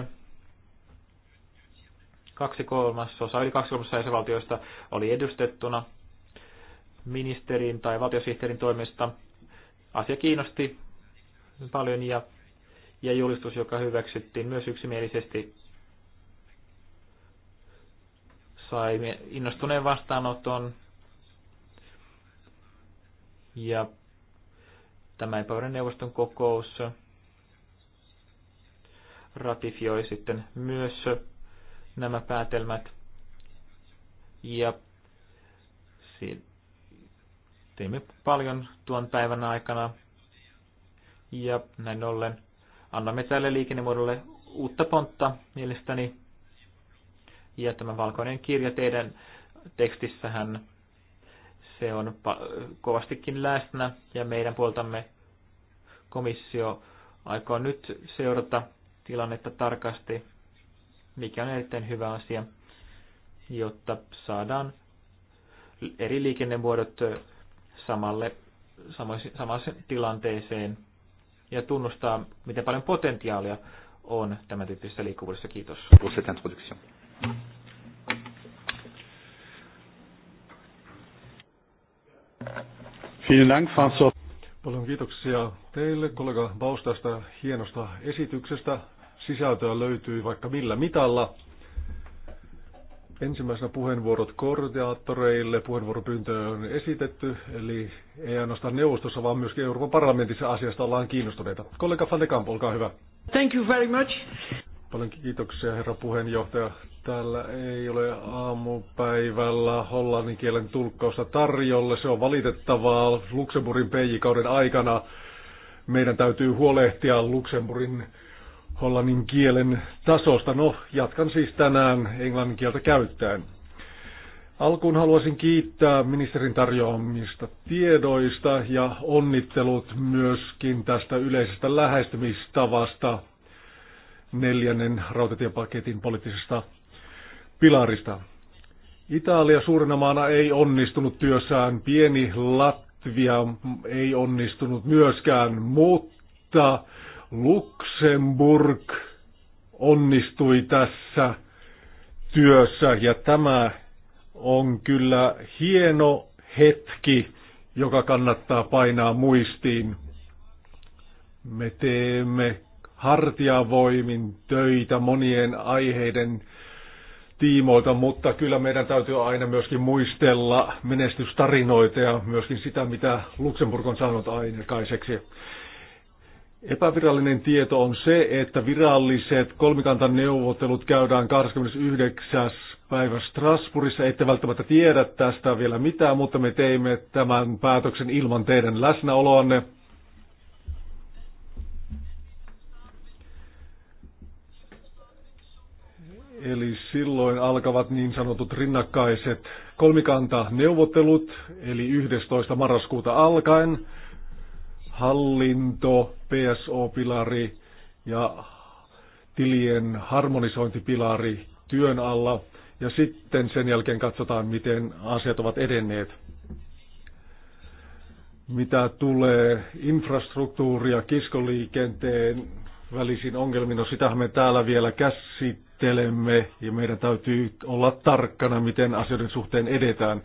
Kaksi kolmasosa, yli kaksi kolmasosa jäsenvaltioista oli edustettuna ministerin tai valtiosihteerin toimesta. Asia kiinnosti paljon ja, ja julistus, joka hyväksyttiin myös yksimielisesti, sai innostuneen vastaanoton. Ja tämä epävirallinen neuvoston kokous ratifioi sitten myös nämä päätelmät. Ja teimme paljon tuon päivän aikana. Ja näin ollen annamme tälle liikennemuodolle uutta pontta mielestäni. Ja tämä valkoinen kirja teidän tekstissähän se on kovastikin läsnä ja meidän puoltamme komissio aikoo nyt seurata tilannetta tarkasti mikä on erittäin hyvä asia, jotta saadaan eri liikennemuodot samalle, samaan tilanteeseen ja tunnustaa, miten paljon potentiaalia on tämän tyyppisessä liikkuvuudessa. Kiitos. Pour cette introduction. Vielen Dank, François. Paljon kiitoksia teille, kollega Baus, tästä hienosta esityksestä sisältöä löytyy vaikka millä mitalla. Ensimmäisenä puheenvuorot koordinaattoreille. Puheenvuoropyyntö on esitetty, eli ei ainoastaan neuvostossa, vaan myöskin Euroopan parlamentissa asiasta ollaan kiinnostuneita. Kollega Van de Kamp, olkaa hyvä. Thank you very much. Paljon kiitoksia, herra puheenjohtaja. Täällä ei ole aamupäivällä hollannin kielen tulkkausta tarjolla. Se on valitettavaa. Luxemburgin peijikauden aikana meidän täytyy huolehtia Luxemburgin hollannin kielen tasosta. No, jatkan siis tänään englannin kieltä käyttäen. Alkuun haluaisin kiittää ministerin tarjoamista tiedoista ja onnittelut myöskin tästä yleisestä lähestymistavasta neljännen rautatiepaketin poliittisesta pilarista. Italia suurena maana ei onnistunut työssään, pieni Latvia ei onnistunut myöskään, mutta Luxemburg onnistui tässä työssä ja tämä on kyllä hieno hetki, joka kannattaa painaa muistiin. Me teemme hartiavoimin töitä monien aiheiden tiimoilta, mutta kyllä meidän täytyy aina myöskin muistella menestystarinoita ja myöskin sitä, mitä Luxemburg on saanut aikaiseksi. Epävirallinen tieto on se, että viralliset kolmikantaneuvottelut käydään 29. päivä Strasbourgissa. Ette välttämättä tiedä tästä vielä mitään, mutta me teimme tämän päätöksen ilman teidän läsnäoloanne. Eli silloin alkavat niin sanotut rinnakkaiset kolmikanta neuvottelut, eli 11. marraskuuta alkaen hallinto, PSO-pilari ja tilien harmonisointipilari työn alla. Ja sitten sen jälkeen katsotaan, miten asiat ovat edenneet. Mitä tulee infrastruktuuri- ja kiskoliikenteen välisiin ongelmiin, no sitähän me täällä vielä käsittelemme ja meidän täytyy olla tarkkana, miten asioiden suhteen edetään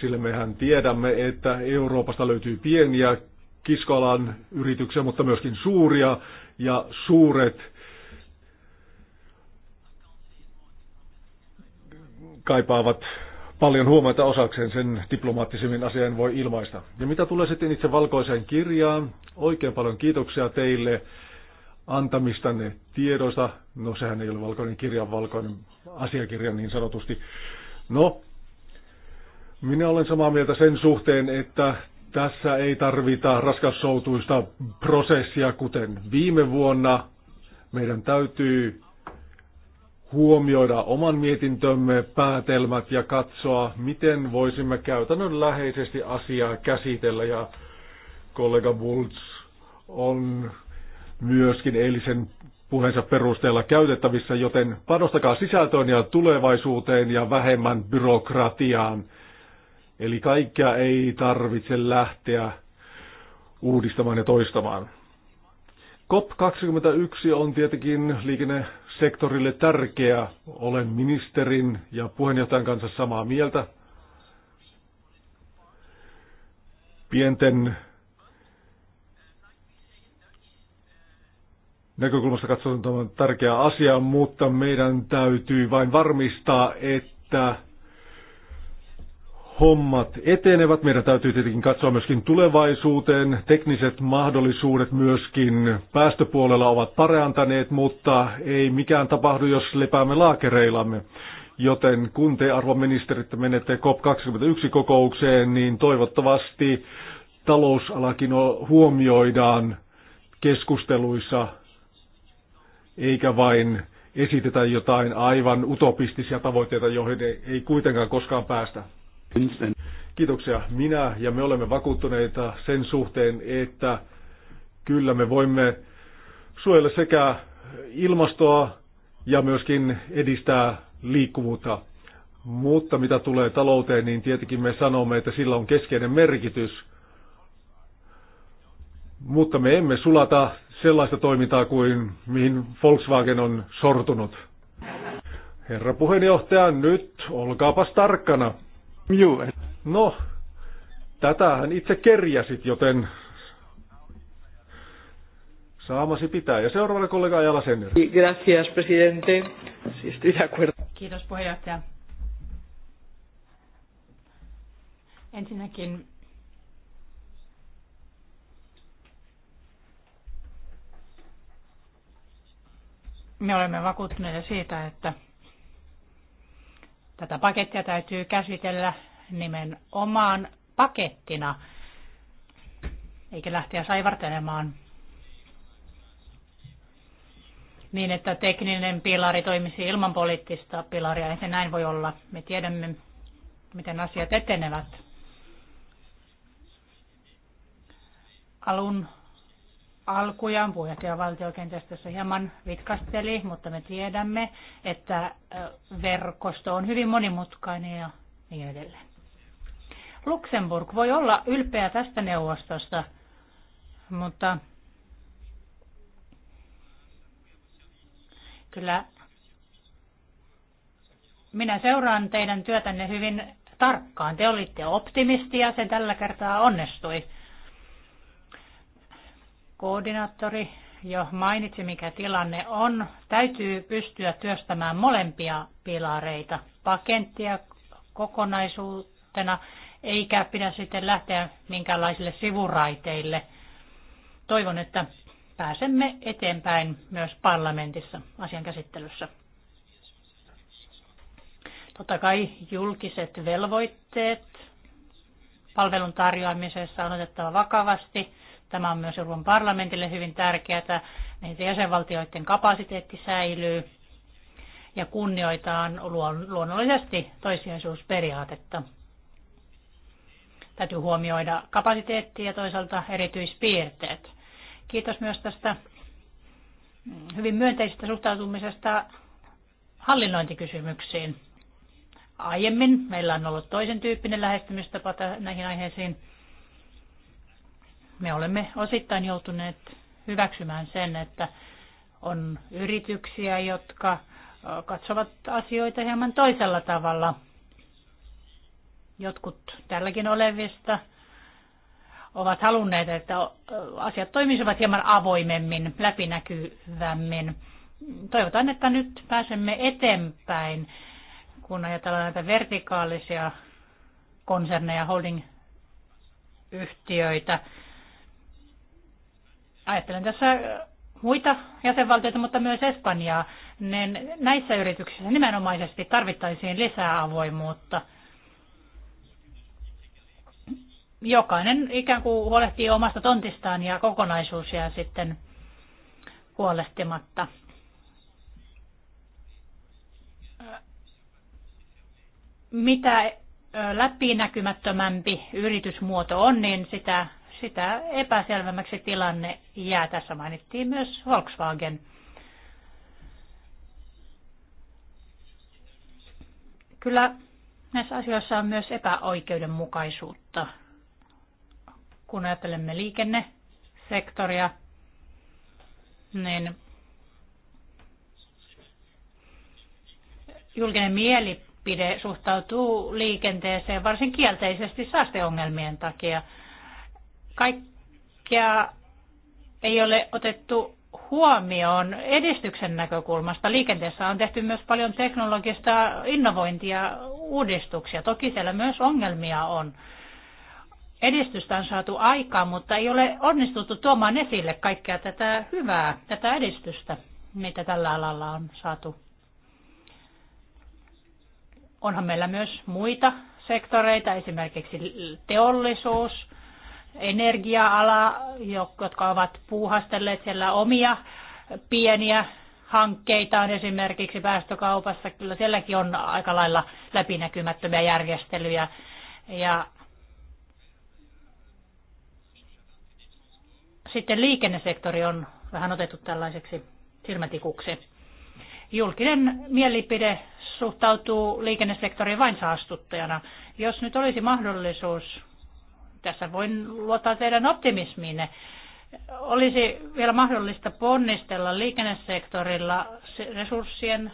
sillä mehän tiedämme, että Euroopasta löytyy pieniä kiskoalan yrityksiä, mutta myöskin suuria ja suuret kaipaavat paljon huomiota osakseen, sen diplomaattisemmin asian voi ilmaista. Ja mitä tulee sitten itse valkoiseen kirjaan, oikein paljon kiitoksia teille antamistanne tiedoista. No sehän ei ole valkoinen kirja, valkoinen asiakirja niin sanotusti. No, minä olen samaa mieltä sen suhteen, että tässä ei tarvita raskassoutuista prosessia, kuten viime vuonna. Meidän täytyy huomioida oman mietintömme päätelmät ja katsoa, miten voisimme käytännönläheisesti asiaa käsitellä. Ja kollega Bulls on myöskin eilisen puheensa perusteella käytettävissä, joten panostakaa sisältöön ja tulevaisuuteen ja vähemmän byrokratiaan. Eli kaikkea ei tarvitse lähteä uudistamaan ja toistamaan. COP21 on tietenkin liikennesektorille tärkeä. Olen ministerin ja puheenjohtajan kanssa samaa mieltä. Pienten näkökulmasta katsotaan tämä on tärkeä asia, mutta meidän täytyy vain varmistaa, että hommat etenevät. Meidän täytyy tietenkin katsoa myöskin tulevaisuuteen. Tekniset mahdollisuudet myöskin päästöpuolella ovat parantaneet, mutta ei mikään tapahdu, jos lepäämme laakereillamme. Joten kun te arvoministerit menette COP21-kokoukseen, niin toivottavasti talousalakin huomioidaan keskusteluissa, eikä vain esitetä jotain aivan utopistisia tavoitteita, joihin ei kuitenkaan koskaan päästä. Kiitoksia. Minä ja me olemme vakuuttuneita sen suhteen, että kyllä me voimme suojella sekä ilmastoa ja myöskin edistää liikkuvuutta. Mutta mitä tulee talouteen, niin tietenkin me sanomme, että sillä on keskeinen merkitys. Mutta me emme sulata sellaista toimintaa kuin mihin Volkswagen on sortunut. Herra puheenjohtaja, nyt olkaapas tarkkana. Juu. No, tätähän itse kerjäsit, joten saamasi pitää. Ja seuraavalle kollega Ajala Senner. Gracias, presidente. Si estoy de acuerdo. Kiitos puheenjohtaja. Ensinnäkin me olemme vakuuttuneita siitä, että Tätä pakettia täytyy käsitellä nimenomaan pakettina, eikä lähteä saivartelemaan niin, että tekninen pilari toimisi ilman poliittista pilaria. Ei se näin voi olla. Me tiedämme, miten asiat etenevät. Alun alkujaan puheenjohtaja kenties tässä hieman vitkasteli, mutta me tiedämme, että verkosto on hyvin monimutkainen ja niin edelleen. Luxemburg voi olla ylpeä tästä neuvostosta, mutta kyllä minä seuraan teidän työtänne hyvin tarkkaan. Te olitte optimistia, se tällä kertaa onnistui. Koordinaattori jo mainitsi, mikä tilanne on. Täytyy pystyä työstämään molempia pilareita, pakenttia kokonaisuutena, eikä pidä sitten lähteä minkäänlaisille sivuraiteille. Toivon, että pääsemme eteenpäin myös parlamentissa asian käsittelyssä. Totta kai julkiset velvoitteet palvelun tarjoamisessa on otettava vakavasti. Tämä on myös Euroopan parlamentille hyvin tärkeää, että jäsenvaltioiden kapasiteetti säilyy ja kunnioitaan luonnollisesti toissijaisuusperiaatetta. Täytyy huomioida kapasiteetti ja toisaalta erityispiirteet. Kiitos myös tästä hyvin myönteisestä suhtautumisesta hallinnointikysymyksiin. Aiemmin meillä on ollut toisen tyyppinen lähestymistapa näihin aiheisiin. Me olemme osittain joutuneet hyväksymään sen, että on yrityksiä, jotka katsovat asioita hieman toisella tavalla. Jotkut tälläkin olevista ovat halunneet, että asiat toimisivat hieman avoimemmin, läpinäkyvämmin. Toivotaan, että nyt pääsemme eteenpäin, kun ajatellaan näitä vertikaalisia konserneja, holding-yhtiöitä ajattelen tässä äh, muita jäsenvaltioita, mutta myös Espanjaa, niin näissä yrityksissä nimenomaisesti tarvittaisiin lisää avoimuutta. Jokainen ikään kuin huolehtii omasta tontistaan ja kokonaisuus jää sitten huolehtimatta. Mitä läpinäkymättömämpi yritysmuoto on, niin sitä sitä epäselvemmäksi tilanne jää. Tässä mainittiin myös Volkswagen. Kyllä näissä asioissa on myös epäoikeudenmukaisuutta. Kun ajattelemme liikennesektoria, niin julkinen mielipide suhtautuu liikenteeseen varsin kielteisesti saasteongelmien takia – kaikkea ei ole otettu huomioon edistyksen näkökulmasta. Liikenteessä on tehty myös paljon teknologista innovointia, uudistuksia. Toki siellä myös ongelmia on. Edistystä on saatu aikaa, mutta ei ole onnistuttu tuomaan esille kaikkea tätä hyvää, tätä edistystä, mitä tällä alalla on saatu. Onhan meillä myös muita sektoreita, esimerkiksi teollisuus, energia-ala, jotka ovat puuhastelleet siellä omia pieniä hankkeitaan esimerkiksi päästökaupassa. Kyllä sielläkin on aika lailla läpinäkymättömiä järjestelyjä. Ja sitten liikennesektori on vähän otettu tällaiseksi silmätikuksi. Julkinen mielipide suhtautuu liikennesektoriin vain saastuttajana. Jos nyt olisi mahdollisuus tässä voin luottaa teidän optimismiinne. Olisi vielä mahdollista ponnistella liikennesektorilla resurssien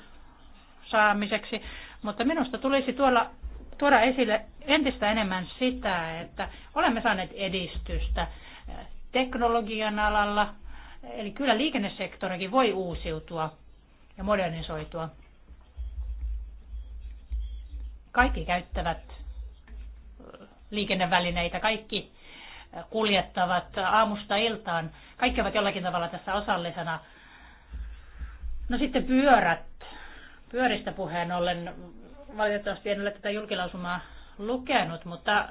saamiseksi, mutta minusta tulisi tuolla, tuoda esille entistä enemmän sitä, että olemme saaneet edistystä teknologian alalla, eli kyllä liikennesektorikin voi uusiutua ja modernisoitua. Kaikki käyttävät liikennevälineitä, kaikki eh, kuljettavat aamusta iltaan. Kaikki ovat jollakin tavalla tässä osallisena. No sitten pyörät. Pyöristä puheen ollen valitettavasti en ole tätä julkilausumaa lukenut, mutta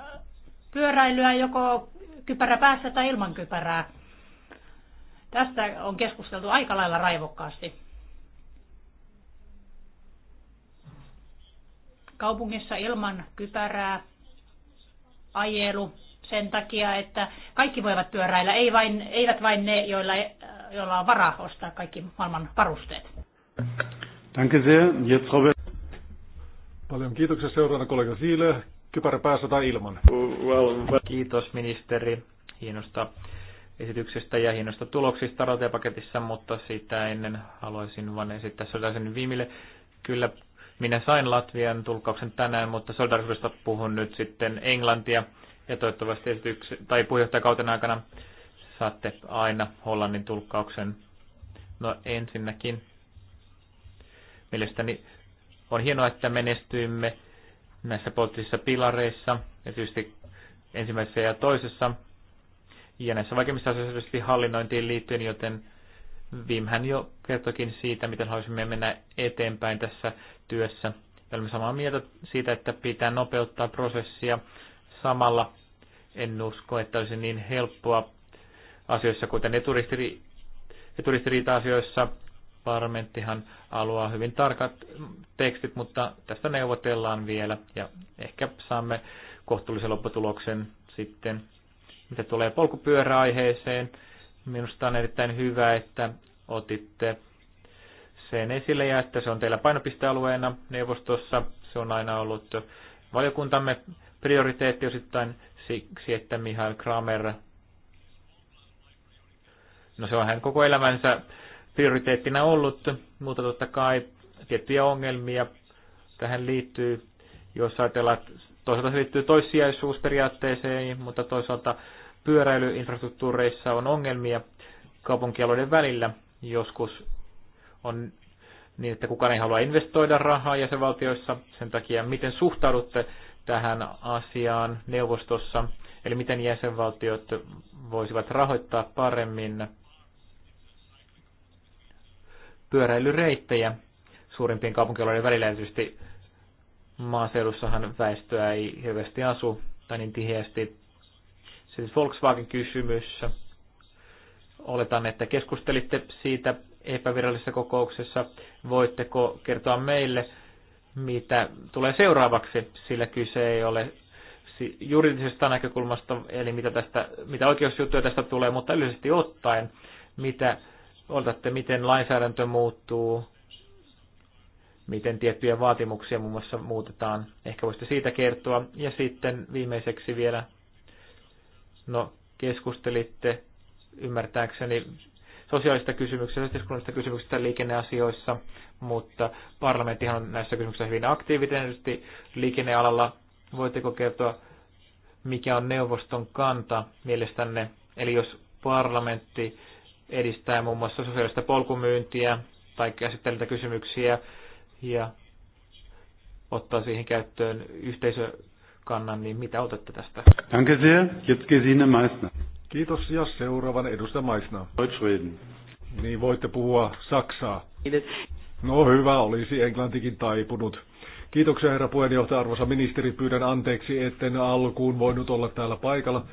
pyöräilyä joko kypärä päässä tai ilman kypärää. Tästä on keskusteltu aika lailla raivokkaasti. Kaupungissa ilman kypärää ajelu sen takia, että kaikki voivat pyöräillä, ei vain, eivät vain ne, joilla, joilla on varaa ostaa kaikki maailman varusteet. Danke sehr. Paljon kiitoksia seuraavana kollega Siile. Kypärä päässä tai ilman. Kiitos ministeri hienosta esityksestä ja hienosta tuloksista rotepaketissa, mutta sitä ennen haluaisin vain esittää sellaisen viimille. Kyllä minä sain Latvian tulkauksen tänään, mutta solidarisuudesta puhun nyt sitten englantia. Ja toivottavasti esityks- tai puheenjohtajakauten aikana saatte aina Hollannin tulkkauksen. No ensinnäkin. Mielestäni on hienoa, että menestyimme näissä poliittisissa pilareissa, erityisesti ensimmäisessä ja toisessa, ja näissä vaikeimmissa asioissa hallinnointiin liittyen, joten hän jo kertokin siitä, miten haluaisimme mennä eteenpäin tässä työssä. olemme samaa mieltä siitä, että pitää nopeuttaa prosessia. Samalla en usko, että olisi niin helppoa asioissa, kuten eturistiri, eturistiriita-asioissa. Parlamenttihan haluaa hyvin tarkat tekstit, mutta tästä neuvotellaan vielä ja ehkä saamme kohtuullisen lopputuloksen sitten, mitä tulee polkupyöräaiheeseen. aiheeseen Minusta on erittäin hyvä, että otitte sen esille ja että se on teillä painopistealueena neuvostossa. Se on aina ollut valiokuntamme prioriteetti osittain siksi, että Mihail Kramer, no se on hän koko elämänsä prioriteettina ollut, mutta totta kai tiettyjä ongelmia tähän liittyy, jos ajatellaan, että toisaalta se liittyy toissijaisuusperiaatteeseen, mutta toisaalta pyöräilyinfrastruktuureissa on ongelmia kaupunkialueiden välillä. Joskus on niin, että kukaan ei halua investoida rahaa jäsenvaltioissa. Sen takia, miten suhtaudutte tähän asiaan neuvostossa, eli miten jäsenvaltiot voisivat rahoittaa paremmin pyöräilyreittejä suurimpien kaupunkialueiden välillä, Tietysti maaseudussahan väestöä ei hirveästi asu tai niin tiheästi. Siis Volkswagen-kysymys. Oletan, että keskustelitte siitä epävirallisessa kokouksessa. Voitteko kertoa meille, mitä tulee seuraavaksi, sillä kyse ei ole juridisesta näkökulmasta, eli mitä, tästä, mitä oikeusjuttuja tästä tulee, mutta yleisesti ottaen, mitä odotatte, miten lainsäädäntö muuttuu, miten tiettyjä vaatimuksia muun muassa muutetaan. Ehkä voisitte siitä kertoa. Ja sitten viimeiseksi vielä No, keskustelitte ymmärtääkseni sosiaalista kysymyksistä, yhteiskunnallista kysymyksistä liikenneasioissa, mutta parlamenttihan on näissä kysymyksissä hyvin aktiivinen liikennealalla. Voitteko kertoa, mikä on neuvoston kanta mielestänne? Eli jos parlamentti edistää muun muassa sosiaalista polkumyyntiä tai käsittelee kysymyksiä ja ottaa siihen käyttöön yhteisökannan, niin mitä otatte tästä? Danke sehr. Jetzt Gesine Meissner. Kiitos ja seuraavan edustaja Meissner. Deutsch reden. Niin voitte puhua saksaa. Kiitos. No hyvä, olisi englantikin taipunut. Kiitoksia herra puheenjohtaja, arvoisa ministeri, pyydän anteeksi, etten alkuun voinut olla täällä paikalla.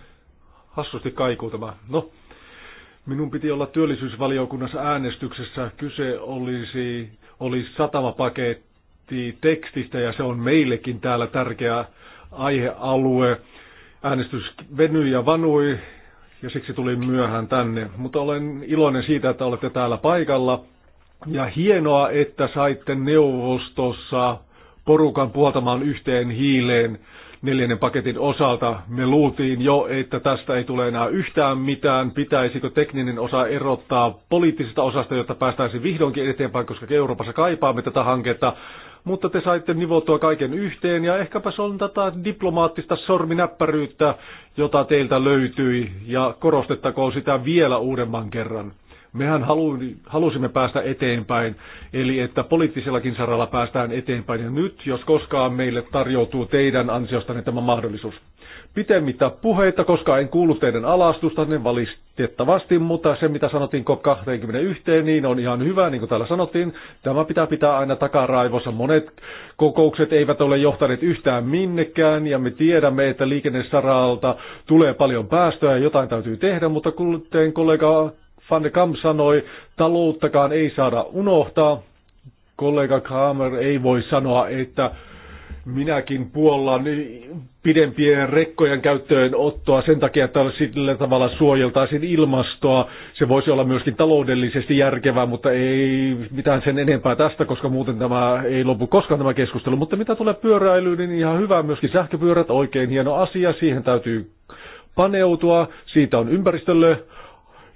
Hassusti kaikuu tämä. No, minun piti olla työllisyysvaliokunnassa äänestyksessä. Kyse olisi, oli satamapaketti tekstistä ja se on meillekin täällä tärkeä aihealue. Äänestys venyi ja vanui ja siksi tulin myöhään tänne, mutta olen iloinen siitä, että olette täällä paikalla. Ja hienoa, että saitte neuvostossa porukan puoltamaan yhteen hiileen neljännen paketin osalta. Me luultiin jo, että tästä ei tule enää yhtään mitään. Pitäisikö tekninen osa erottaa poliittisesta osasta, jotta päästäisiin vihdoinkin eteenpäin, koska Euroopassa kaipaamme tätä hanketta mutta te saitte nivottua kaiken yhteen ja ehkäpä se on tätä diplomaattista sorminäppäryyttä, jota teiltä löytyi ja korostettakoon sitä vielä uudemman kerran. Mehän halusimme päästä eteenpäin, eli että poliittisellakin saralla päästään eteenpäin ja nyt, jos koskaan meille tarjoutuu teidän ansiostanne tämä mahdollisuus pitemmittä puheita, koska en kuullut teidän niin valitettavasti, mutta se mitä sanottiin kok 21 niin on ihan hyvä, niin kuin täällä sanottiin. Tämä pitää pitää aina takaraivossa. Monet kokoukset eivät ole johtaneet yhtään minnekään, ja me tiedämme, että liikennesaralta tulee paljon ja jotain täytyy tehdä, mutta kuten kollega Van de sanoi, talouttakaan ei saada unohtaa. Kollega Kramer ei voi sanoa, että Minäkin puollan pidempien rekkojen käyttöön ottoa sen takia, että sillä tavalla suojeltaisiin ilmastoa. Se voisi olla myöskin taloudellisesti järkevää, mutta ei mitään sen enempää tästä, koska muuten tämä ei lopu koskaan tämä keskustelu. Mutta mitä tulee pyöräilyyn, niin ihan hyvä myöskin sähköpyörät, oikein hieno asia. Siihen täytyy paneutua. Siitä on ympäristölle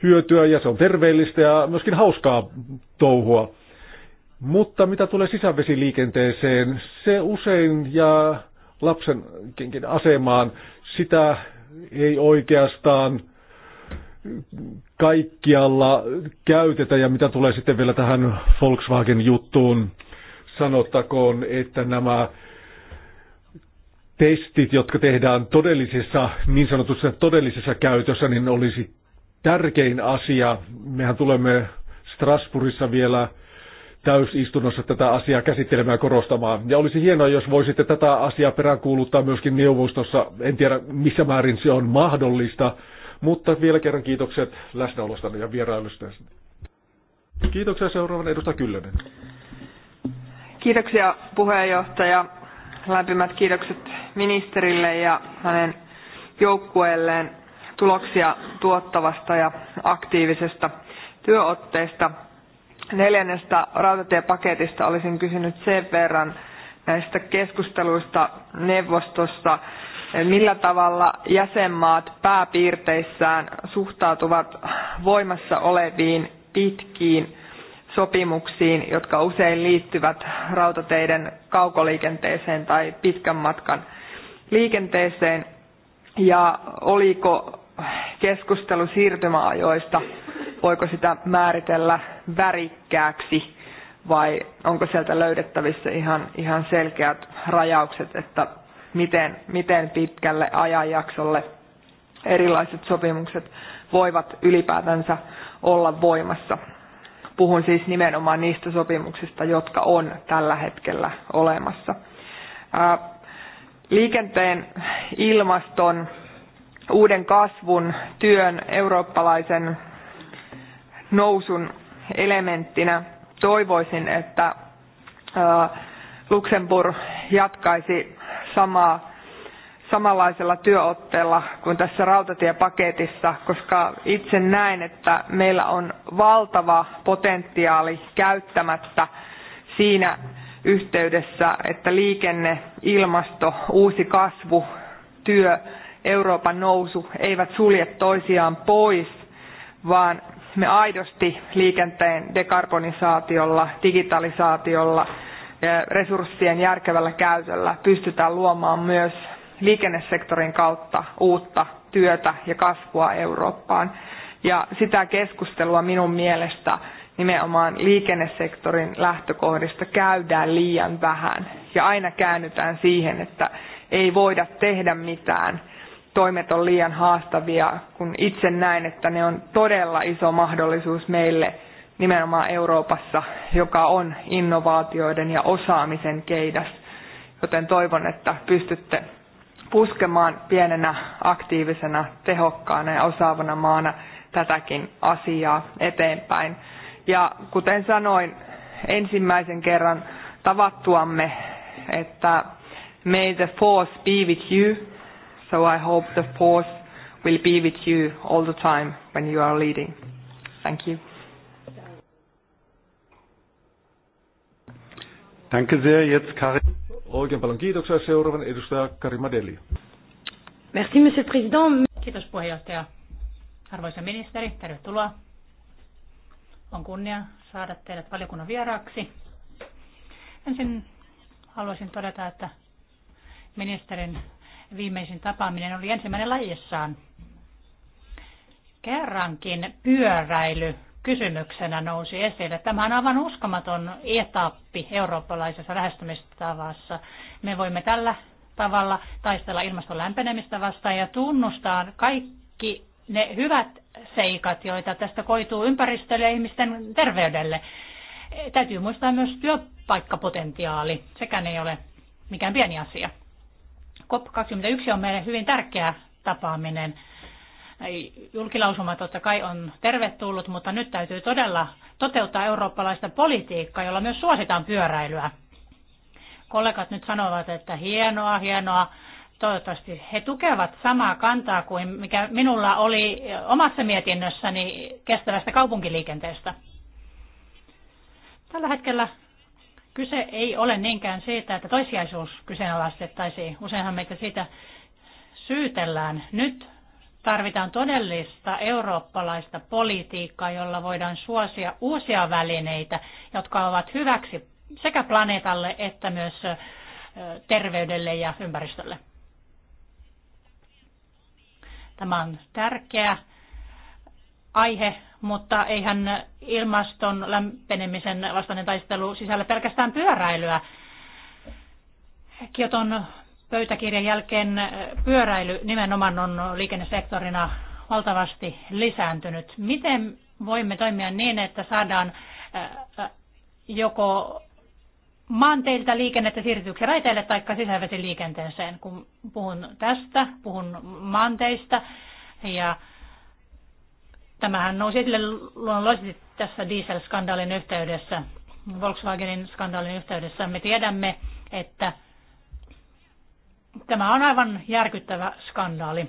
hyötyä ja se on terveellistä ja myöskin hauskaa touhua. Mutta mitä tulee sisävesiliikenteeseen, se usein ja lapsenkin asemaan, sitä ei oikeastaan kaikkialla käytetä. Ja mitä tulee sitten vielä tähän Volkswagen-juttuun, sanottakoon, että nämä testit, jotka tehdään todellisessa, niin sanotussa todellisessa käytössä, niin olisi tärkein asia. Mehän tulemme Strasbourgissa vielä täysistunnossa tätä asiaa käsittelemään ja korostamaan. Ja olisi hienoa, jos voisitte tätä asiaa peräänkuuluttaa myöskin neuvostossa. En tiedä, missä määrin se on mahdollista, mutta vielä kerran kiitokset läsnäolostanne ja vierailusta. Kiitoksia seuraavan edustaja Kyllönen. Kiitoksia puheenjohtaja. Lämpimät kiitokset ministerille ja hänen joukkueelleen tuloksia tuottavasta ja aktiivisesta työotteesta neljännestä rautatiepaketista olisin kysynyt sen verran näistä keskusteluista neuvostossa, millä tavalla jäsenmaat pääpiirteissään suhtautuvat voimassa oleviin pitkiin sopimuksiin, jotka usein liittyvät rautateiden kaukoliikenteeseen tai pitkän matkan liikenteeseen. Ja oliko keskustelu siirtymäajoista, voiko sitä määritellä värikkääksi vai onko sieltä löydettävissä ihan, ihan selkeät rajaukset, että miten, miten pitkälle ajanjaksolle erilaiset sopimukset voivat ylipäätänsä olla voimassa. Puhun siis nimenomaan niistä sopimuksista, jotka on tällä hetkellä olemassa. Liikenteen ilmaston uuden kasvun, työn, eurooppalaisen nousun elementtinä. Toivoisin, että Luxemburg jatkaisi samaa, samanlaisella työotteella kuin tässä rautatiepaketissa, koska itse näen, että meillä on valtava potentiaali käyttämättä siinä yhteydessä, että liikenne, ilmasto, uusi kasvu, työ Euroopan nousu eivät sulje toisiaan pois, vaan me aidosti liikenteen dekarbonisaatiolla, digitalisaatiolla, resurssien järkevällä käytöllä pystytään luomaan myös liikennesektorin kautta uutta työtä ja kasvua Eurooppaan. Ja sitä keskustelua minun mielestä nimenomaan liikennesektorin lähtökohdista käydään liian vähän. Ja aina käännytään siihen, että ei voida tehdä mitään – toimet on liian haastavia, kun itse näen, että ne on todella iso mahdollisuus meille nimenomaan Euroopassa, joka on innovaatioiden ja osaamisen keidas. Joten toivon, että pystytte puskemaan pienenä, aktiivisena, tehokkaana ja osaavana maana tätäkin asiaa eteenpäin. Ja kuten sanoin ensimmäisen kerran tavattuamme, että may the force be with you So I hope the force will be with you all the time when you are leading. Thank you. Danke sehr, jetzt Karin. Oikein paljon kiitoksia. Seuraavan edustaja Karima Deli. Merci, monsieur le président. Kiitos puheenjohtaja. Arvoisa ministeri, tervetuloa. On kunnia saada teidät valiokunnan vieraaksi. Ensin haluaisin todeta, että ministerin viimeisin tapaaminen oli ensimmäinen lajissaan. Kerrankin pyöräily kysymyksenä nousi esille. Tämä on aivan uskomaton etappi eurooppalaisessa lähestymistavassa. Me voimme tällä tavalla taistella ilmaston lämpenemistä vastaan ja tunnustaa kaikki ne hyvät seikat, joita tästä koituu ympäristölle ja ihmisten terveydelle. Täytyy muistaa myös työpaikkapotentiaali. Sekään ei ole mikään pieni asia. COP21 on meille hyvin tärkeä tapaaminen. Julkilausuma totta kai on tervetullut, mutta nyt täytyy todella toteuttaa eurooppalaista politiikkaa, jolla myös suositaan pyöräilyä. Kollegat nyt sanovat, että hienoa, hienoa. Toivottavasti he tukevat samaa kantaa kuin mikä minulla oli omassa mietinnössäni kestävästä kaupunkiliikenteestä. Tällä hetkellä Kyse ei ole niinkään siitä, että toisiaisuus kyseenalaistettaisiin. Useinhan meitä siitä syytellään. Nyt tarvitaan todellista eurooppalaista politiikkaa, jolla voidaan suosia uusia välineitä, jotka ovat hyväksi sekä planeetalle että myös terveydelle ja ympäristölle. Tämä on tärkeää aihe, mutta eihän ilmaston lämpenemisen vastainen taistelu sisällä pelkästään pyöräilyä. Kioton pöytäkirjan jälkeen pyöräily nimenomaan on liikennesektorina valtavasti lisääntynyt. Miten voimme toimia niin, että saadaan joko maanteiltä liikennettä siirtyykö raiteille tai sisävesiliikenteeseen. Kun puhun tästä, puhun maanteista ja Tämähän nousi esille luonnollisesti tässä dieselskandaalin yhteydessä, Volkswagenin skandaalin yhteydessä. Me tiedämme, että tämä on aivan järkyttävä skandaali.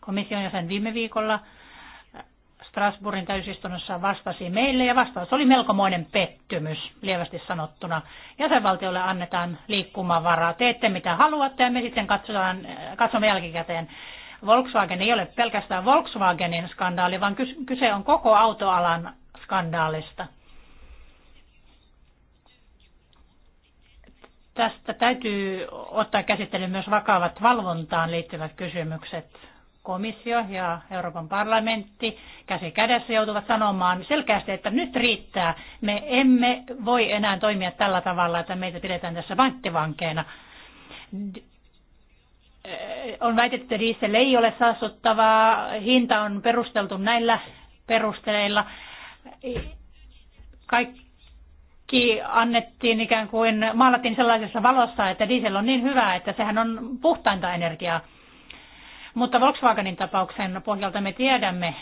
Komission jäsen viime viikolla äh, Strasbourgin täysistunnossa vastasi meille ja vastaus oli melkomoinen pettymys, lievästi sanottuna. Jäsenvaltiolle annetaan liikkumavaraa. Teette mitä haluatte ja me sitten katsotaan, äh, katsomme jälkikäteen. Volkswagen ei ole pelkästään Volkswagenin skandaali, vaan kyse on koko autoalan skandaalista. Tästä täytyy ottaa käsittelyyn myös vakavat valvontaan liittyvät kysymykset. Komissio ja Euroopan parlamentti käsi kädessä joutuvat sanomaan selkeästi, että nyt riittää. Me emme voi enää toimia tällä tavalla, että meitä pidetään tässä panttivankeina Äh, on väitetty, että diesel ei ole saastuttavaa, hinta on perusteltu näillä perusteilla. Kaikki annettiin ikään kuin, maalattiin sellaisessa valossa, että diesel on niin hyvä, että sehän on puhtainta energiaa. Mutta Volkswagenin tapauksen pohjalta me tiedämme,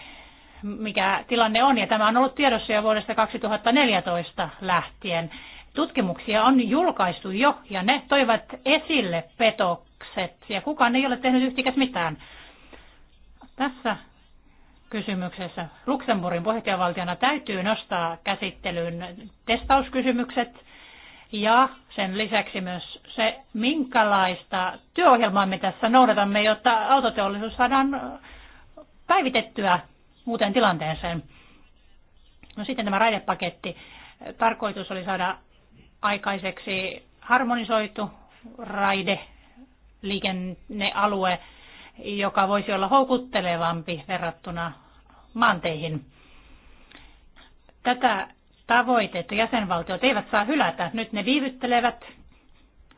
mikä tilanne on, ja tämä on ollut tiedossa jo vuodesta 2014 lähtien. Tutkimuksia on julkaistu jo, ja ne toivat esille petok lapset ja kukaan ei ole tehnyt yhtikäs mitään. Tässä kysymyksessä Luxemburgin puheenjohtajavaltiona täytyy nostaa käsittelyyn testauskysymykset ja sen lisäksi myös se, minkälaista työohjelmaa me tässä noudatamme, jotta autoteollisuus saadaan päivitettyä uuteen tilanteeseen. No sitten tämä raidepaketti. Tarkoitus oli saada aikaiseksi harmonisoitu raide liikennealue, joka voisi olla houkuttelevampi verrattuna maanteihin. Tätä tavoitetta jäsenvaltiot eivät saa hylätä. Nyt ne viivyttelevät.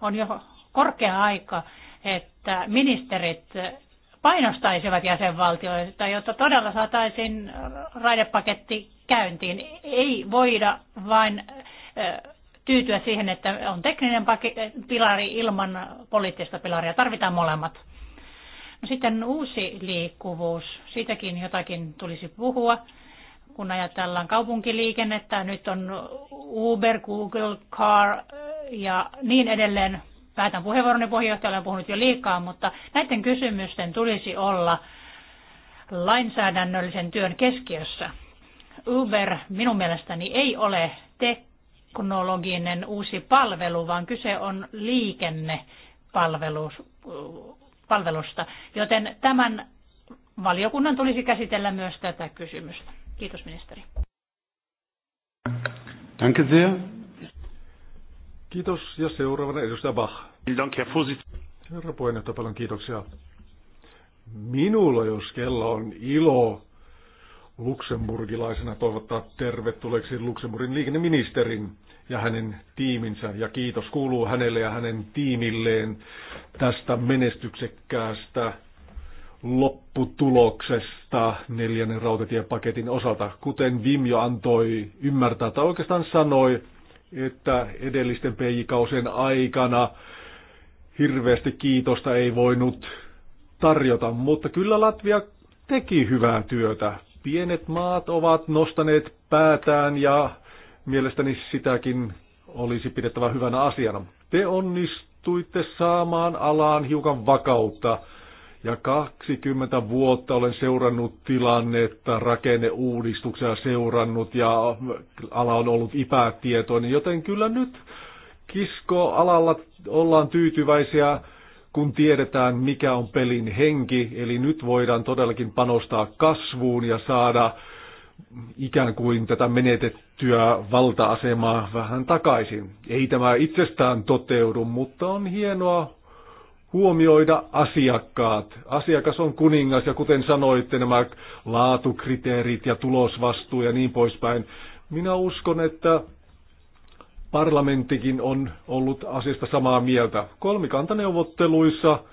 On jo korkea aika, että ministerit painostaisivat jäsenvaltioita, jotta todella saataisiin raidepaketti käyntiin. Ei voida vain tyytyä siihen, että on tekninen pilari ilman poliittista pilaria. Tarvitaan molemmat. No sitten uusi liikkuvuus. Siitäkin jotakin tulisi puhua. Kun ajatellaan kaupunkiliikennettä, nyt on Uber, Google Car ja niin edelleen. Päätän puheenvuoroni puheenjohtaja, olen puhunut jo liikaa, mutta näiden kysymysten tulisi olla lainsäädännöllisen työn keskiössä. Uber minun mielestäni ei ole tek teknologinen uusi palvelu, vaan kyse on liikennepalvelusta. Joten tämän valiokunnan tulisi käsitellä myös tätä kysymystä. Kiitos ministeri. Danke sehr. Kiitos ja seuraavana edustaja Bach. Danke, Herr Herra puheenjohtaja, paljon kiitoksia. Minulla, jos kello on ilo luksemburgilaisena toivottaa tervetulleeksi Luxemburgin liikenneministerin ja hänen tiiminsä. Ja kiitos kuuluu hänelle ja hänen tiimilleen tästä menestyksekkäästä lopputuloksesta neljännen rautatiepaketin osalta. Kuten Vim jo antoi ymmärtää, tai oikeastaan sanoi, että edellisten PJ-kausien aikana hirveästi kiitosta ei voinut tarjota, mutta kyllä Latvia teki hyvää työtä. Pienet maat ovat nostaneet päätään ja mielestäni sitäkin olisi pidettävä hyvänä asiana. Te onnistuitte saamaan alaan hiukan vakautta ja 20 vuotta olen seurannut tilannetta, rakenneuudistuksia seurannut ja ala on ollut ipätietoinen, joten kyllä nyt kiskoalalla ollaan tyytyväisiä kun tiedetään mikä on pelin henki, eli nyt voidaan todellakin panostaa kasvuun ja saada ikään kuin tätä menetettyä valta-asemaa vähän takaisin. Ei tämä itsestään toteudu, mutta on hienoa huomioida asiakkaat. Asiakas on kuningas ja kuten sanoitte, nämä laatukriteerit ja tulosvastuu ja niin poispäin. Minä uskon, että Parlamenttikin on ollut asiasta samaa mieltä. Kolmikantaneuvotteluissa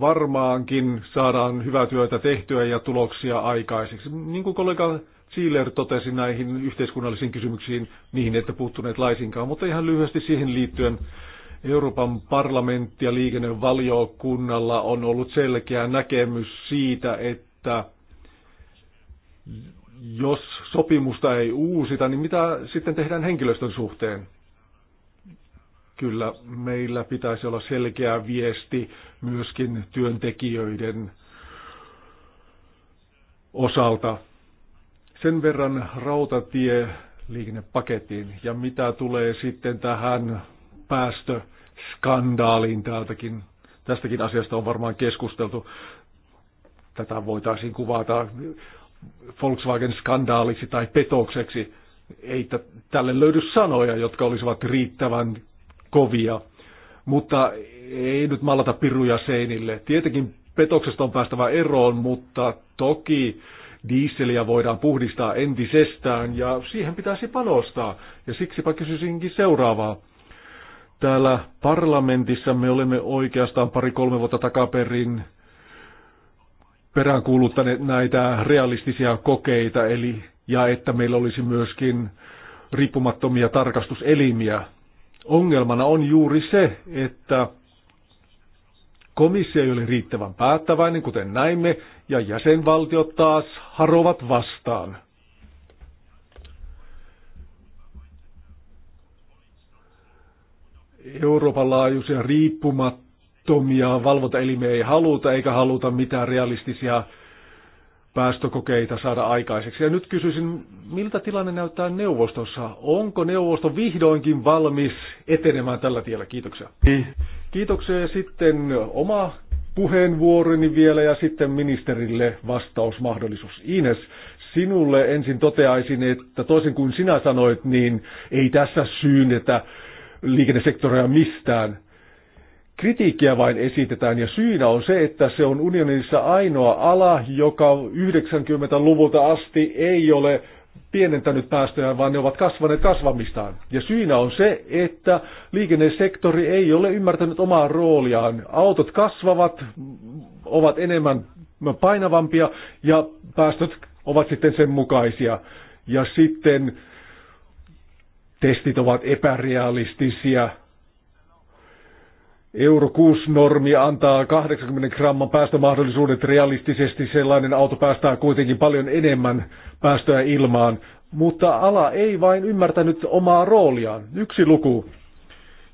varmaankin saadaan hyvää työtä tehtyä ja tuloksia aikaiseksi. Niin kuin kollega Zieler totesi näihin yhteiskunnallisiin kysymyksiin, niihin että puuttuneet laisinkaan, mutta ihan lyhyesti siihen liittyen Euroopan parlamentti ja liikennevaliokunnalla on ollut selkeä näkemys siitä, että jos sopimusta ei uusita, niin mitä sitten tehdään henkilöstön suhteen? Kyllä meillä pitäisi olla selkeä viesti myöskin työntekijöiden osalta. Sen verran rautatie liikennepakettiin. Ja mitä tulee sitten tähän päästöskandaaliin täältäkin, tästäkin asiasta on varmaan keskusteltu. Tätä voitaisiin kuvata Volkswagen-skandaaliksi tai petokseksi. Ei tälle löydy sanoja, jotka olisivat riittävän kovia. Mutta ei nyt mallata piruja seinille. Tietenkin petoksesta on päästävä eroon, mutta toki diisseliä voidaan puhdistaa entisestään ja siihen pitäisi panostaa. Ja siksipä kysyisinkin seuraavaa. Täällä parlamentissa me olemme oikeastaan pari-kolme vuotta takaperin peräänkuuluttaneet näitä realistisia kokeita, eli ja että meillä olisi myöskin riippumattomia tarkastuselimiä. Ongelmana on juuri se, että komissio ei ole riittävän päättäväinen, kuten näimme, ja jäsenvaltiot taas harovat vastaan. Euroopan laajuisia riippumattomia riippumattomia valvontaelimiä ei haluta, eikä haluta mitään realistisia päästökokeita saada aikaiseksi. Ja nyt kysyisin, miltä tilanne näyttää neuvostossa? Onko neuvosto vihdoinkin valmis etenemään tällä tiellä? Kiitoksia. Kiitoksia ja sitten oma puheenvuoroni vielä ja sitten ministerille vastausmahdollisuus. Ines, sinulle ensin toteaisin, että toisin kuin sinä sanoit, niin ei tässä syynnetä liikennesektoria mistään. Kritiikkiä vain esitetään ja syynä on se, että se on unionissa ainoa ala, joka 90-luvulta asti ei ole pienentänyt päästöjä, vaan ne ovat kasvaneet kasvamistaan. Ja syynä on se, että liikennesektori ei ole ymmärtänyt omaa rooliaan. Autot kasvavat, ovat enemmän painavampia ja päästöt ovat sitten sen mukaisia. Ja sitten testit ovat epärealistisia, Euro 6-normi antaa 80 gramman päästömahdollisuudet realistisesti. Sellainen auto päästää kuitenkin paljon enemmän päästöä ilmaan. Mutta ala ei vain ymmärtänyt omaa rooliaan. Yksi luku.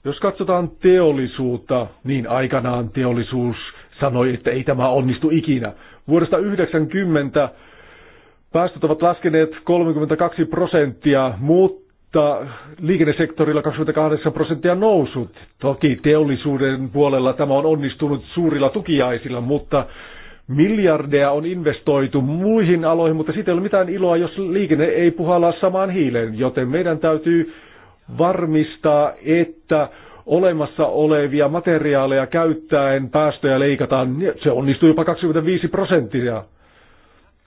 Jos katsotaan teollisuutta, niin aikanaan teollisuus sanoi, että ei tämä onnistu ikinä. Vuodesta 1990 päästöt ovat laskeneet 32 prosenttia, mutta mutta liikennesektorilla 28 prosenttia nousut. Toki teollisuuden puolella tämä on onnistunut suurilla tukiaisilla, mutta miljardeja on investoitu muihin aloihin, mutta siitä ei ole mitään iloa, jos liikenne ei puhalla samaan hiileen, joten meidän täytyy varmistaa, että olemassa olevia materiaaleja käyttäen päästöjä leikataan, se onnistuu jopa 25 prosenttia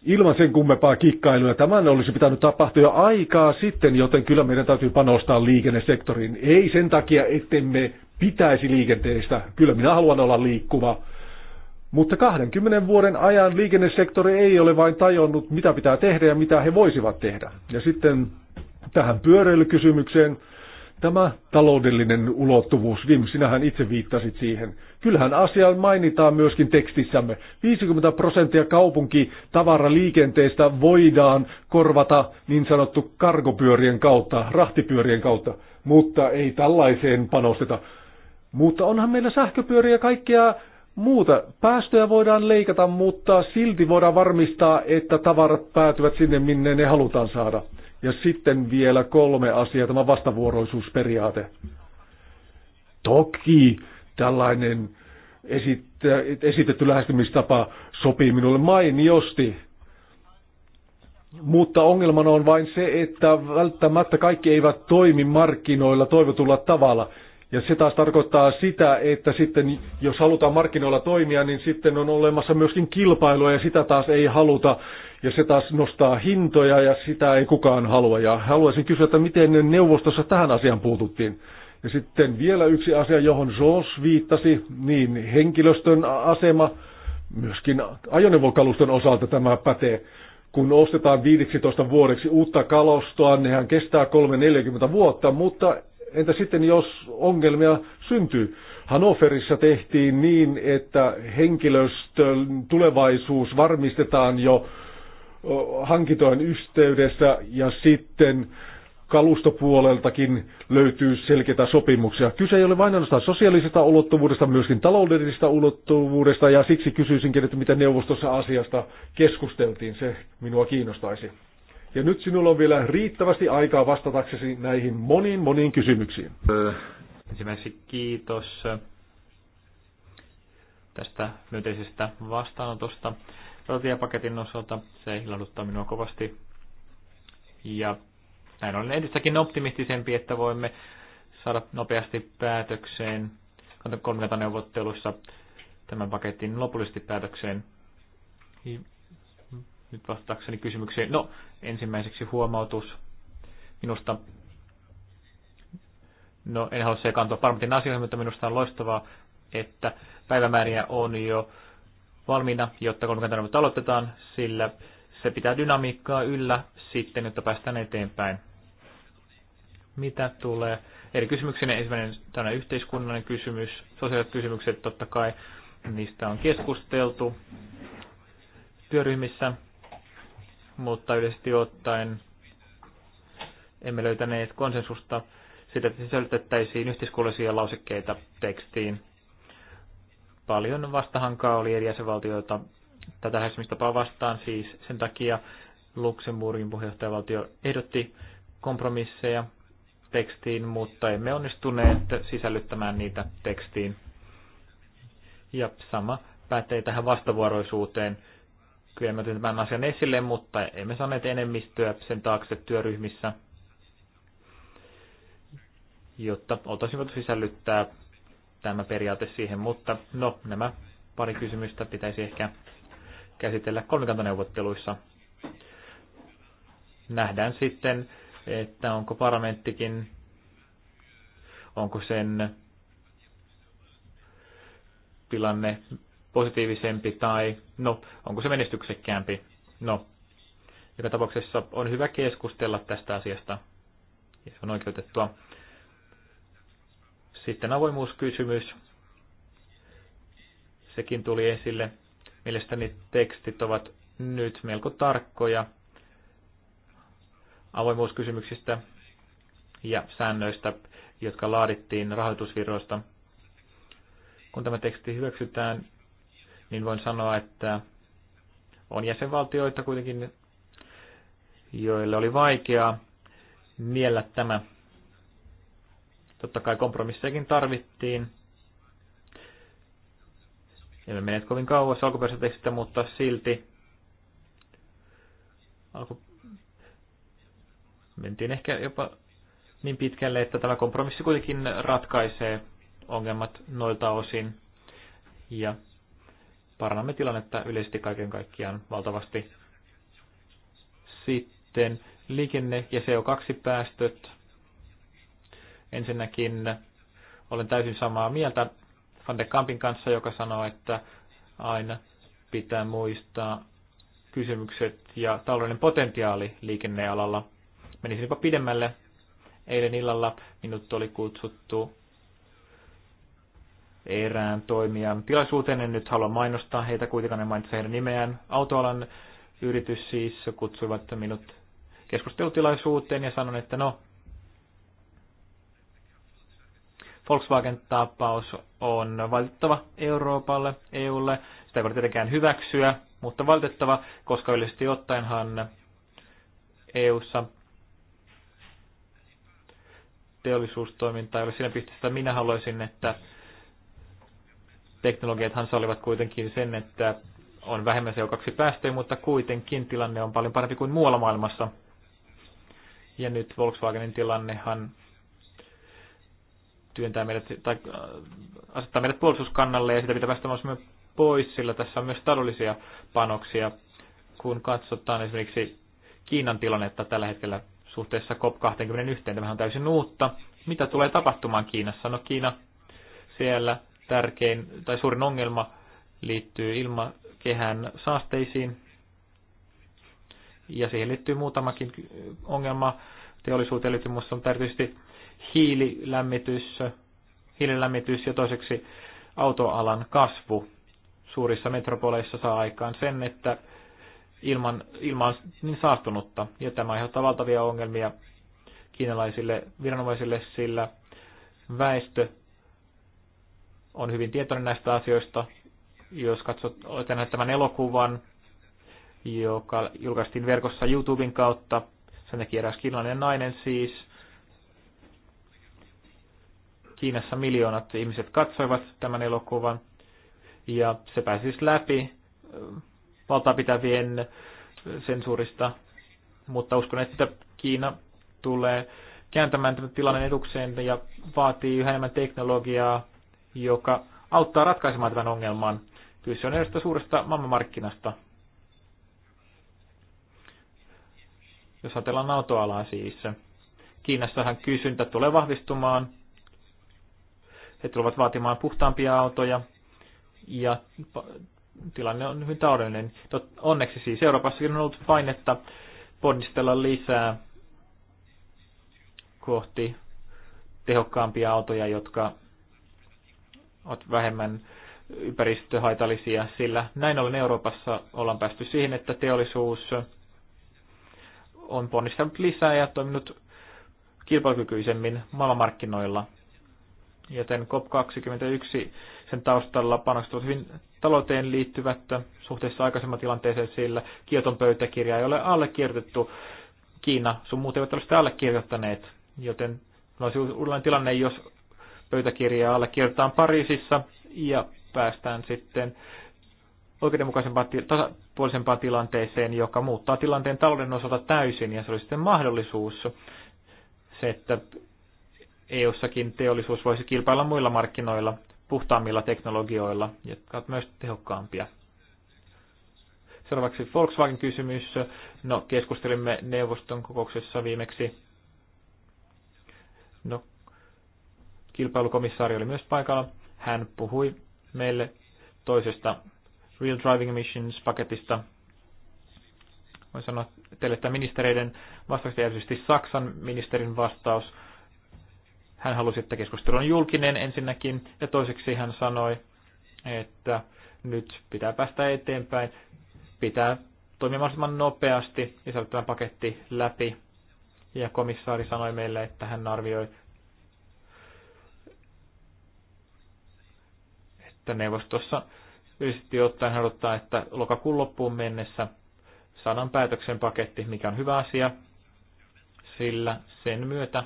ilman sen kummempaa kikkailua. Tämän olisi pitänyt tapahtua jo aikaa sitten, joten kyllä meidän täytyy panostaa liikennesektoriin. Ei sen takia, ettemme pitäisi liikenteestä. Kyllä minä haluan olla liikkuva. Mutta 20 vuoden ajan liikennesektori ei ole vain tajonnut, mitä pitää tehdä ja mitä he voisivat tehdä. Ja sitten tähän pyöräilykysymykseen. Tämä taloudellinen ulottuvuus, Vim, sinähän itse viittasit siihen. Kyllähän asia mainitaan myöskin tekstissämme. 50 prosenttia kaupunkitavaraliikenteestä voidaan korvata niin sanottu kargopyörien kautta, rahtipyörien kautta, mutta ei tällaiseen panosteta. Mutta onhan meillä sähköpyöriä ja kaikkea muuta. Päästöjä voidaan leikata, mutta silti voidaan varmistaa, että tavarat päätyvät sinne, minne ne halutaan saada. Ja sitten vielä kolme asiaa, tämä vastavuoroisuusperiaate. Toki tällainen esitetty lähestymistapa sopii minulle mainiosti, mutta ongelmana on vain se, että välttämättä kaikki eivät toimi markkinoilla toivotulla tavalla. Ja se taas tarkoittaa sitä, että sitten jos halutaan markkinoilla toimia, niin sitten on olemassa myöskin kilpailua ja sitä taas ei haluta. Ja se taas nostaa hintoja ja sitä ei kukaan halua. Ja haluaisin kysyä, että miten neuvostossa tähän asiaan puututtiin. Ja sitten vielä yksi asia, johon Jos viittasi, niin henkilöstön asema, myöskin ajoneuvokaluston osalta tämä pätee. Kun ostetaan 15 vuodeksi uutta kalustoa, nehän kestää 3-40 vuotta, mutta Entä sitten jos ongelmia syntyy? Hanoverissa tehtiin niin, että henkilöstön tulevaisuus varmistetaan jo hankintojen yhteydessä ja sitten kalustopuoleltakin löytyy selkeitä sopimuksia. Kyse ei ole vain ainoastaan sosiaalisesta ulottuvuudesta, myöskin taloudellisesta ulottuvuudesta, ja siksi kysyisinkin, että miten neuvostossa asiasta keskusteltiin. Se minua kiinnostaisi. Ja nyt sinulla on vielä riittävästi aikaa vastataksesi näihin moniin moniin kysymyksiin. Ensimmäiseksi kiitos äh, tästä myönteisestä vastaanotosta rautatiepaketin osalta. Se ilahduttaa minua kovasti. Ja näin olen edessäkin optimistisempi, että voimme saada nopeasti päätökseen neuvotteluissa tämän paketin lopullisesti päätökseen nyt vastaakseni kysymykseen. No, ensimmäiseksi huomautus minusta. No, en halua se kantaa parlamentin asioihin, mutta minusta on loistavaa, että päivämääriä on jo valmiina, jotta kolmikantaneuvot aloitetaan, sillä se pitää dynamiikkaa yllä sitten, jotta päästään eteenpäin. Mitä tulee? Eri kysymyksenä ensimmäinen tämä yhteiskunnallinen kysymys, sosiaaliset kysymykset totta kai, niistä on keskusteltu työryhmissä mutta yleisesti ottaen emme löytäneet konsensusta siitä, että sisällytettäisiin yhteiskunnallisia lausekkeita tekstiin. Paljon vastahankaa oli eri jäsenvaltioita tätä lähestymistapaa vastaan, siis sen takia Luxemburgin puheenjohtajavaltio ehdotti kompromisseja tekstiin, mutta emme onnistuneet sisällyttämään niitä tekstiin. Ja sama pätee tähän vastavuoroisuuteen. Kyllä mä tämän asian esille, mutta emme saaneet enemmistöä sen taakse työryhmissä, jotta oltaisiin sisällyttää tämä periaate siihen, mutta no, nämä pari kysymystä pitäisi ehkä käsitellä kolmikantaneuvotteluissa. Nähdään sitten, että onko parlamenttikin, onko sen tilanne positiivisempi tai no, onko se menestyksekkäämpi? No, joka tapauksessa on hyvä keskustella tästä asiasta ja se on oikeutettua. Sitten avoimuuskysymys. Sekin tuli esille. Mielestäni tekstit ovat nyt melko tarkkoja avoimuuskysymyksistä ja säännöistä, jotka laadittiin rahoitusvirroista. Kun tämä teksti hyväksytään, niin voin sanoa, että on jäsenvaltioita kuitenkin, joille oli vaikeaa miellä tämä. Totta kai kompromissejakin tarvittiin. Emme mene kovin kauas alkuperäisestä tekstistä, mutta silti alku... mentiin ehkä jopa niin pitkälle, että tämä kompromissi kuitenkin ratkaisee ongelmat noilta osin. Ja parannamme tilannetta yleisesti kaiken kaikkiaan valtavasti. Sitten liikenne- ja CO2-päästöt. Ensinnäkin olen täysin samaa mieltä Van de Kampin kanssa, joka sanoo, että aina pitää muistaa kysymykset ja taloudellinen potentiaali liikennealalla. Menisin jopa pidemmälle. Eilen illalla minut oli kutsuttu erään toimijan tilaisuuteen. En nyt halua mainostaa heitä, kuitenkaan en mainitse heidän nimeään. Autoalan yritys siis kutsuivat minut keskustelutilaisuuteen ja sanon, että no, Volkswagen-tapaus on valitettava Euroopalle, EUlle. Sitä ei voi tietenkään hyväksyä, mutta valitettava, koska yleisesti ottaenhan EUssa teollisuustoiminta ei ole siinä pisteessä, minä haluaisin, että teknologiathan sallivat kuitenkin sen, että on vähemmän CO2-päästöjä, mutta kuitenkin tilanne on paljon parempi kuin muualla maailmassa. Ja nyt Volkswagenin tilannehan työntää meidät, tai äh, asettaa meidät puolustuskannalle ja sitä pitää päästä myös pois, sillä tässä on myös taloudellisia panoksia, kun katsotaan esimerkiksi Kiinan tilannetta tällä hetkellä suhteessa COP21. tämä on täysin uutta. Mitä tulee tapahtumaan Kiinassa? No Kiina siellä tärkein tai suurin ongelma liittyy ilmakehän saasteisiin. Ja siihen liittyy muutamakin ongelma. Teollisuuteen liittyy muassa on tietysti hiililämmitys, hiililämmitys ja toiseksi autoalan kasvu suurissa metropoleissa saa aikaan sen, että ilman, ilman niin saastunutta. Ja tämä aiheuttaa valtavia ongelmia kiinalaisille viranomaisille, sillä väestö on hyvin tietoinen näistä asioista. Jos katsot tämän elokuvan, joka julkaistiin verkossa YouTuben kautta, sen teki eräs kiinalainen nainen siis. Kiinassa miljoonat ihmiset katsoivat tämän elokuvan ja se pääsi siis läpi valtaapitävien sensuurista, mutta uskon, että Kiina tulee kääntämään tämän tilanne edukseen ja vaatii yhä enemmän teknologiaa joka auttaa ratkaisemaan tämän ongelman. Kyse on edestä suuresta maailmanmarkkinasta. Jos ajatellaan autoalaa siis. Kiinassahan kysyntä tulee vahvistumaan. He tulevat vaatimaan puhtaampia autoja. Ja tilanne on hyvin taudellinen. Onneksi siis Euroopassakin on ollut painetta ponnistella lisää kohti tehokkaampia autoja, jotka ovat vähemmän ympäristöhaitallisia, sillä näin ollen Euroopassa ollaan päästy siihen, että teollisuus on ponnistanut lisää ja toiminut kilpailukykyisemmin maailmanmarkkinoilla. Joten COP21 sen taustalla panostuu hyvin talouteen liittyvät suhteessa aikaisemman tilanteeseen, sillä Kioton pöytäkirja ei ole allekirjoitettu. Kiina sun muut eivät ole sitä allekirjoittaneet, joten olisi uudenlainen tilanne, jos pöytäkirjaa allekirjoitetaan Pariisissa ja päästään sitten oikeudenmukaisempaan, tasapuolisempaan tilanteeseen, joka muuttaa tilanteen talouden osalta täysin, ja se oli sitten mahdollisuus se, että EU-sakin teollisuus voisi kilpailla muilla markkinoilla puhtaammilla teknologioilla, jotka ovat myös tehokkaampia. Seuraavaksi Volkswagen-kysymys. No, keskustelimme neuvoston kokouksessa viimeksi. No, Kilpailukomissaari oli myös paikalla. Hän puhui meille toisesta Real Driving Emissions-paketista. Voin sanoa teille, että ministereiden vastaukset erityisesti Saksan ministerin vastaus. Hän halusi, että keskustelu on julkinen ensinnäkin, ja toiseksi hän sanoi, että nyt pitää päästä eteenpäin, pitää toimia mahdollisimman nopeasti ja saada tämä paketti läpi. Ja komissaari sanoi meille, että hän arvioi että neuvostossa yleisesti ottaen odottaa, että lokakuun loppuun mennessä saadaan päätöksen paketti, mikä on hyvä asia, sillä sen myötä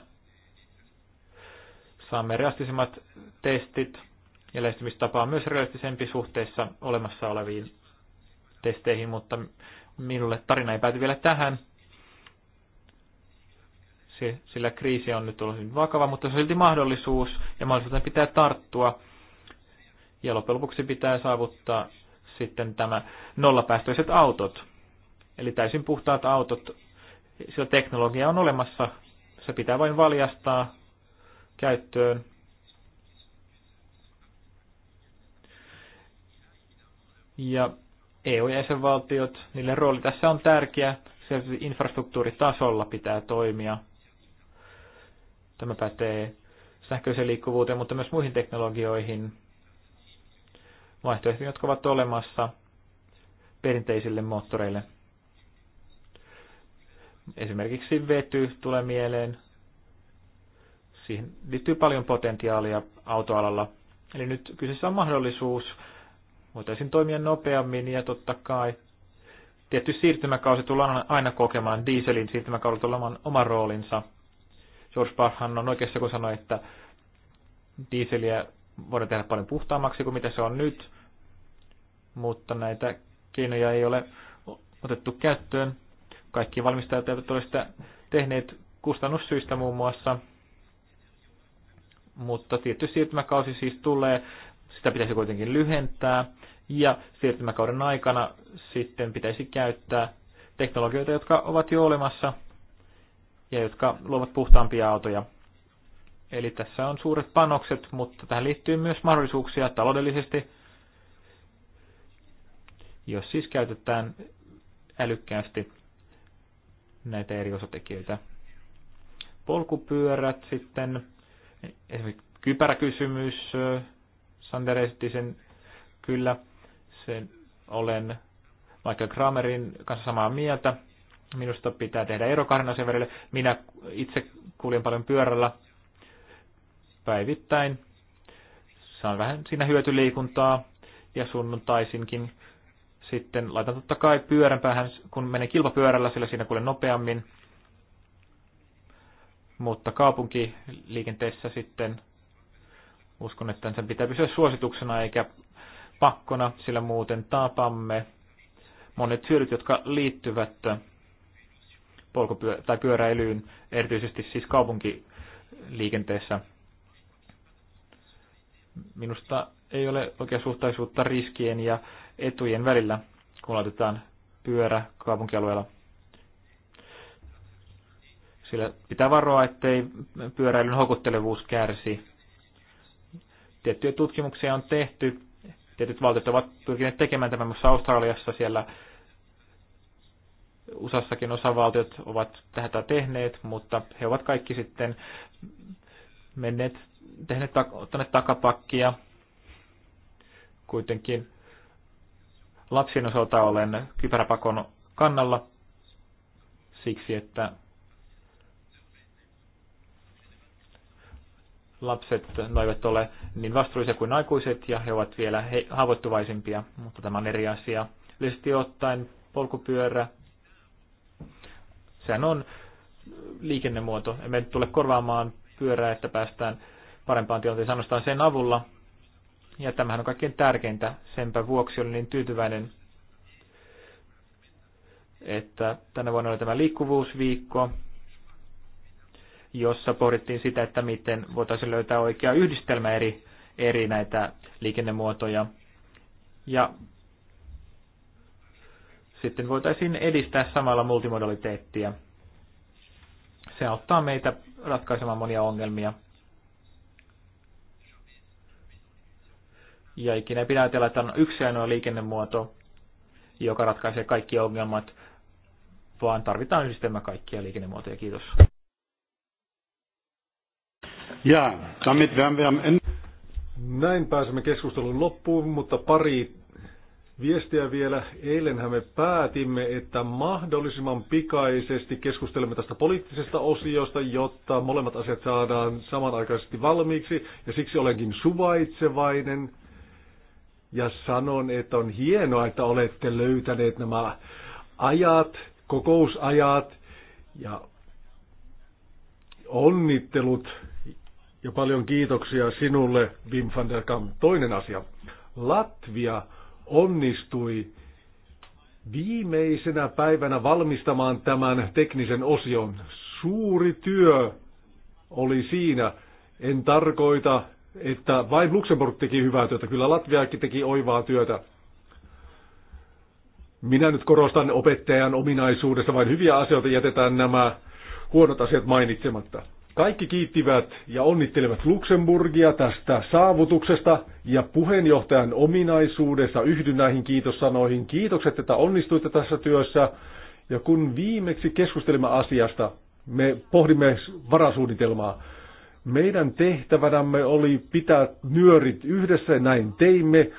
saamme realistisemmat testit ja lähestymistapa on myös realistisempi suhteessa olemassa oleviin testeihin, mutta minulle tarina ei pääty vielä tähän, sillä kriisi on nyt ollut hyvin vakava, mutta se on silti mahdollisuus ja mahdollisuuteen pitää tarttua ja loppujen lopuksi pitää saavuttaa sitten tämä nollapäästöiset autot. Eli täysin puhtaat autot, sillä teknologia on olemassa, se pitää vain valjastaa käyttöön. Ja EU- ja jäsenvaltiot, niille rooli tässä on tärkeä, se infrastruktuuritasolla pitää toimia. Tämä pätee sähköiseen liikkuvuuteen, mutta myös muihin teknologioihin, vaihtoehtoja, jotka ovat olemassa perinteisille moottoreille. Esimerkiksi vety tulee mieleen. Siihen liittyy paljon potentiaalia autoalalla. Eli nyt kyseessä on mahdollisuus. Voitaisiin toimia nopeammin ja totta kai tietty siirtymäkausi tullaan aina kokemaan. Dieselin siirtymäkausi tullaan oma roolinsa. George Barthan on oikeassa, kun sanoi, että dieseliä voida tehdä paljon puhtaammaksi kuin mitä se on nyt, mutta näitä keinoja ei ole otettu käyttöön. Kaikki valmistajat eivät ole sitä tehneet kustannussyistä muun muassa, mutta tietty siirtymäkausi siis tulee, sitä pitäisi kuitenkin lyhentää, ja siirtymäkauden aikana sitten pitäisi käyttää teknologioita, jotka ovat jo olemassa ja jotka luovat puhtaampia autoja. Eli tässä on suuret panokset, mutta tähän liittyy myös mahdollisuuksia taloudellisesti, jos siis käytetään älykkäästi näitä eri osatekijöitä. Polkupyörät sitten, esimerkiksi kypäräkysymys, Sander esitti sen kyllä, sen olen Michael Kramerin kanssa samaa mieltä. Minusta pitää tehdä ero kahden asian välillä. Minä itse kuljen paljon pyörällä, päivittäin. Se on vähän siinä hyötyliikuntaa ja sunnuntaisinkin sitten laitan totta kai pyörän päähän, kun menen kilpapyörällä, sillä siinä kuulen nopeammin. Mutta kaupunkiliikenteessä sitten uskon, että sen pitää pysyä suosituksena eikä pakkona, sillä muuten tapamme monet hyödyt, jotka liittyvät polkupyö- tai pyöräilyyn, erityisesti siis kaupunkiliikenteessä. Minusta ei ole suhtaisuutta riskien ja etujen välillä, kun laitetaan pyörä kaupunkialueella. Sillä pitää varoa, ettei pyöräilyn houkuttelevuus kärsi. Tiettyjä tutkimuksia on tehty. Tietyt valtiot ovat pyrkineet tekemään tämän myös Australiassa siellä USAssakin osavaltiot ovat tätä tehneet, mutta he ovat kaikki sitten menneet tehneet, ottaneet takapakkia. Kuitenkin lapsien osalta olen kypäräpakon kannalla siksi, että lapset no eivät ole niin vastuullisia kuin aikuiset ja he ovat vielä he, haavoittuvaisempia, mutta tämä on eri asia. Yleisesti ottaen polkupyörä, sehän on liikennemuoto. Emme tule korvaamaan pyörää, että päästään parempaan tilanteeseen sanostaan sen avulla. Ja tämähän on kaikkein tärkeintä. Senpä vuoksi olen niin tyytyväinen, että tänä vuonna oli tämä liikkuvuusviikko, jossa pohdittiin sitä, että miten voitaisiin löytää oikea yhdistelmä eri, eri näitä liikennemuotoja. Ja sitten voitaisiin edistää samalla multimodaliteettia. Se auttaa meitä ratkaisemaan monia ongelmia Ja ikinä ei pidä ajatella, että on yksi ainoa liikennemuoto, joka ratkaisee kaikki ongelmat, vaan tarvitaan yhdistelmä kaikkia liikennemuotoja. Kiitos. Ja, damit wären wir am Ende. Näin pääsemme keskustelun loppuun, mutta pari viestiä vielä. Eilenhän me päätimme, että mahdollisimman pikaisesti keskustelemme tästä poliittisesta osiosta, jotta molemmat asiat saadaan samanaikaisesti valmiiksi. Ja siksi olenkin suvaitsevainen ja sanon, että on hienoa, että olette löytäneet nämä ajat, kokousajat ja onnittelut ja paljon kiitoksia sinulle, Wim van der Kamp. Toinen asia. Latvia onnistui viimeisenä päivänä valmistamaan tämän teknisen osion. Suuri työ oli siinä. En tarkoita että vain Luxemburg teki hyvää työtä, kyllä Latviakin teki oivaa työtä. Minä nyt korostan opettajan ominaisuudessa vain hyviä asioita, jätetään nämä huonot asiat mainitsematta. Kaikki kiittivät ja onnittelevat Luxemburgia tästä saavutuksesta ja puheenjohtajan ominaisuudessa yhdyn näihin kiitossanoihin. Kiitokset, että onnistuitte tässä työssä. Ja kun viimeksi keskustelimme asiasta, me pohdimme varasuunnitelmaa. Meidän tehtävänämme oli pitää nyörit yhdessä, näin teimme.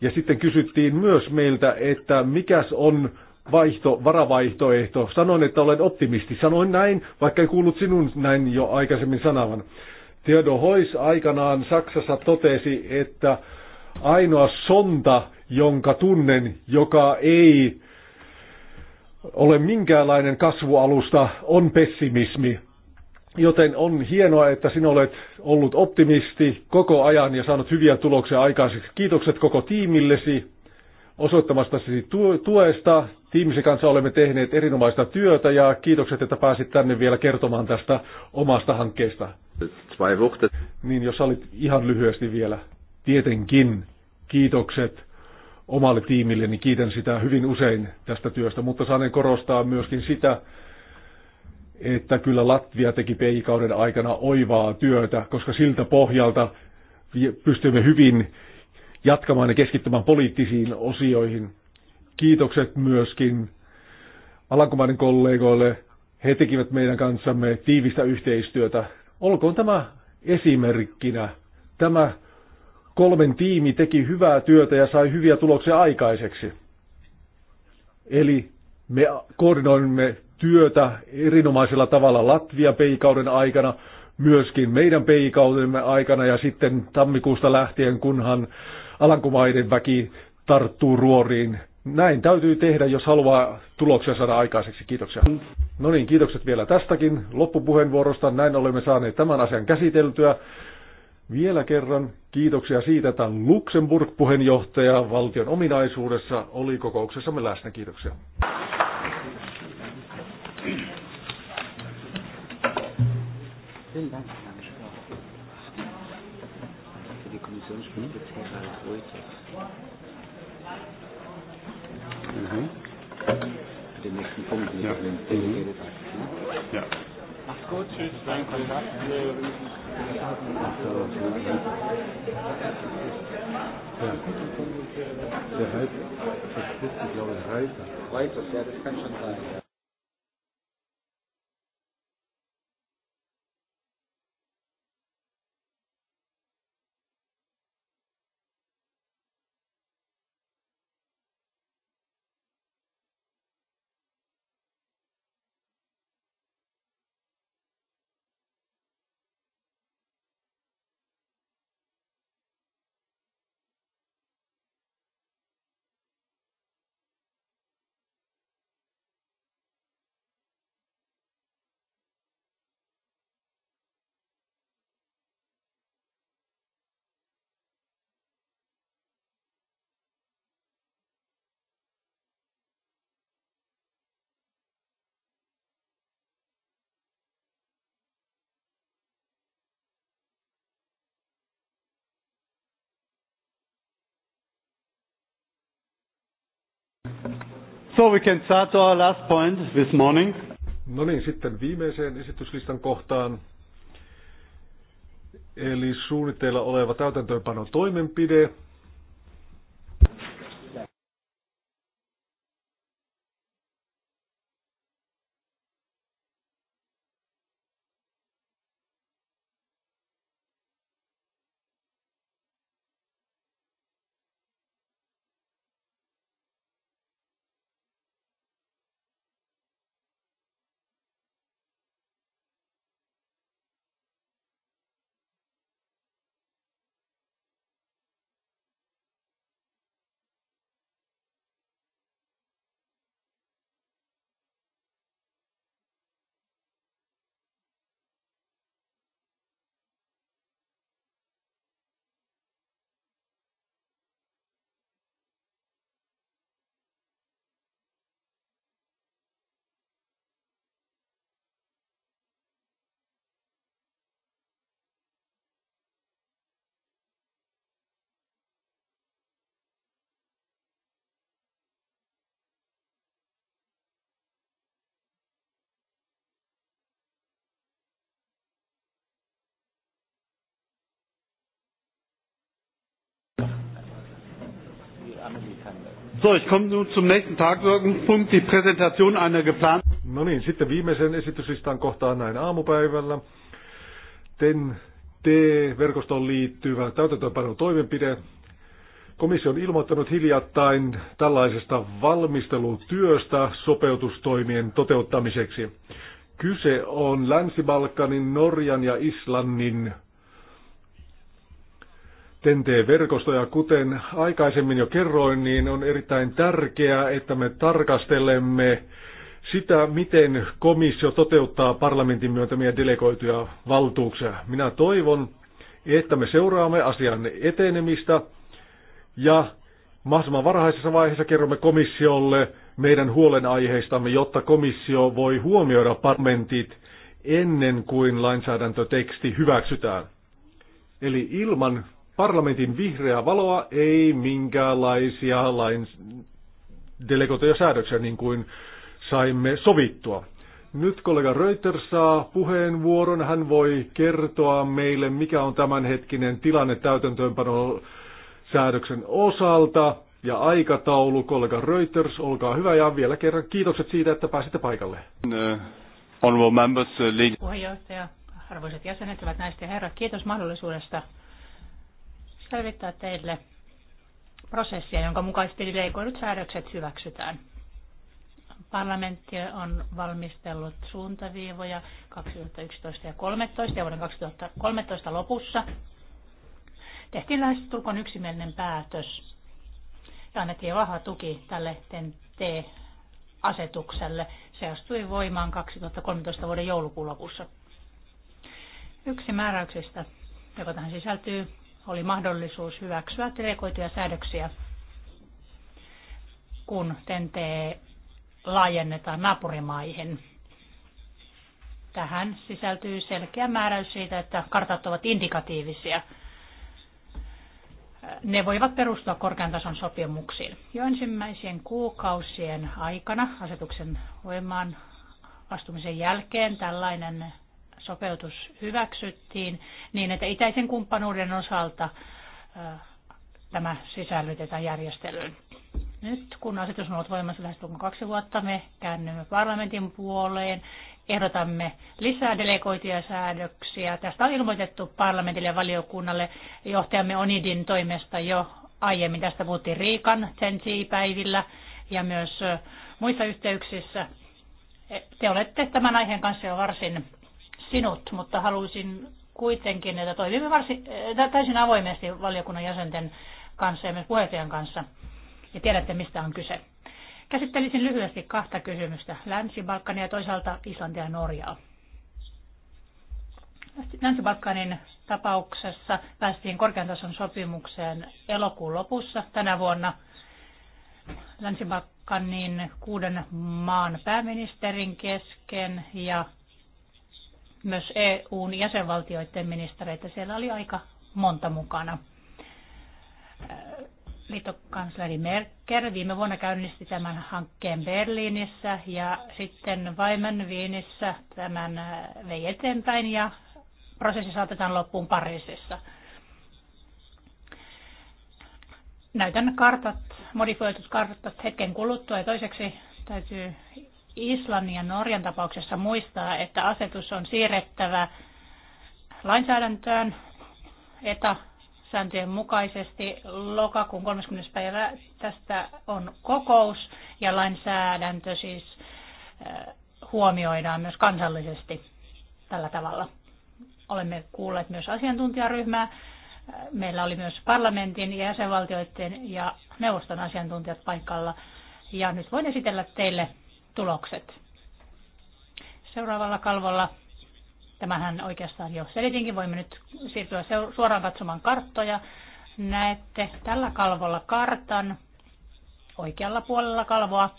Ja sitten kysyttiin myös meiltä, että mikäs on vaihto, varavaihtoehto. Sanoin, että olen optimisti. Sanoin näin, vaikka ei kuullut sinun näin jo aikaisemmin sanavan. Theodor Hois aikanaan Saksassa totesi, että ainoa sonta, jonka tunnen, joka ei ole minkäänlainen kasvualusta, on pessimismi. Joten on hienoa, että sinä olet ollut optimisti koko ajan ja saanut hyviä tuloksia aikaiseksi. Kiitokset koko tiimillesi osoittamastasi tuesta. Tiimisi kanssa olemme tehneet erinomaista työtä ja kiitokset, että pääsit tänne vielä kertomaan tästä omasta hankkeesta. Niin, jos olit ihan lyhyesti vielä. Tietenkin kiitokset omalle tiimille, niin kiitän sitä hyvin usein tästä työstä, mutta saan korostaa myöskin sitä, että kyllä Latvia teki peikauden aikana oivaa työtä, koska siltä pohjalta pystymme hyvin jatkamaan ja keskittymään poliittisiin osioihin. Kiitokset myöskin Alankomaiden kollegoille. He tekivät meidän kanssamme tiivistä yhteistyötä. Olkoon tämä esimerkkinä. Tämä kolmen tiimi teki hyvää työtä ja sai hyviä tuloksia aikaiseksi. Eli me koordinoimme työtä erinomaisella tavalla Latvia-peikauden aikana, myöskin meidän peikautemme aikana ja sitten tammikuusta lähtien, kunhan Alankomaiden väki tarttuu ruoriin. Näin täytyy tehdä, jos haluaa tuloksia saada aikaiseksi. Kiitoksia. No niin, kiitokset vielä tästäkin loppupuheenvuorosta. Näin olemme saaneet tämän asian käsiteltyä. Vielä kerran kiitoksia siitä, että Luxemburg-puheenjohtaja valtion ominaisuudessa oli kokouksessamme läsnä. Kiitoksia. Vielen Dank. Für die Kommission spricht jetzt Herr Reuters. Mhm. Für den nächsten Punkt. Ja. Mhm. ja. Macht's gut. Tschüss. Danke. Ja. Der Reiter, das ist, glaube ich, Reiter. Reiter, ja, das kann schon sein. So we can start our last point this morning. No niin, sitten viimeiseen esityslistan kohtaan. Eli suunnitteilla oleva täytäntöönpano toimenpide, So, ich komme nun zum nächsten Tagesordnungspunkt, die Präsentation einer geplanten... No niin, sitten viimeisen esityslistan kohtaan näin aamupäivällä. Den T-verkostoon liittyvä täytäntöönpanon toimenpide. Komissio on ilmoittanut hiljattain tällaisesta valmistelutyöstä sopeutustoimien toteuttamiseksi. Kyse on Länsi-Balkanin, Norjan ja Islannin TNT-verkostoja. Kuten aikaisemmin jo kerroin, niin on erittäin tärkeää, että me tarkastelemme sitä, miten komissio toteuttaa parlamentin myöntämiä delegoituja valtuuksia. Minä toivon, että me seuraamme asian etenemistä ja mahdollisimman varhaisessa vaiheessa kerromme komissiolle meidän huolenaiheistamme, jotta komissio voi huomioida parlamentit ennen kuin lainsäädäntöteksti hyväksytään. Eli ilman parlamentin vihreää valoa, ei minkäänlaisia lain delegoituja säädöksiä niin kuin saimme sovittua. Nyt kollega Reuter saa puheenvuoron. Hän voi kertoa meille, mikä on tämänhetkinen tilanne täytäntöönpano säädöksen osalta ja aikataulu. Kollega Reuters, olkaa hyvä ja vielä kerran kiitokset siitä, että pääsitte paikalle. Uh, uh, Puheenjohtaja, arvoisat jäsenet, hyvät naiset ja herrat, kiitos mahdollisuudesta selvittää teille prosessia, jonka mukaisesti leikoidut säädökset hyväksytään. Parlamentti on valmistellut suuntaviivoja 2011 ja 2013 ja vuoden 2013 lopussa tehtiin lähestulkoon yksimielinen päätös ja annettiin vahva tuki tälle TEN-T-asetukselle. Se astui voimaan 2013 vuoden joulukuun lopussa. Yksi määräyksistä, joka tähän sisältyy, oli mahdollisuus hyväksyä delegoituja säädöksiä, kun TNT laajennetaan naapurimaihin. Tähän sisältyy selkeä määräys siitä, että kartat ovat indikatiivisia. Ne voivat perustua korkean tason sopimuksiin. Jo ensimmäisien kuukausien aikana asetuksen voimaan astumisen jälkeen tällainen sopeutus hyväksyttiin niin, että itäisen kumppanuuden osalta tämä sisällytetään järjestelyyn. Nyt kun asetus on ollut voimassa lähes kaksi vuotta, me käännymme parlamentin puoleen, ehdotamme lisää delegoituja säädöksiä. Tästä on ilmoitettu parlamentille ja valiokunnalle johtajamme Onidin toimesta jo aiemmin. Tästä puhuttiin Riikan Tensi-päivillä ja myös muissa yhteyksissä. Te olette tämän aiheen kanssa jo varsin sinut, mutta haluaisin kuitenkin, että toimimme varsin, täysin avoimesti valiokunnan jäsenten kanssa ja myös puheenjohtajan kanssa. Ja tiedätte, mistä on kyse. Käsittelisin lyhyesti kahta kysymystä, Länsi-Balkania ja toisaalta Islantia ja Norjaa. Länsi-Balkanin tapauksessa päästiin korkean tason sopimukseen elokuun lopussa tänä vuonna. Länsi-Balkanin kuuden maan pääministerin kesken ja myös EUn jäsenvaltioiden ministereitä. Siellä oli aika monta mukana. Liittokansleri Merkel viime vuonna käynnisti tämän hankkeen Berliinissä ja sitten Vaimen Viinissä tämän vei eteenpäin ja prosessi saatetaan loppuun Pariisissa. Näytän kartat, modifioitut kartat hetken kuluttua ja toiseksi täytyy Islannin ja Norjan tapauksessa muistaa, että asetus on siirrettävä lainsäädäntöön eta mukaisesti. Lokakuun 30. päivä tästä on kokous ja lainsäädäntö siis äh, huomioidaan myös kansallisesti tällä tavalla. Olemme kuulleet myös asiantuntijaryhmää. Meillä oli myös parlamentin ja jäsenvaltioiden ja neuvoston asiantuntijat paikalla. Ja nyt voin esitellä teille tulokset. Seuraavalla kalvolla, tämähän oikeastaan jo selitinkin, voimme nyt siirtyä suoraan katsomaan karttoja. Näette tällä kalvolla kartan, oikealla puolella kalvoa.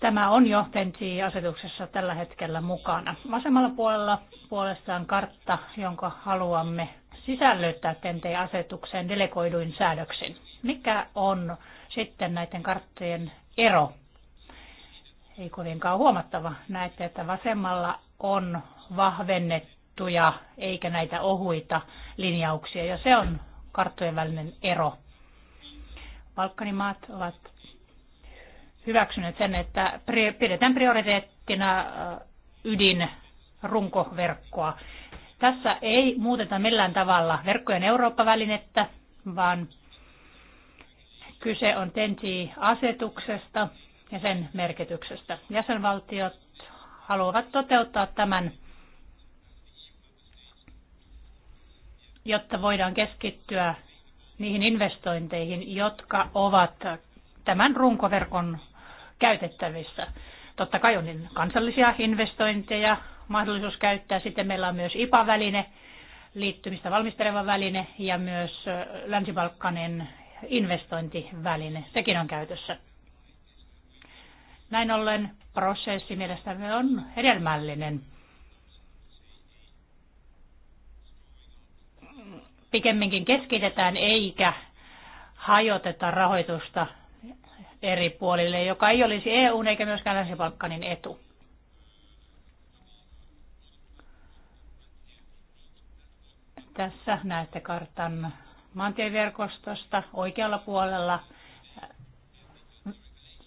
Tämä on jo TENTI-asetuksessa tällä hetkellä mukana. Vasemmalla puolella puolestaan kartta, jonka haluamme sisällyttää TENTI-asetukseen delegoiduin säädöksin. Mikä on sitten näiden karttojen ero? ei kovinkaan huomattava. Näette, että vasemmalla on vahvennettuja eikä näitä ohuita linjauksia ja se on karttojen välinen ero. Balkanimaat ovat hyväksyneet sen, että pidetään prioriteettina ydinrunkoverkkoa. Tässä ei muuteta millään tavalla verkkojen Eurooppa-välinettä, vaan kyse on TENTI-asetuksesta – ja sen merkityksestä. Jäsenvaltiot haluavat toteuttaa tämän, jotta voidaan keskittyä niihin investointeihin, jotka ovat tämän runkoverkon käytettävissä. Totta kai on niin kansallisia investointeja, mahdollisuus käyttää. Sitten meillä on myös IPA-väline, liittymistä valmisteleva väline ja myös Länsi-Balkanin investointiväline. Sekin on käytössä. Näin ollen prosessi mielestäni on hedelmällinen. Pikemminkin keskitetään eikä hajoteta rahoitusta eri puolille, joka ei olisi EU eikä myöskään Länsi-Balkanin etu. Tässä näette kartan maantieverkostosta oikealla puolella –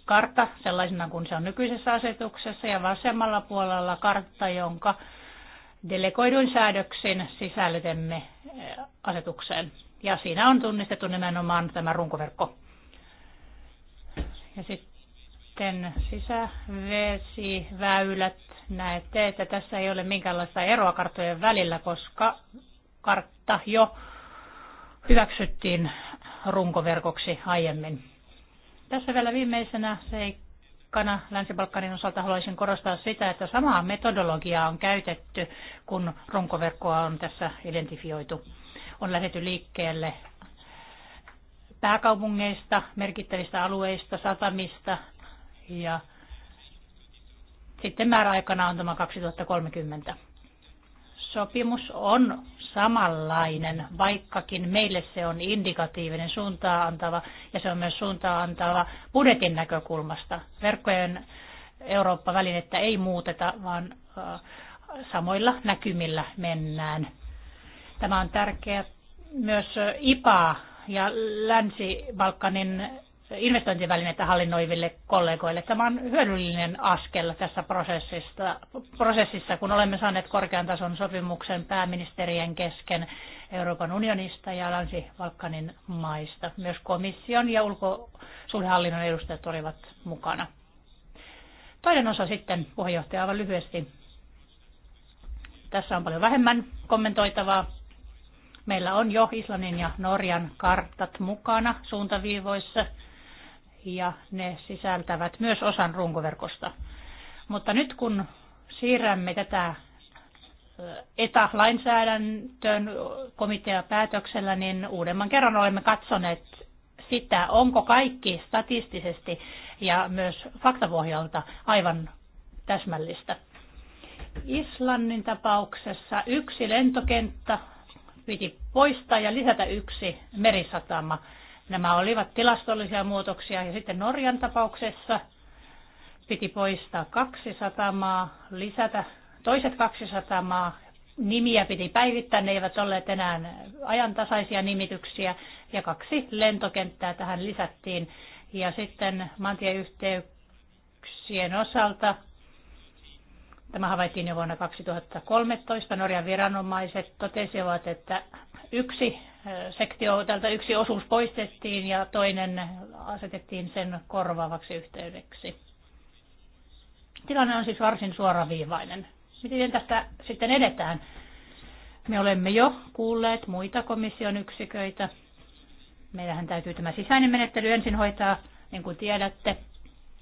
kartta sellaisena kuin se on nykyisessä asetuksessa ja vasemmalla puolella kartta, jonka delegoidun säädöksin sisällytämme eh, asetukseen. Ja siinä on tunnistettu nimenomaan tämä runkoverkko. Ja sitten sisävesiväylät. Näette, että tässä ei ole minkäänlaista eroa karttojen välillä, koska kartta jo hyväksyttiin runkoverkoksi aiemmin. Tässä vielä viimeisenä seikkana Länsi-Balkanin osalta haluaisin korostaa sitä, että samaa metodologiaa on käytetty, kun runkoverkkoa on tässä identifioitu. On lähdetty liikkeelle pääkaupungeista, merkittävistä alueista, satamista ja sitten määräaikana on tämä 2030 sopimus on samanlainen, vaikkakin meille se on indikatiivinen suuntaa antava ja se on myös suuntaa antava budjetin näkökulmasta. Verkkojen Eurooppa-välinettä ei muuteta, vaan äh, samoilla näkymillä mennään. Tämä on tärkeä myös IPA ja Länsi-Balkanin investointivälineitä hallinnoiville kollegoille. Tämä on hyödyllinen askel tässä prosessista, prosessissa, kun olemme saaneet korkean tason sopimuksen pääministerien kesken Euroopan unionista ja Länsi-Valkanin maista. Myös komission ja ulkosuhdehallinnon edustajat olivat mukana. Toinen osa sitten, puheenjohtaja, aivan lyhyesti. Tässä on paljon vähemmän kommentoitavaa. Meillä on jo Islannin ja Norjan kartat mukana suuntaviivoissa – ja ne sisältävät myös osan runkoverkosta. Mutta nyt kun siirrämme tätä ETA-lainsäädäntöön komiteapäätöksellä, niin uudemman kerran olemme katsoneet sitä, onko kaikki statistisesti ja myös faktapohjalta aivan täsmällistä. Islannin tapauksessa yksi lentokenttä piti poistaa ja lisätä yksi merisatama. Nämä olivat tilastollisia muutoksia ja sitten Norjan tapauksessa piti poistaa 200 maa, lisätä toiset 200 maa, nimiä piti päivittää, ne eivät olleet enää ajantasaisia nimityksiä ja kaksi lentokenttää tähän lisättiin. Ja sitten maantieyhteyksien osalta Tämä havaittiin jo vuonna 2013. Norjan viranomaiset totesivat, että yksi sektio, tältä yksi osuus poistettiin ja toinen asetettiin sen korvaavaksi yhteydeksi. Tilanne on siis varsin suoraviivainen. Miten tästä sitten edetään? Me olemme jo kuulleet muita komission yksiköitä. Meillähän täytyy tämä sisäinen menettely ensin hoitaa, niin kuin tiedätte.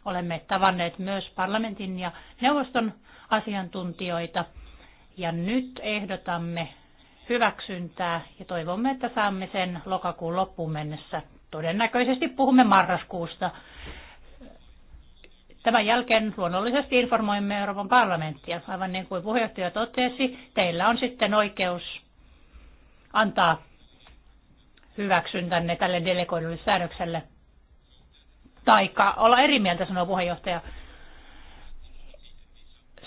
Olemme tavanneet myös parlamentin ja neuvoston asiantuntijoita. Ja nyt ehdotamme hyväksyntää ja toivomme, että saamme sen lokakuun loppuun mennessä. Todennäköisesti puhumme marraskuusta. Tämän jälkeen luonnollisesti informoimme Euroopan parlamenttia. Aivan niin kuin puheenjohtaja totesi, teillä on sitten oikeus antaa hyväksyntänne tälle delegoidulle säädökselle. taika olla eri mieltä, sanoo puheenjohtaja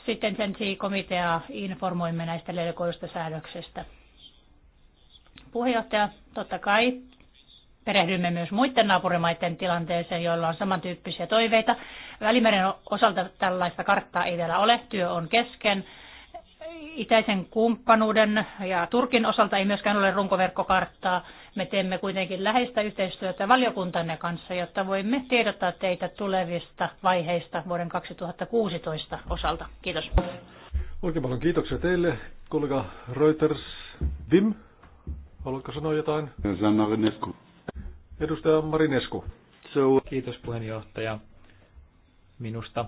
sitten sen komitea informoimme näistä delegoidusta säädöksestä. Puheenjohtaja, totta kai perehdymme myös muiden naapurimaiden tilanteeseen, joilla on samantyyppisiä toiveita. Välimeren osalta tällaista karttaa ei vielä ole, työ on kesken. Itäisen kumppanuuden ja Turkin osalta ei myöskään ole runkoverkkokarttaa. Me teemme kuitenkin läheistä yhteistyötä valiokuntanne kanssa, jotta voimme tiedottaa teitä tulevista vaiheista vuoden 2016 osalta. Kiitos. Oikein paljon kiitoksia teille, kollega Reuters. Vim, haluatko sanoa jotain? Marinescu. Edustaja Marinescu. So. Kiitos puheenjohtaja. Minusta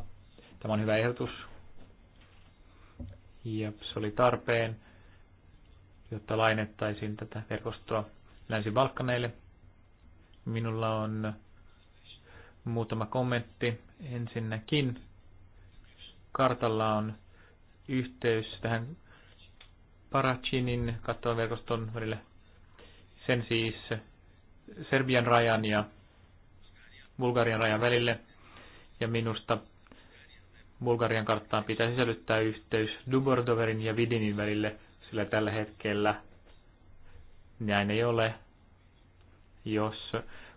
tämä on hyvä ehdotus. Ja se oli tarpeen, jotta lainettaisiin tätä verkostoa Länsi-Balkaneille. Minulla on muutama kommentti. Ensinnäkin kartalla on yhteys tähän Parachinin kattavan verkoston välille. Sen siis Serbian rajan ja Bulgarian rajan välille. Ja minusta Bulgarian karttaan pitää sisällyttää yhteys Dubordoverin ja Vidinin välille, sillä tällä hetkellä näin ei ole. Jos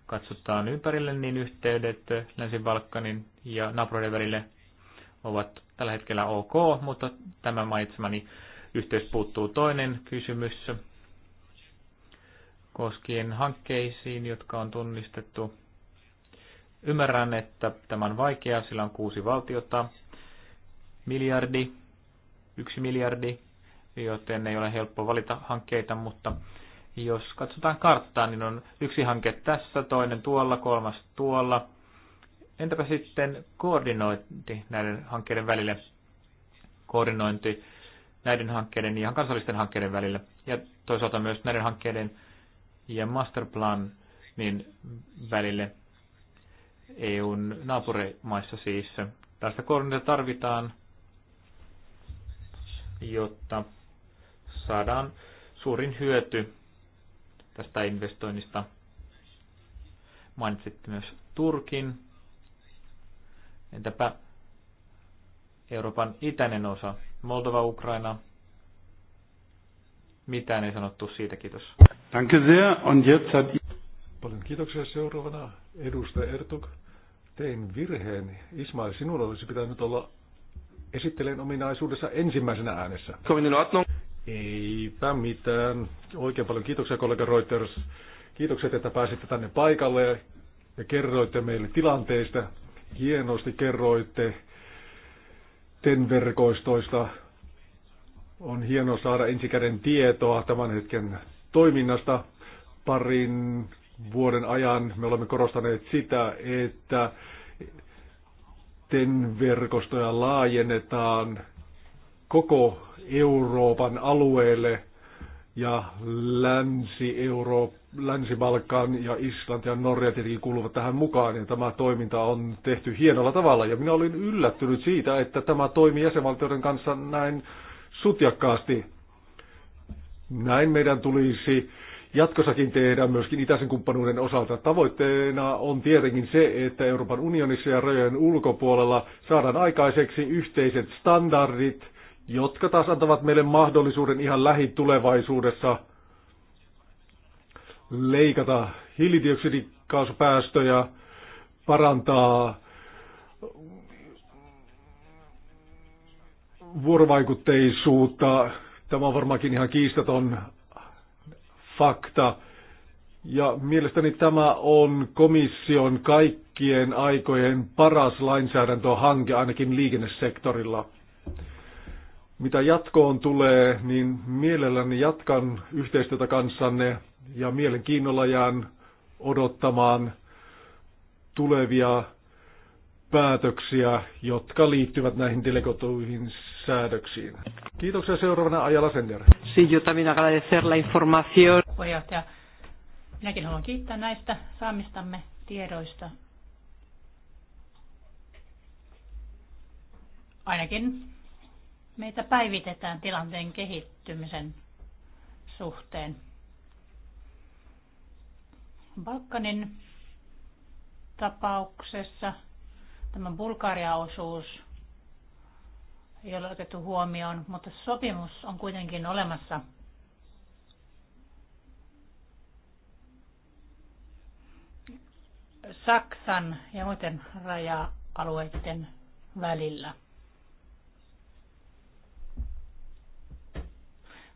katsotaan ympärille, niin yhteydet Länsi-Balkanin ja naapureiden välille ovat tällä hetkellä ok, mutta tämä mainitsemani yhteys puuttuu toinen kysymys koskien hankkeisiin, jotka on tunnistettu. Ymmärrän, että tämä on vaikeaa, sillä on kuusi valtiota, miljardi, yksi miljardi, joten ei ole helppo valita hankkeita, mutta jos katsotaan karttaa, niin on yksi hanke tässä, toinen tuolla, kolmas tuolla. Entäpä sitten koordinointi näiden hankkeiden välille? Koordinointi näiden hankkeiden ja kansallisten hankkeiden välillä ja toisaalta myös näiden hankkeiden ja masterplan niin välille EUn naapurimaissa siis. Tästä koordinointia tarvitaan, jotta saadaan suurin hyöty tästä investoinnista. Mainitsitte myös Turkin. Entäpä Euroopan itäinen osa, Moldova, Ukraina? Mitään ei sanottu siitä, kiitos. Danke sehr und jetzt hat... Paljon kiitoksia seuraavana edustaja Ertuk. Tein virheen. Ismail, sinulla olisi pitänyt olla esittelen ominaisuudessa ensimmäisenä äänessä. Kovin Eipä mitään. Oikein paljon kiitoksia kollega Reuters. Kiitokset, että pääsitte tänne paikalle ja kerroitte meille tilanteista. Hienosti kerroitte TEN-verkoistoista. On hienoa saada ensikäden tietoa tämän hetken toiminnasta. Parin vuoden ajan me olemme korostaneet sitä, että TEN-verkostoja laajennetaan koko Euroopan alueelle ja Länsi-Euro, Länsi-Balkan ja Islanti ja Norja tietenkin kuuluvat tähän mukaan ja tämä toiminta on tehty hienolla tavalla ja minä olin yllättynyt siitä, että tämä toimi jäsenvaltioiden kanssa näin sutjakkaasti. Näin meidän tulisi jatkossakin tehdä myöskin itäisen kumppanuuden osalta. Tavoitteena on tietenkin se, että Euroopan unionissa ja rajojen ulkopuolella saadaan aikaiseksi yhteiset standardit – jotka taas antavat meille mahdollisuuden ihan lähitulevaisuudessa leikata hiilidioksidikaasupäästöjä, parantaa vuorovaikutteisuutta. Tämä on varmaankin ihan kiistaton fakta. Ja mielestäni tämä on komission kaikkien aikojen paras lainsäädäntöhanke ainakin liikennesektorilla. Mitä jatkoon tulee, niin mielelläni jatkan yhteistyötä kanssanne ja mielenkiinnolla jään odottamaan tulevia päätöksiä, jotka liittyvät näihin delegoituihin säädöksiin. Kiitoksia seuraavana Ajala Sender. Sí, yo también agradecer la información. Puheenjohtaja, minäkin haluan kiittää näistä saamistamme tiedoista. Ainakin meitä päivitetään tilanteen kehittymisen suhteen. Balkanin tapauksessa tämä Bulgaria-osuus ei ole otettu huomioon, mutta sopimus on kuitenkin olemassa. Saksan ja muiden raja-alueiden välillä.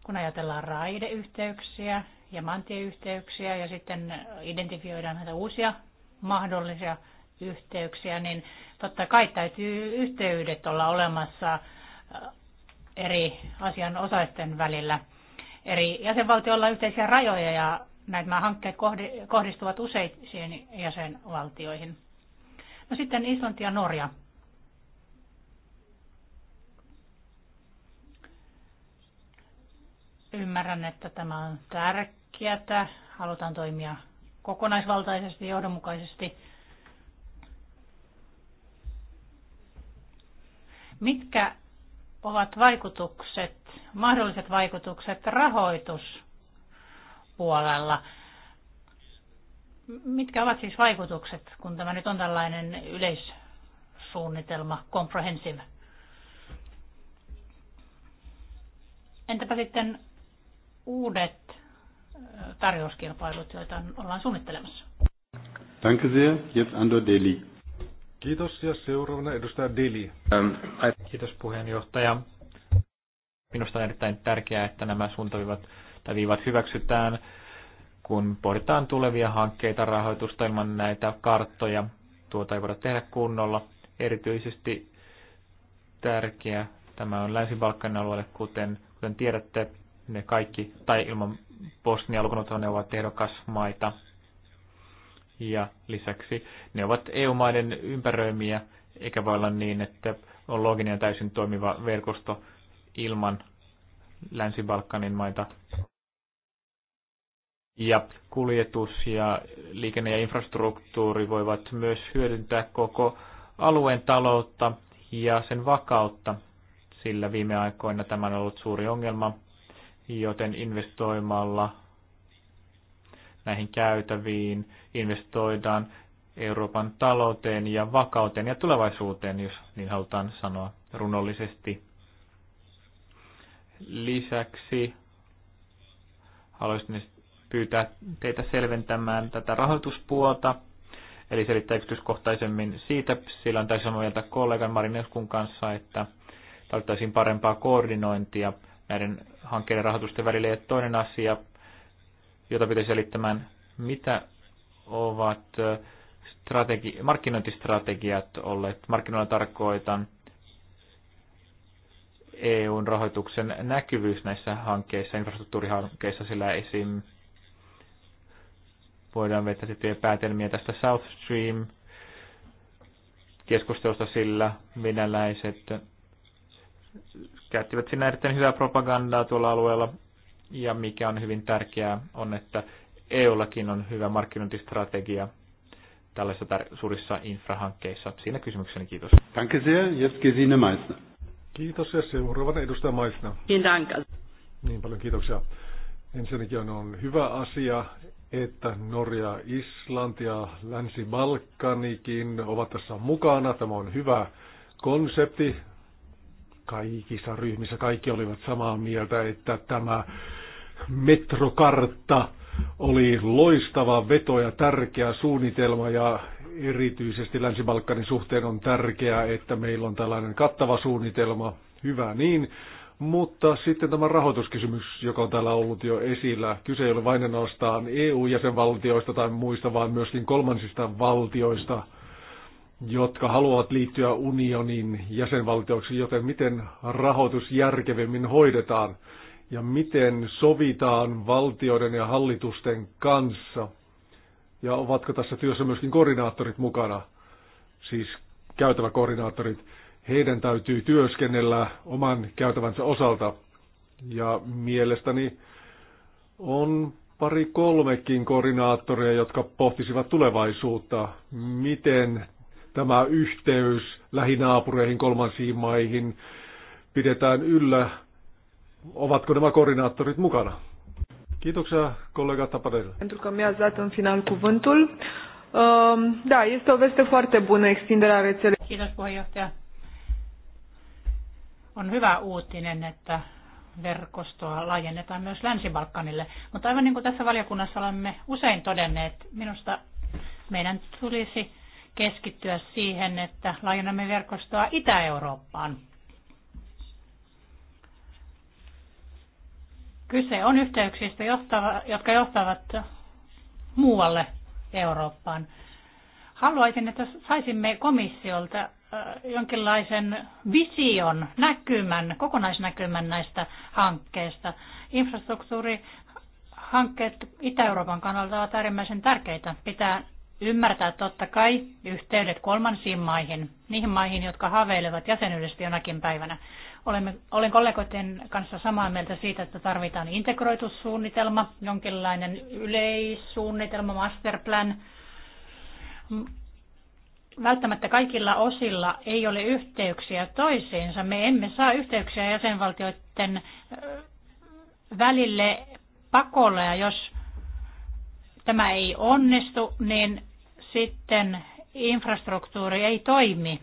kun ajatellaan raideyhteyksiä ja mantieyhteyksiä ja sitten identifioidaan näitä uusia mahdollisia yhteyksiä, niin totta kai täytyy yhteydet olla olemassa äh, eri asianosaisten välillä. Eri jäsenvaltioilla on yhteisiä rajoja ja nämä hankkeet kohdistuvat useisiin jäsenvaltioihin. No sitten Islanti ja Norja. Ymmärrän, että tämä on tärkeää. Halutaan toimia kokonaisvaltaisesti, johdonmukaisesti. Mitkä ovat vaikutukset, mahdolliset vaikutukset rahoituspuolella? Mitkä ovat siis vaikutukset, kun tämä nyt on tällainen yleissuunnitelma, comprehensive? Entäpä sitten uudet tarjouskilpailut, joita ollaan suunnittelemassa. Danke sehr. Jetzt Andor Deli. Kiitos ja seuraavana edustaja Deli. Ähm, Kiitos puheenjohtaja. Minusta on erittäin tärkeää, että nämä suuntaviivat tai viivat hyväksytään, kun pohditaan tulevia hankkeita rahoitusta ilman näitä karttoja. Tuota ei voida tehdä kunnolla. Erityisesti tärkeä tämä on Länsi-Balkanin alueelle, kuten, kuten tiedätte ne kaikki, tai ilman Bosnia lukunoton ne ovat ehdokasmaita. Ja lisäksi ne ovat EU-maiden ympäröimiä, eikä voi olla niin, että on looginen täysin toimiva verkosto ilman Länsi-Balkanin maita. Ja kuljetus ja liikenne ja infrastruktuuri voivat myös hyödyntää koko alueen taloutta ja sen vakautta, sillä viime aikoina tämä on ollut suuri ongelma joten investoimalla näihin käytäviin investoidaan Euroopan talouteen ja vakauteen ja tulevaisuuteen, jos niin halutaan sanoa runollisesti. Lisäksi haluaisin pyytää teitä selventämään tätä rahoituspuolta, eli selittää yksityiskohtaisemmin siitä, sillä on täysin samaa mieltä kollegan Marin kanssa, että tarvittaisiin parempaa koordinointia näiden hankkeiden rahoitusten välillä. Ja toinen asia, jota pitäisi selittämään, mitä ovat strategi- markkinointistrategiat olleet. Markkinoilla tarkoitan EUn rahoituksen näkyvyys näissä hankkeissa, infrastruktuurihankkeissa, sillä esim. voidaan vetää sitten päätelmiä tästä South Stream keskustelusta, sillä venäläiset käyttivät siinä erittäin hyvää propagandaa tuolla alueella. Ja mikä on hyvin tärkeää on, että EUllakin on hyvä markkinointistrategia tällaisissa suurissa infrahankkeissa. Siinä kysymykseni kiitos. Danke sehr, jetzt Gesine Meissner. Kiitos ja seuraavana edustaja Meissner. Kiitos. Niin paljon kiitoksia. Ensinnäkin on hyvä asia, että Norja, Islanti ja Länsi-Balkanikin ovat tässä mukana. Tämä on hyvä konsepti kaikissa ryhmissä kaikki olivat samaa mieltä, että tämä metrokartta oli loistava veto ja tärkeä suunnitelma ja erityisesti Länsi-Balkanin suhteen on tärkeää, että meillä on tällainen kattava suunnitelma. Hyvä niin. Mutta sitten tämä rahoituskysymys, joka on täällä ollut jo esillä. Kyse ei ole vain ainoastaan EU-jäsenvaltioista tai muista, vaan myöskin kolmansista valtioista – jotka haluavat liittyä unionin jäsenvaltioksi, joten miten rahoitus järkevemmin hoidetaan ja miten sovitaan valtioiden ja hallitusten kanssa. Ja ovatko tässä työssä myöskin koordinaattorit mukana, siis käytäväkoordinaattorit. Heidän täytyy työskennellä oman käytävänsä osalta. Ja mielestäni on pari kolmekin koordinaattoria, jotka pohtisivat tulevaisuutta, miten tämä yhteys lähinaapureihin, kolmansiin maihin pidetään yllä. Ovatko nämä koordinaattorit mukana? Kiitoksia kollega Tapadella. Pentru că mi-ați dat în final cuvântul. Um, da, este o veste foarte bună extinderea rețelei. Kiitos puheenjohtaja. On hyvä uutinen, että verkostoa laajennetaan myös Länsi-Balkanille. Mutta aivan niin kuin tässä valiokunnassa olemme usein todenneet, minusta meidän tulisi keskittyä siihen, että laajennamme verkostoa Itä-Eurooppaan. Kyse on yhteyksistä, jotka johtavat muualle Eurooppaan. Haluaisin, että saisimme komissiolta jonkinlaisen vision, näkymän, kokonaisnäkymän näistä hankkeista. Infrastruktuurihankkeet Itä-Euroopan kannalta ovat äärimmäisen tärkeitä. Pitää ymmärtää totta kai yhteydet kolmansiin maihin, niihin maihin, jotka haaveilevat jäsenyydestä jonakin päivänä. Olemme, olen kollegoiden kanssa samaa mieltä siitä, että tarvitaan integroitussuunnitelma, jonkinlainen yleissuunnitelma, masterplan. Välttämättä kaikilla osilla ei ole yhteyksiä toisiinsa. Me emme saa yhteyksiä jäsenvaltioiden välille pakolla, ja jos tämä ei onnistu, niin sitten infrastruktuuri ei toimi.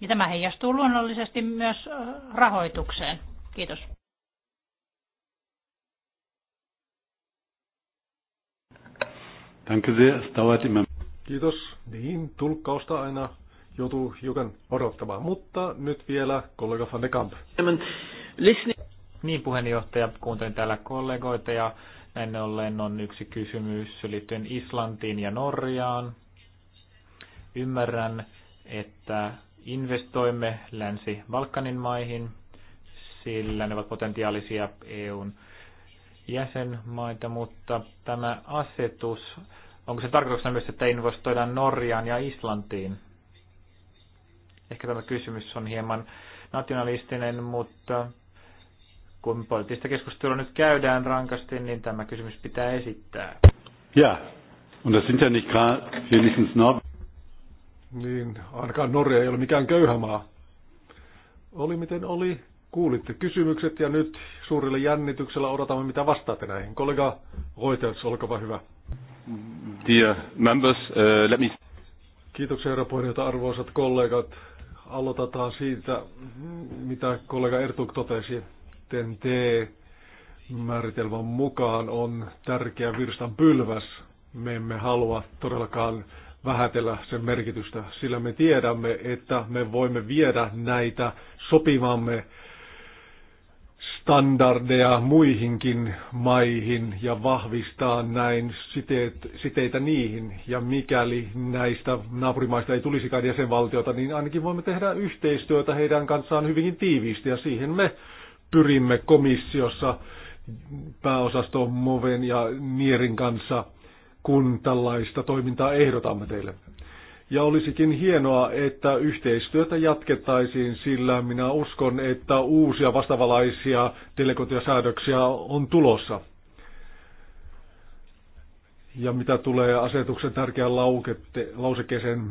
Ja tämä heijastuu luonnollisesti myös rahoitukseen. Kiitos. Kiitos. Niin, tulkkausta aina joutuu hiukan odottamaan, mutta nyt vielä kollega Van de Kamp. Niin, puheenjohtaja, kuuntelin täällä kollegoita ja näin ollen on yksi kysymys liittyen Islantiin ja Norjaan. Ymmärrän, että investoimme Länsi-Balkanin maihin, sillä ne ovat potentiaalisia EUn jäsenmaita, mutta tämä asetus, onko se tarkoituksena myös, että investoidaan Norjaan ja Islantiin? Ehkä tämä kysymys on hieman nationalistinen, mutta kun poliittista keskustelua nyt käydään rankasti, niin tämä kysymys pitää esittää. Ja, und das sind ja nicht gerade wenigstens Nord. Niin, ainakaan Norja ei ole mikään köyhä maa. Oli miten oli, kuulitte kysymykset ja nyt suurilla jännityksellä odotamme, mitä vastaatte näihin. Kollega Reuters, olkaa hyvä. Dear members, uh, let me... Kiitoksia herra puheenjohtaja, arvoisat kollegat. Aloitetaan siitä, mitä kollega Ertuk totesi sitten t määritelmän mukaan on tärkeä virstan pylväs. Me emme halua todellakaan vähätellä sen merkitystä, sillä me tiedämme, että me voimme viedä näitä sopivamme standardeja muihinkin maihin ja vahvistaa näin siteet, siteitä niihin. Ja mikäli näistä naapurimaista ei tulisikaan jäsenvaltiota, niin ainakin voimme tehdä yhteistyötä heidän kanssaan hyvinkin tiiviisti ja siihen me pyrimme komissiossa pääosasto Moven ja Nierin kanssa, kun tällaista toimintaa ehdotamme teille. Ja olisikin hienoa, että yhteistyötä jatkettaisiin, sillä minä uskon, että uusia vastavalaisia delegointisäädöksiä on tulossa. Ja mitä tulee asetuksen tärkeään laukette,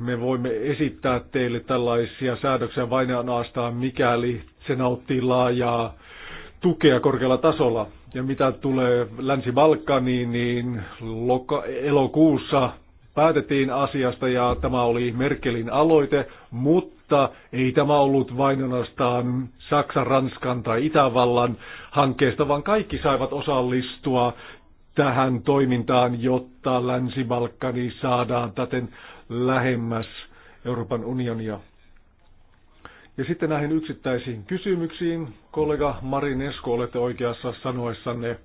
me voimme esittää teille tällaisia säädöksiä vain ja mikäli se nauttii laajaa tukea korkealla tasolla. Ja mitä tulee Länsi-Balkaniin, niin elokuussa päätettiin asiasta ja tämä oli Merkelin aloite, mutta ei tämä ollut vain ainoastaan Saksan, Ranskan tai Itävallan hankkeesta, vaan kaikki saivat osallistua tähän toimintaan, jotta Länsi-Balkani saadaan täten lähemmäs Euroopan unionia. Ja sitten näihin yksittäisiin kysymyksiin. Kollega Mari Nesko, olette oikeassa sanoessanne,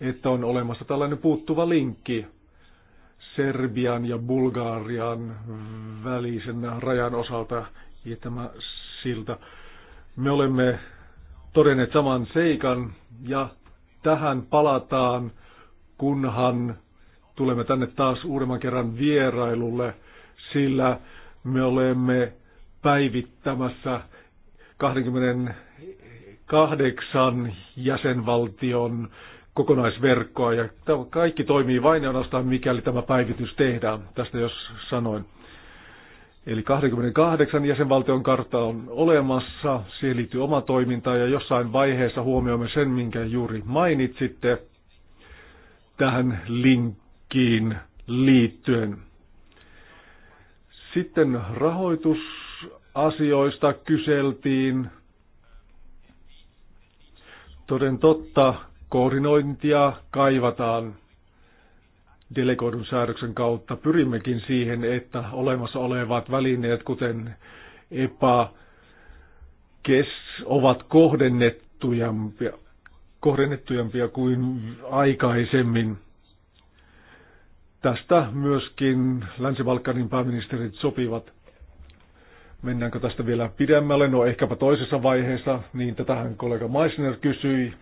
että on olemassa tällainen puuttuva linkki Serbian ja Bulgarian välisen rajan osalta ja tämä silta. Me olemme todenneet saman seikan ja tähän palataan, kunhan tulemme tänne taas uudemman kerran vierailulle, sillä me olemme päivittämässä 28 jäsenvaltion kokonaisverkkoa ja kaikki toimii vain ja ainoastaan mikäli tämä päivitys tehdään. Tästä jos sanoin. Eli 28 jäsenvaltion kartta on olemassa, siihen liittyy oma toiminta ja jossain vaiheessa huomioimme sen, minkä juuri mainitsitte tähän linkkiin liittyen. Sitten rahoitus asioista kyseltiin. Toden totta, koordinointia kaivataan delegoidun säädöksen kautta. Pyrimmekin siihen, että olemassa olevat välineet, kuten EPA, kes, ovat kohdennettujampia, kohdennettujampia kuin aikaisemmin. Tästä myöskin Länsi-Balkanin pääministerit sopivat. Mennäänkö tästä vielä pidemmälle? No ehkäpä toisessa vaiheessa, niin tätähän kollega Meissner kysyi.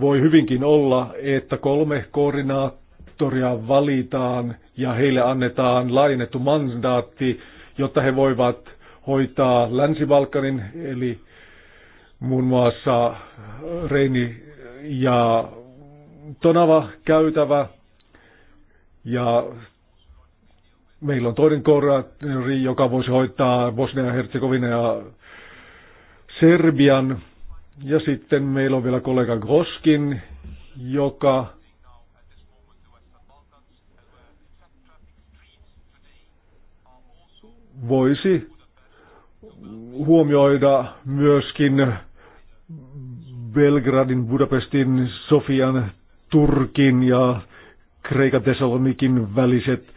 Voi hyvinkin olla, että kolme koordinaattoria valitaan ja heille annetaan laajennettu mandaatti, jotta he voivat hoitaa Länsi-Balkanin, eli muun muassa Reini ja Tonava käytävä ja Meillä on toinen koordinaattori, joka voisi hoitaa Bosnia, Herzegovina ja Serbian. Ja sitten meillä on vielä kollega Groskin, joka voisi huomioida myöskin Belgradin, Budapestin, Sofian, Turkin ja Kreikan Tesalonikin väliset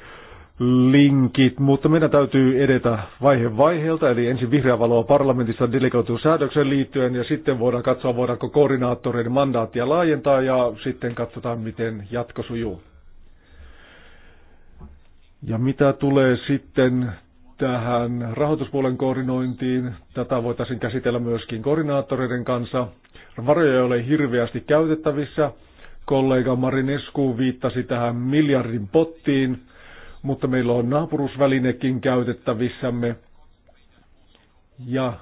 linkit, mutta meidän täytyy edetä vaihe vaiheelta, eli ensin vihreä valoa parlamentissa delegoitun säädöksen liittyen, ja sitten voidaan katsoa, voidaanko koordinaattorin mandaattia laajentaa, ja sitten katsotaan, miten jatko sujuu. Ja mitä tulee sitten tähän rahoituspuolen koordinointiin, tätä voitaisiin käsitellä myöskin koordinaattoreiden kanssa. Varoja ei ole hirveästi käytettävissä. Kollega Marinescu viittasi tähän miljardin pottiin, mutta meillä on naapurusvälinekin käytettävissämme ja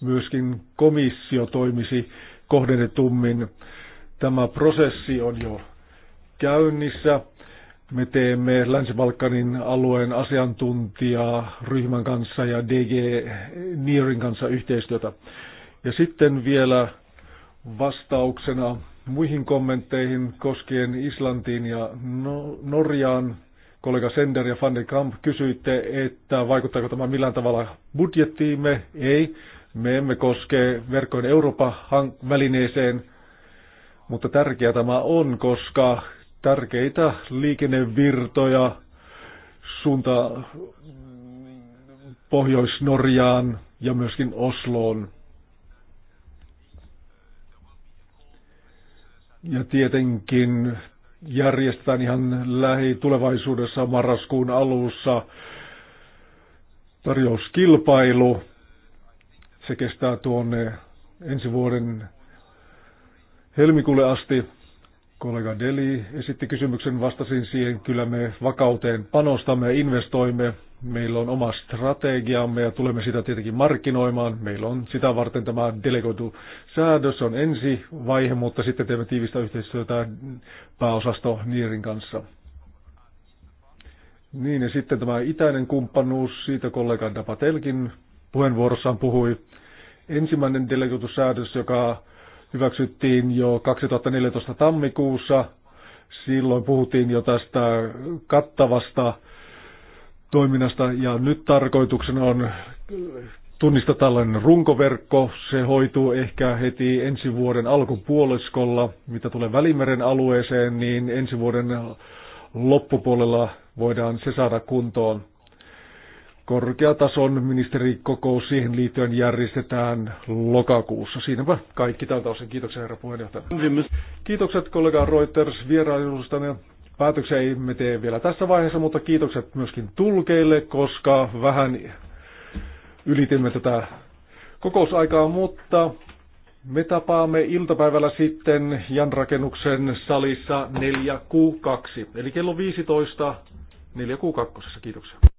myöskin komissio toimisi kohdennetummin. Tämä prosessi on jo käynnissä. Me teemme Länsi-Balkanin alueen asiantuntijaa ryhmän kanssa ja DG Nearin kanssa yhteistyötä. Ja sitten vielä vastauksena muihin kommentteihin koskien Islantiin ja no- Norjaan kollega Sender ja Fanny Kamp kysyitte, että vaikuttaako tämä millään tavalla budjettiimme. Ei, me emme koske verkkojen Euroopan välineeseen mutta tärkeä tämä on, koska tärkeitä liikennevirtoja suunta Pohjois-Norjaan ja myöskin Osloon. Ja tietenkin järjestetään ihan lähitulevaisuudessa marraskuun alussa tarjouskilpailu. Se kestää tuonne ensi vuoden helmikuulle asti. Kollega Deli esitti kysymyksen, vastasin siihen, kyllä me vakauteen panostamme ja investoimme Meillä on oma strategiamme ja tulemme sitä tietenkin markkinoimaan. Meillä on sitä varten tämä delegoitu säädös, se on ensi vaihe, mutta sitten teemme tiivistä yhteistyötä pääosasto Niirin kanssa. Niin, ja sitten tämä itäinen kumppanuus, siitä kollega Dapatelkin puheenvuorossaan puhui. Ensimmäinen säädös, joka hyväksyttiin jo 2014 tammikuussa, silloin puhuttiin jo tästä kattavasta toiminnasta ja nyt tarkoituksena on tunnista tällainen runkoverkko. Se hoituu ehkä heti ensi vuoden alkupuoliskolla. Mitä tulee Välimeren alueeseen, niin ensi vuoden loppupuolella voidaan se saada kuntoon. Korkeatason ministerikokous siihen liittyen järjestetään lokakuussa. Siinäpä kaikki tältä osin. Kiitoksia herra puheenjohtaja. Kiitokset kollega Reuters vierailusta. Päätöksiä ei me tee vielä tässä vaiheessa, mutta kiitokset myöskin tulkeille, koska vähän ylitimme tätä kokousaikaa, mutta me tapaamme iltapäivällä sitten Jan rakennuksen salissa 4Q2, eli kello 15 4Q2. Kiitoksia.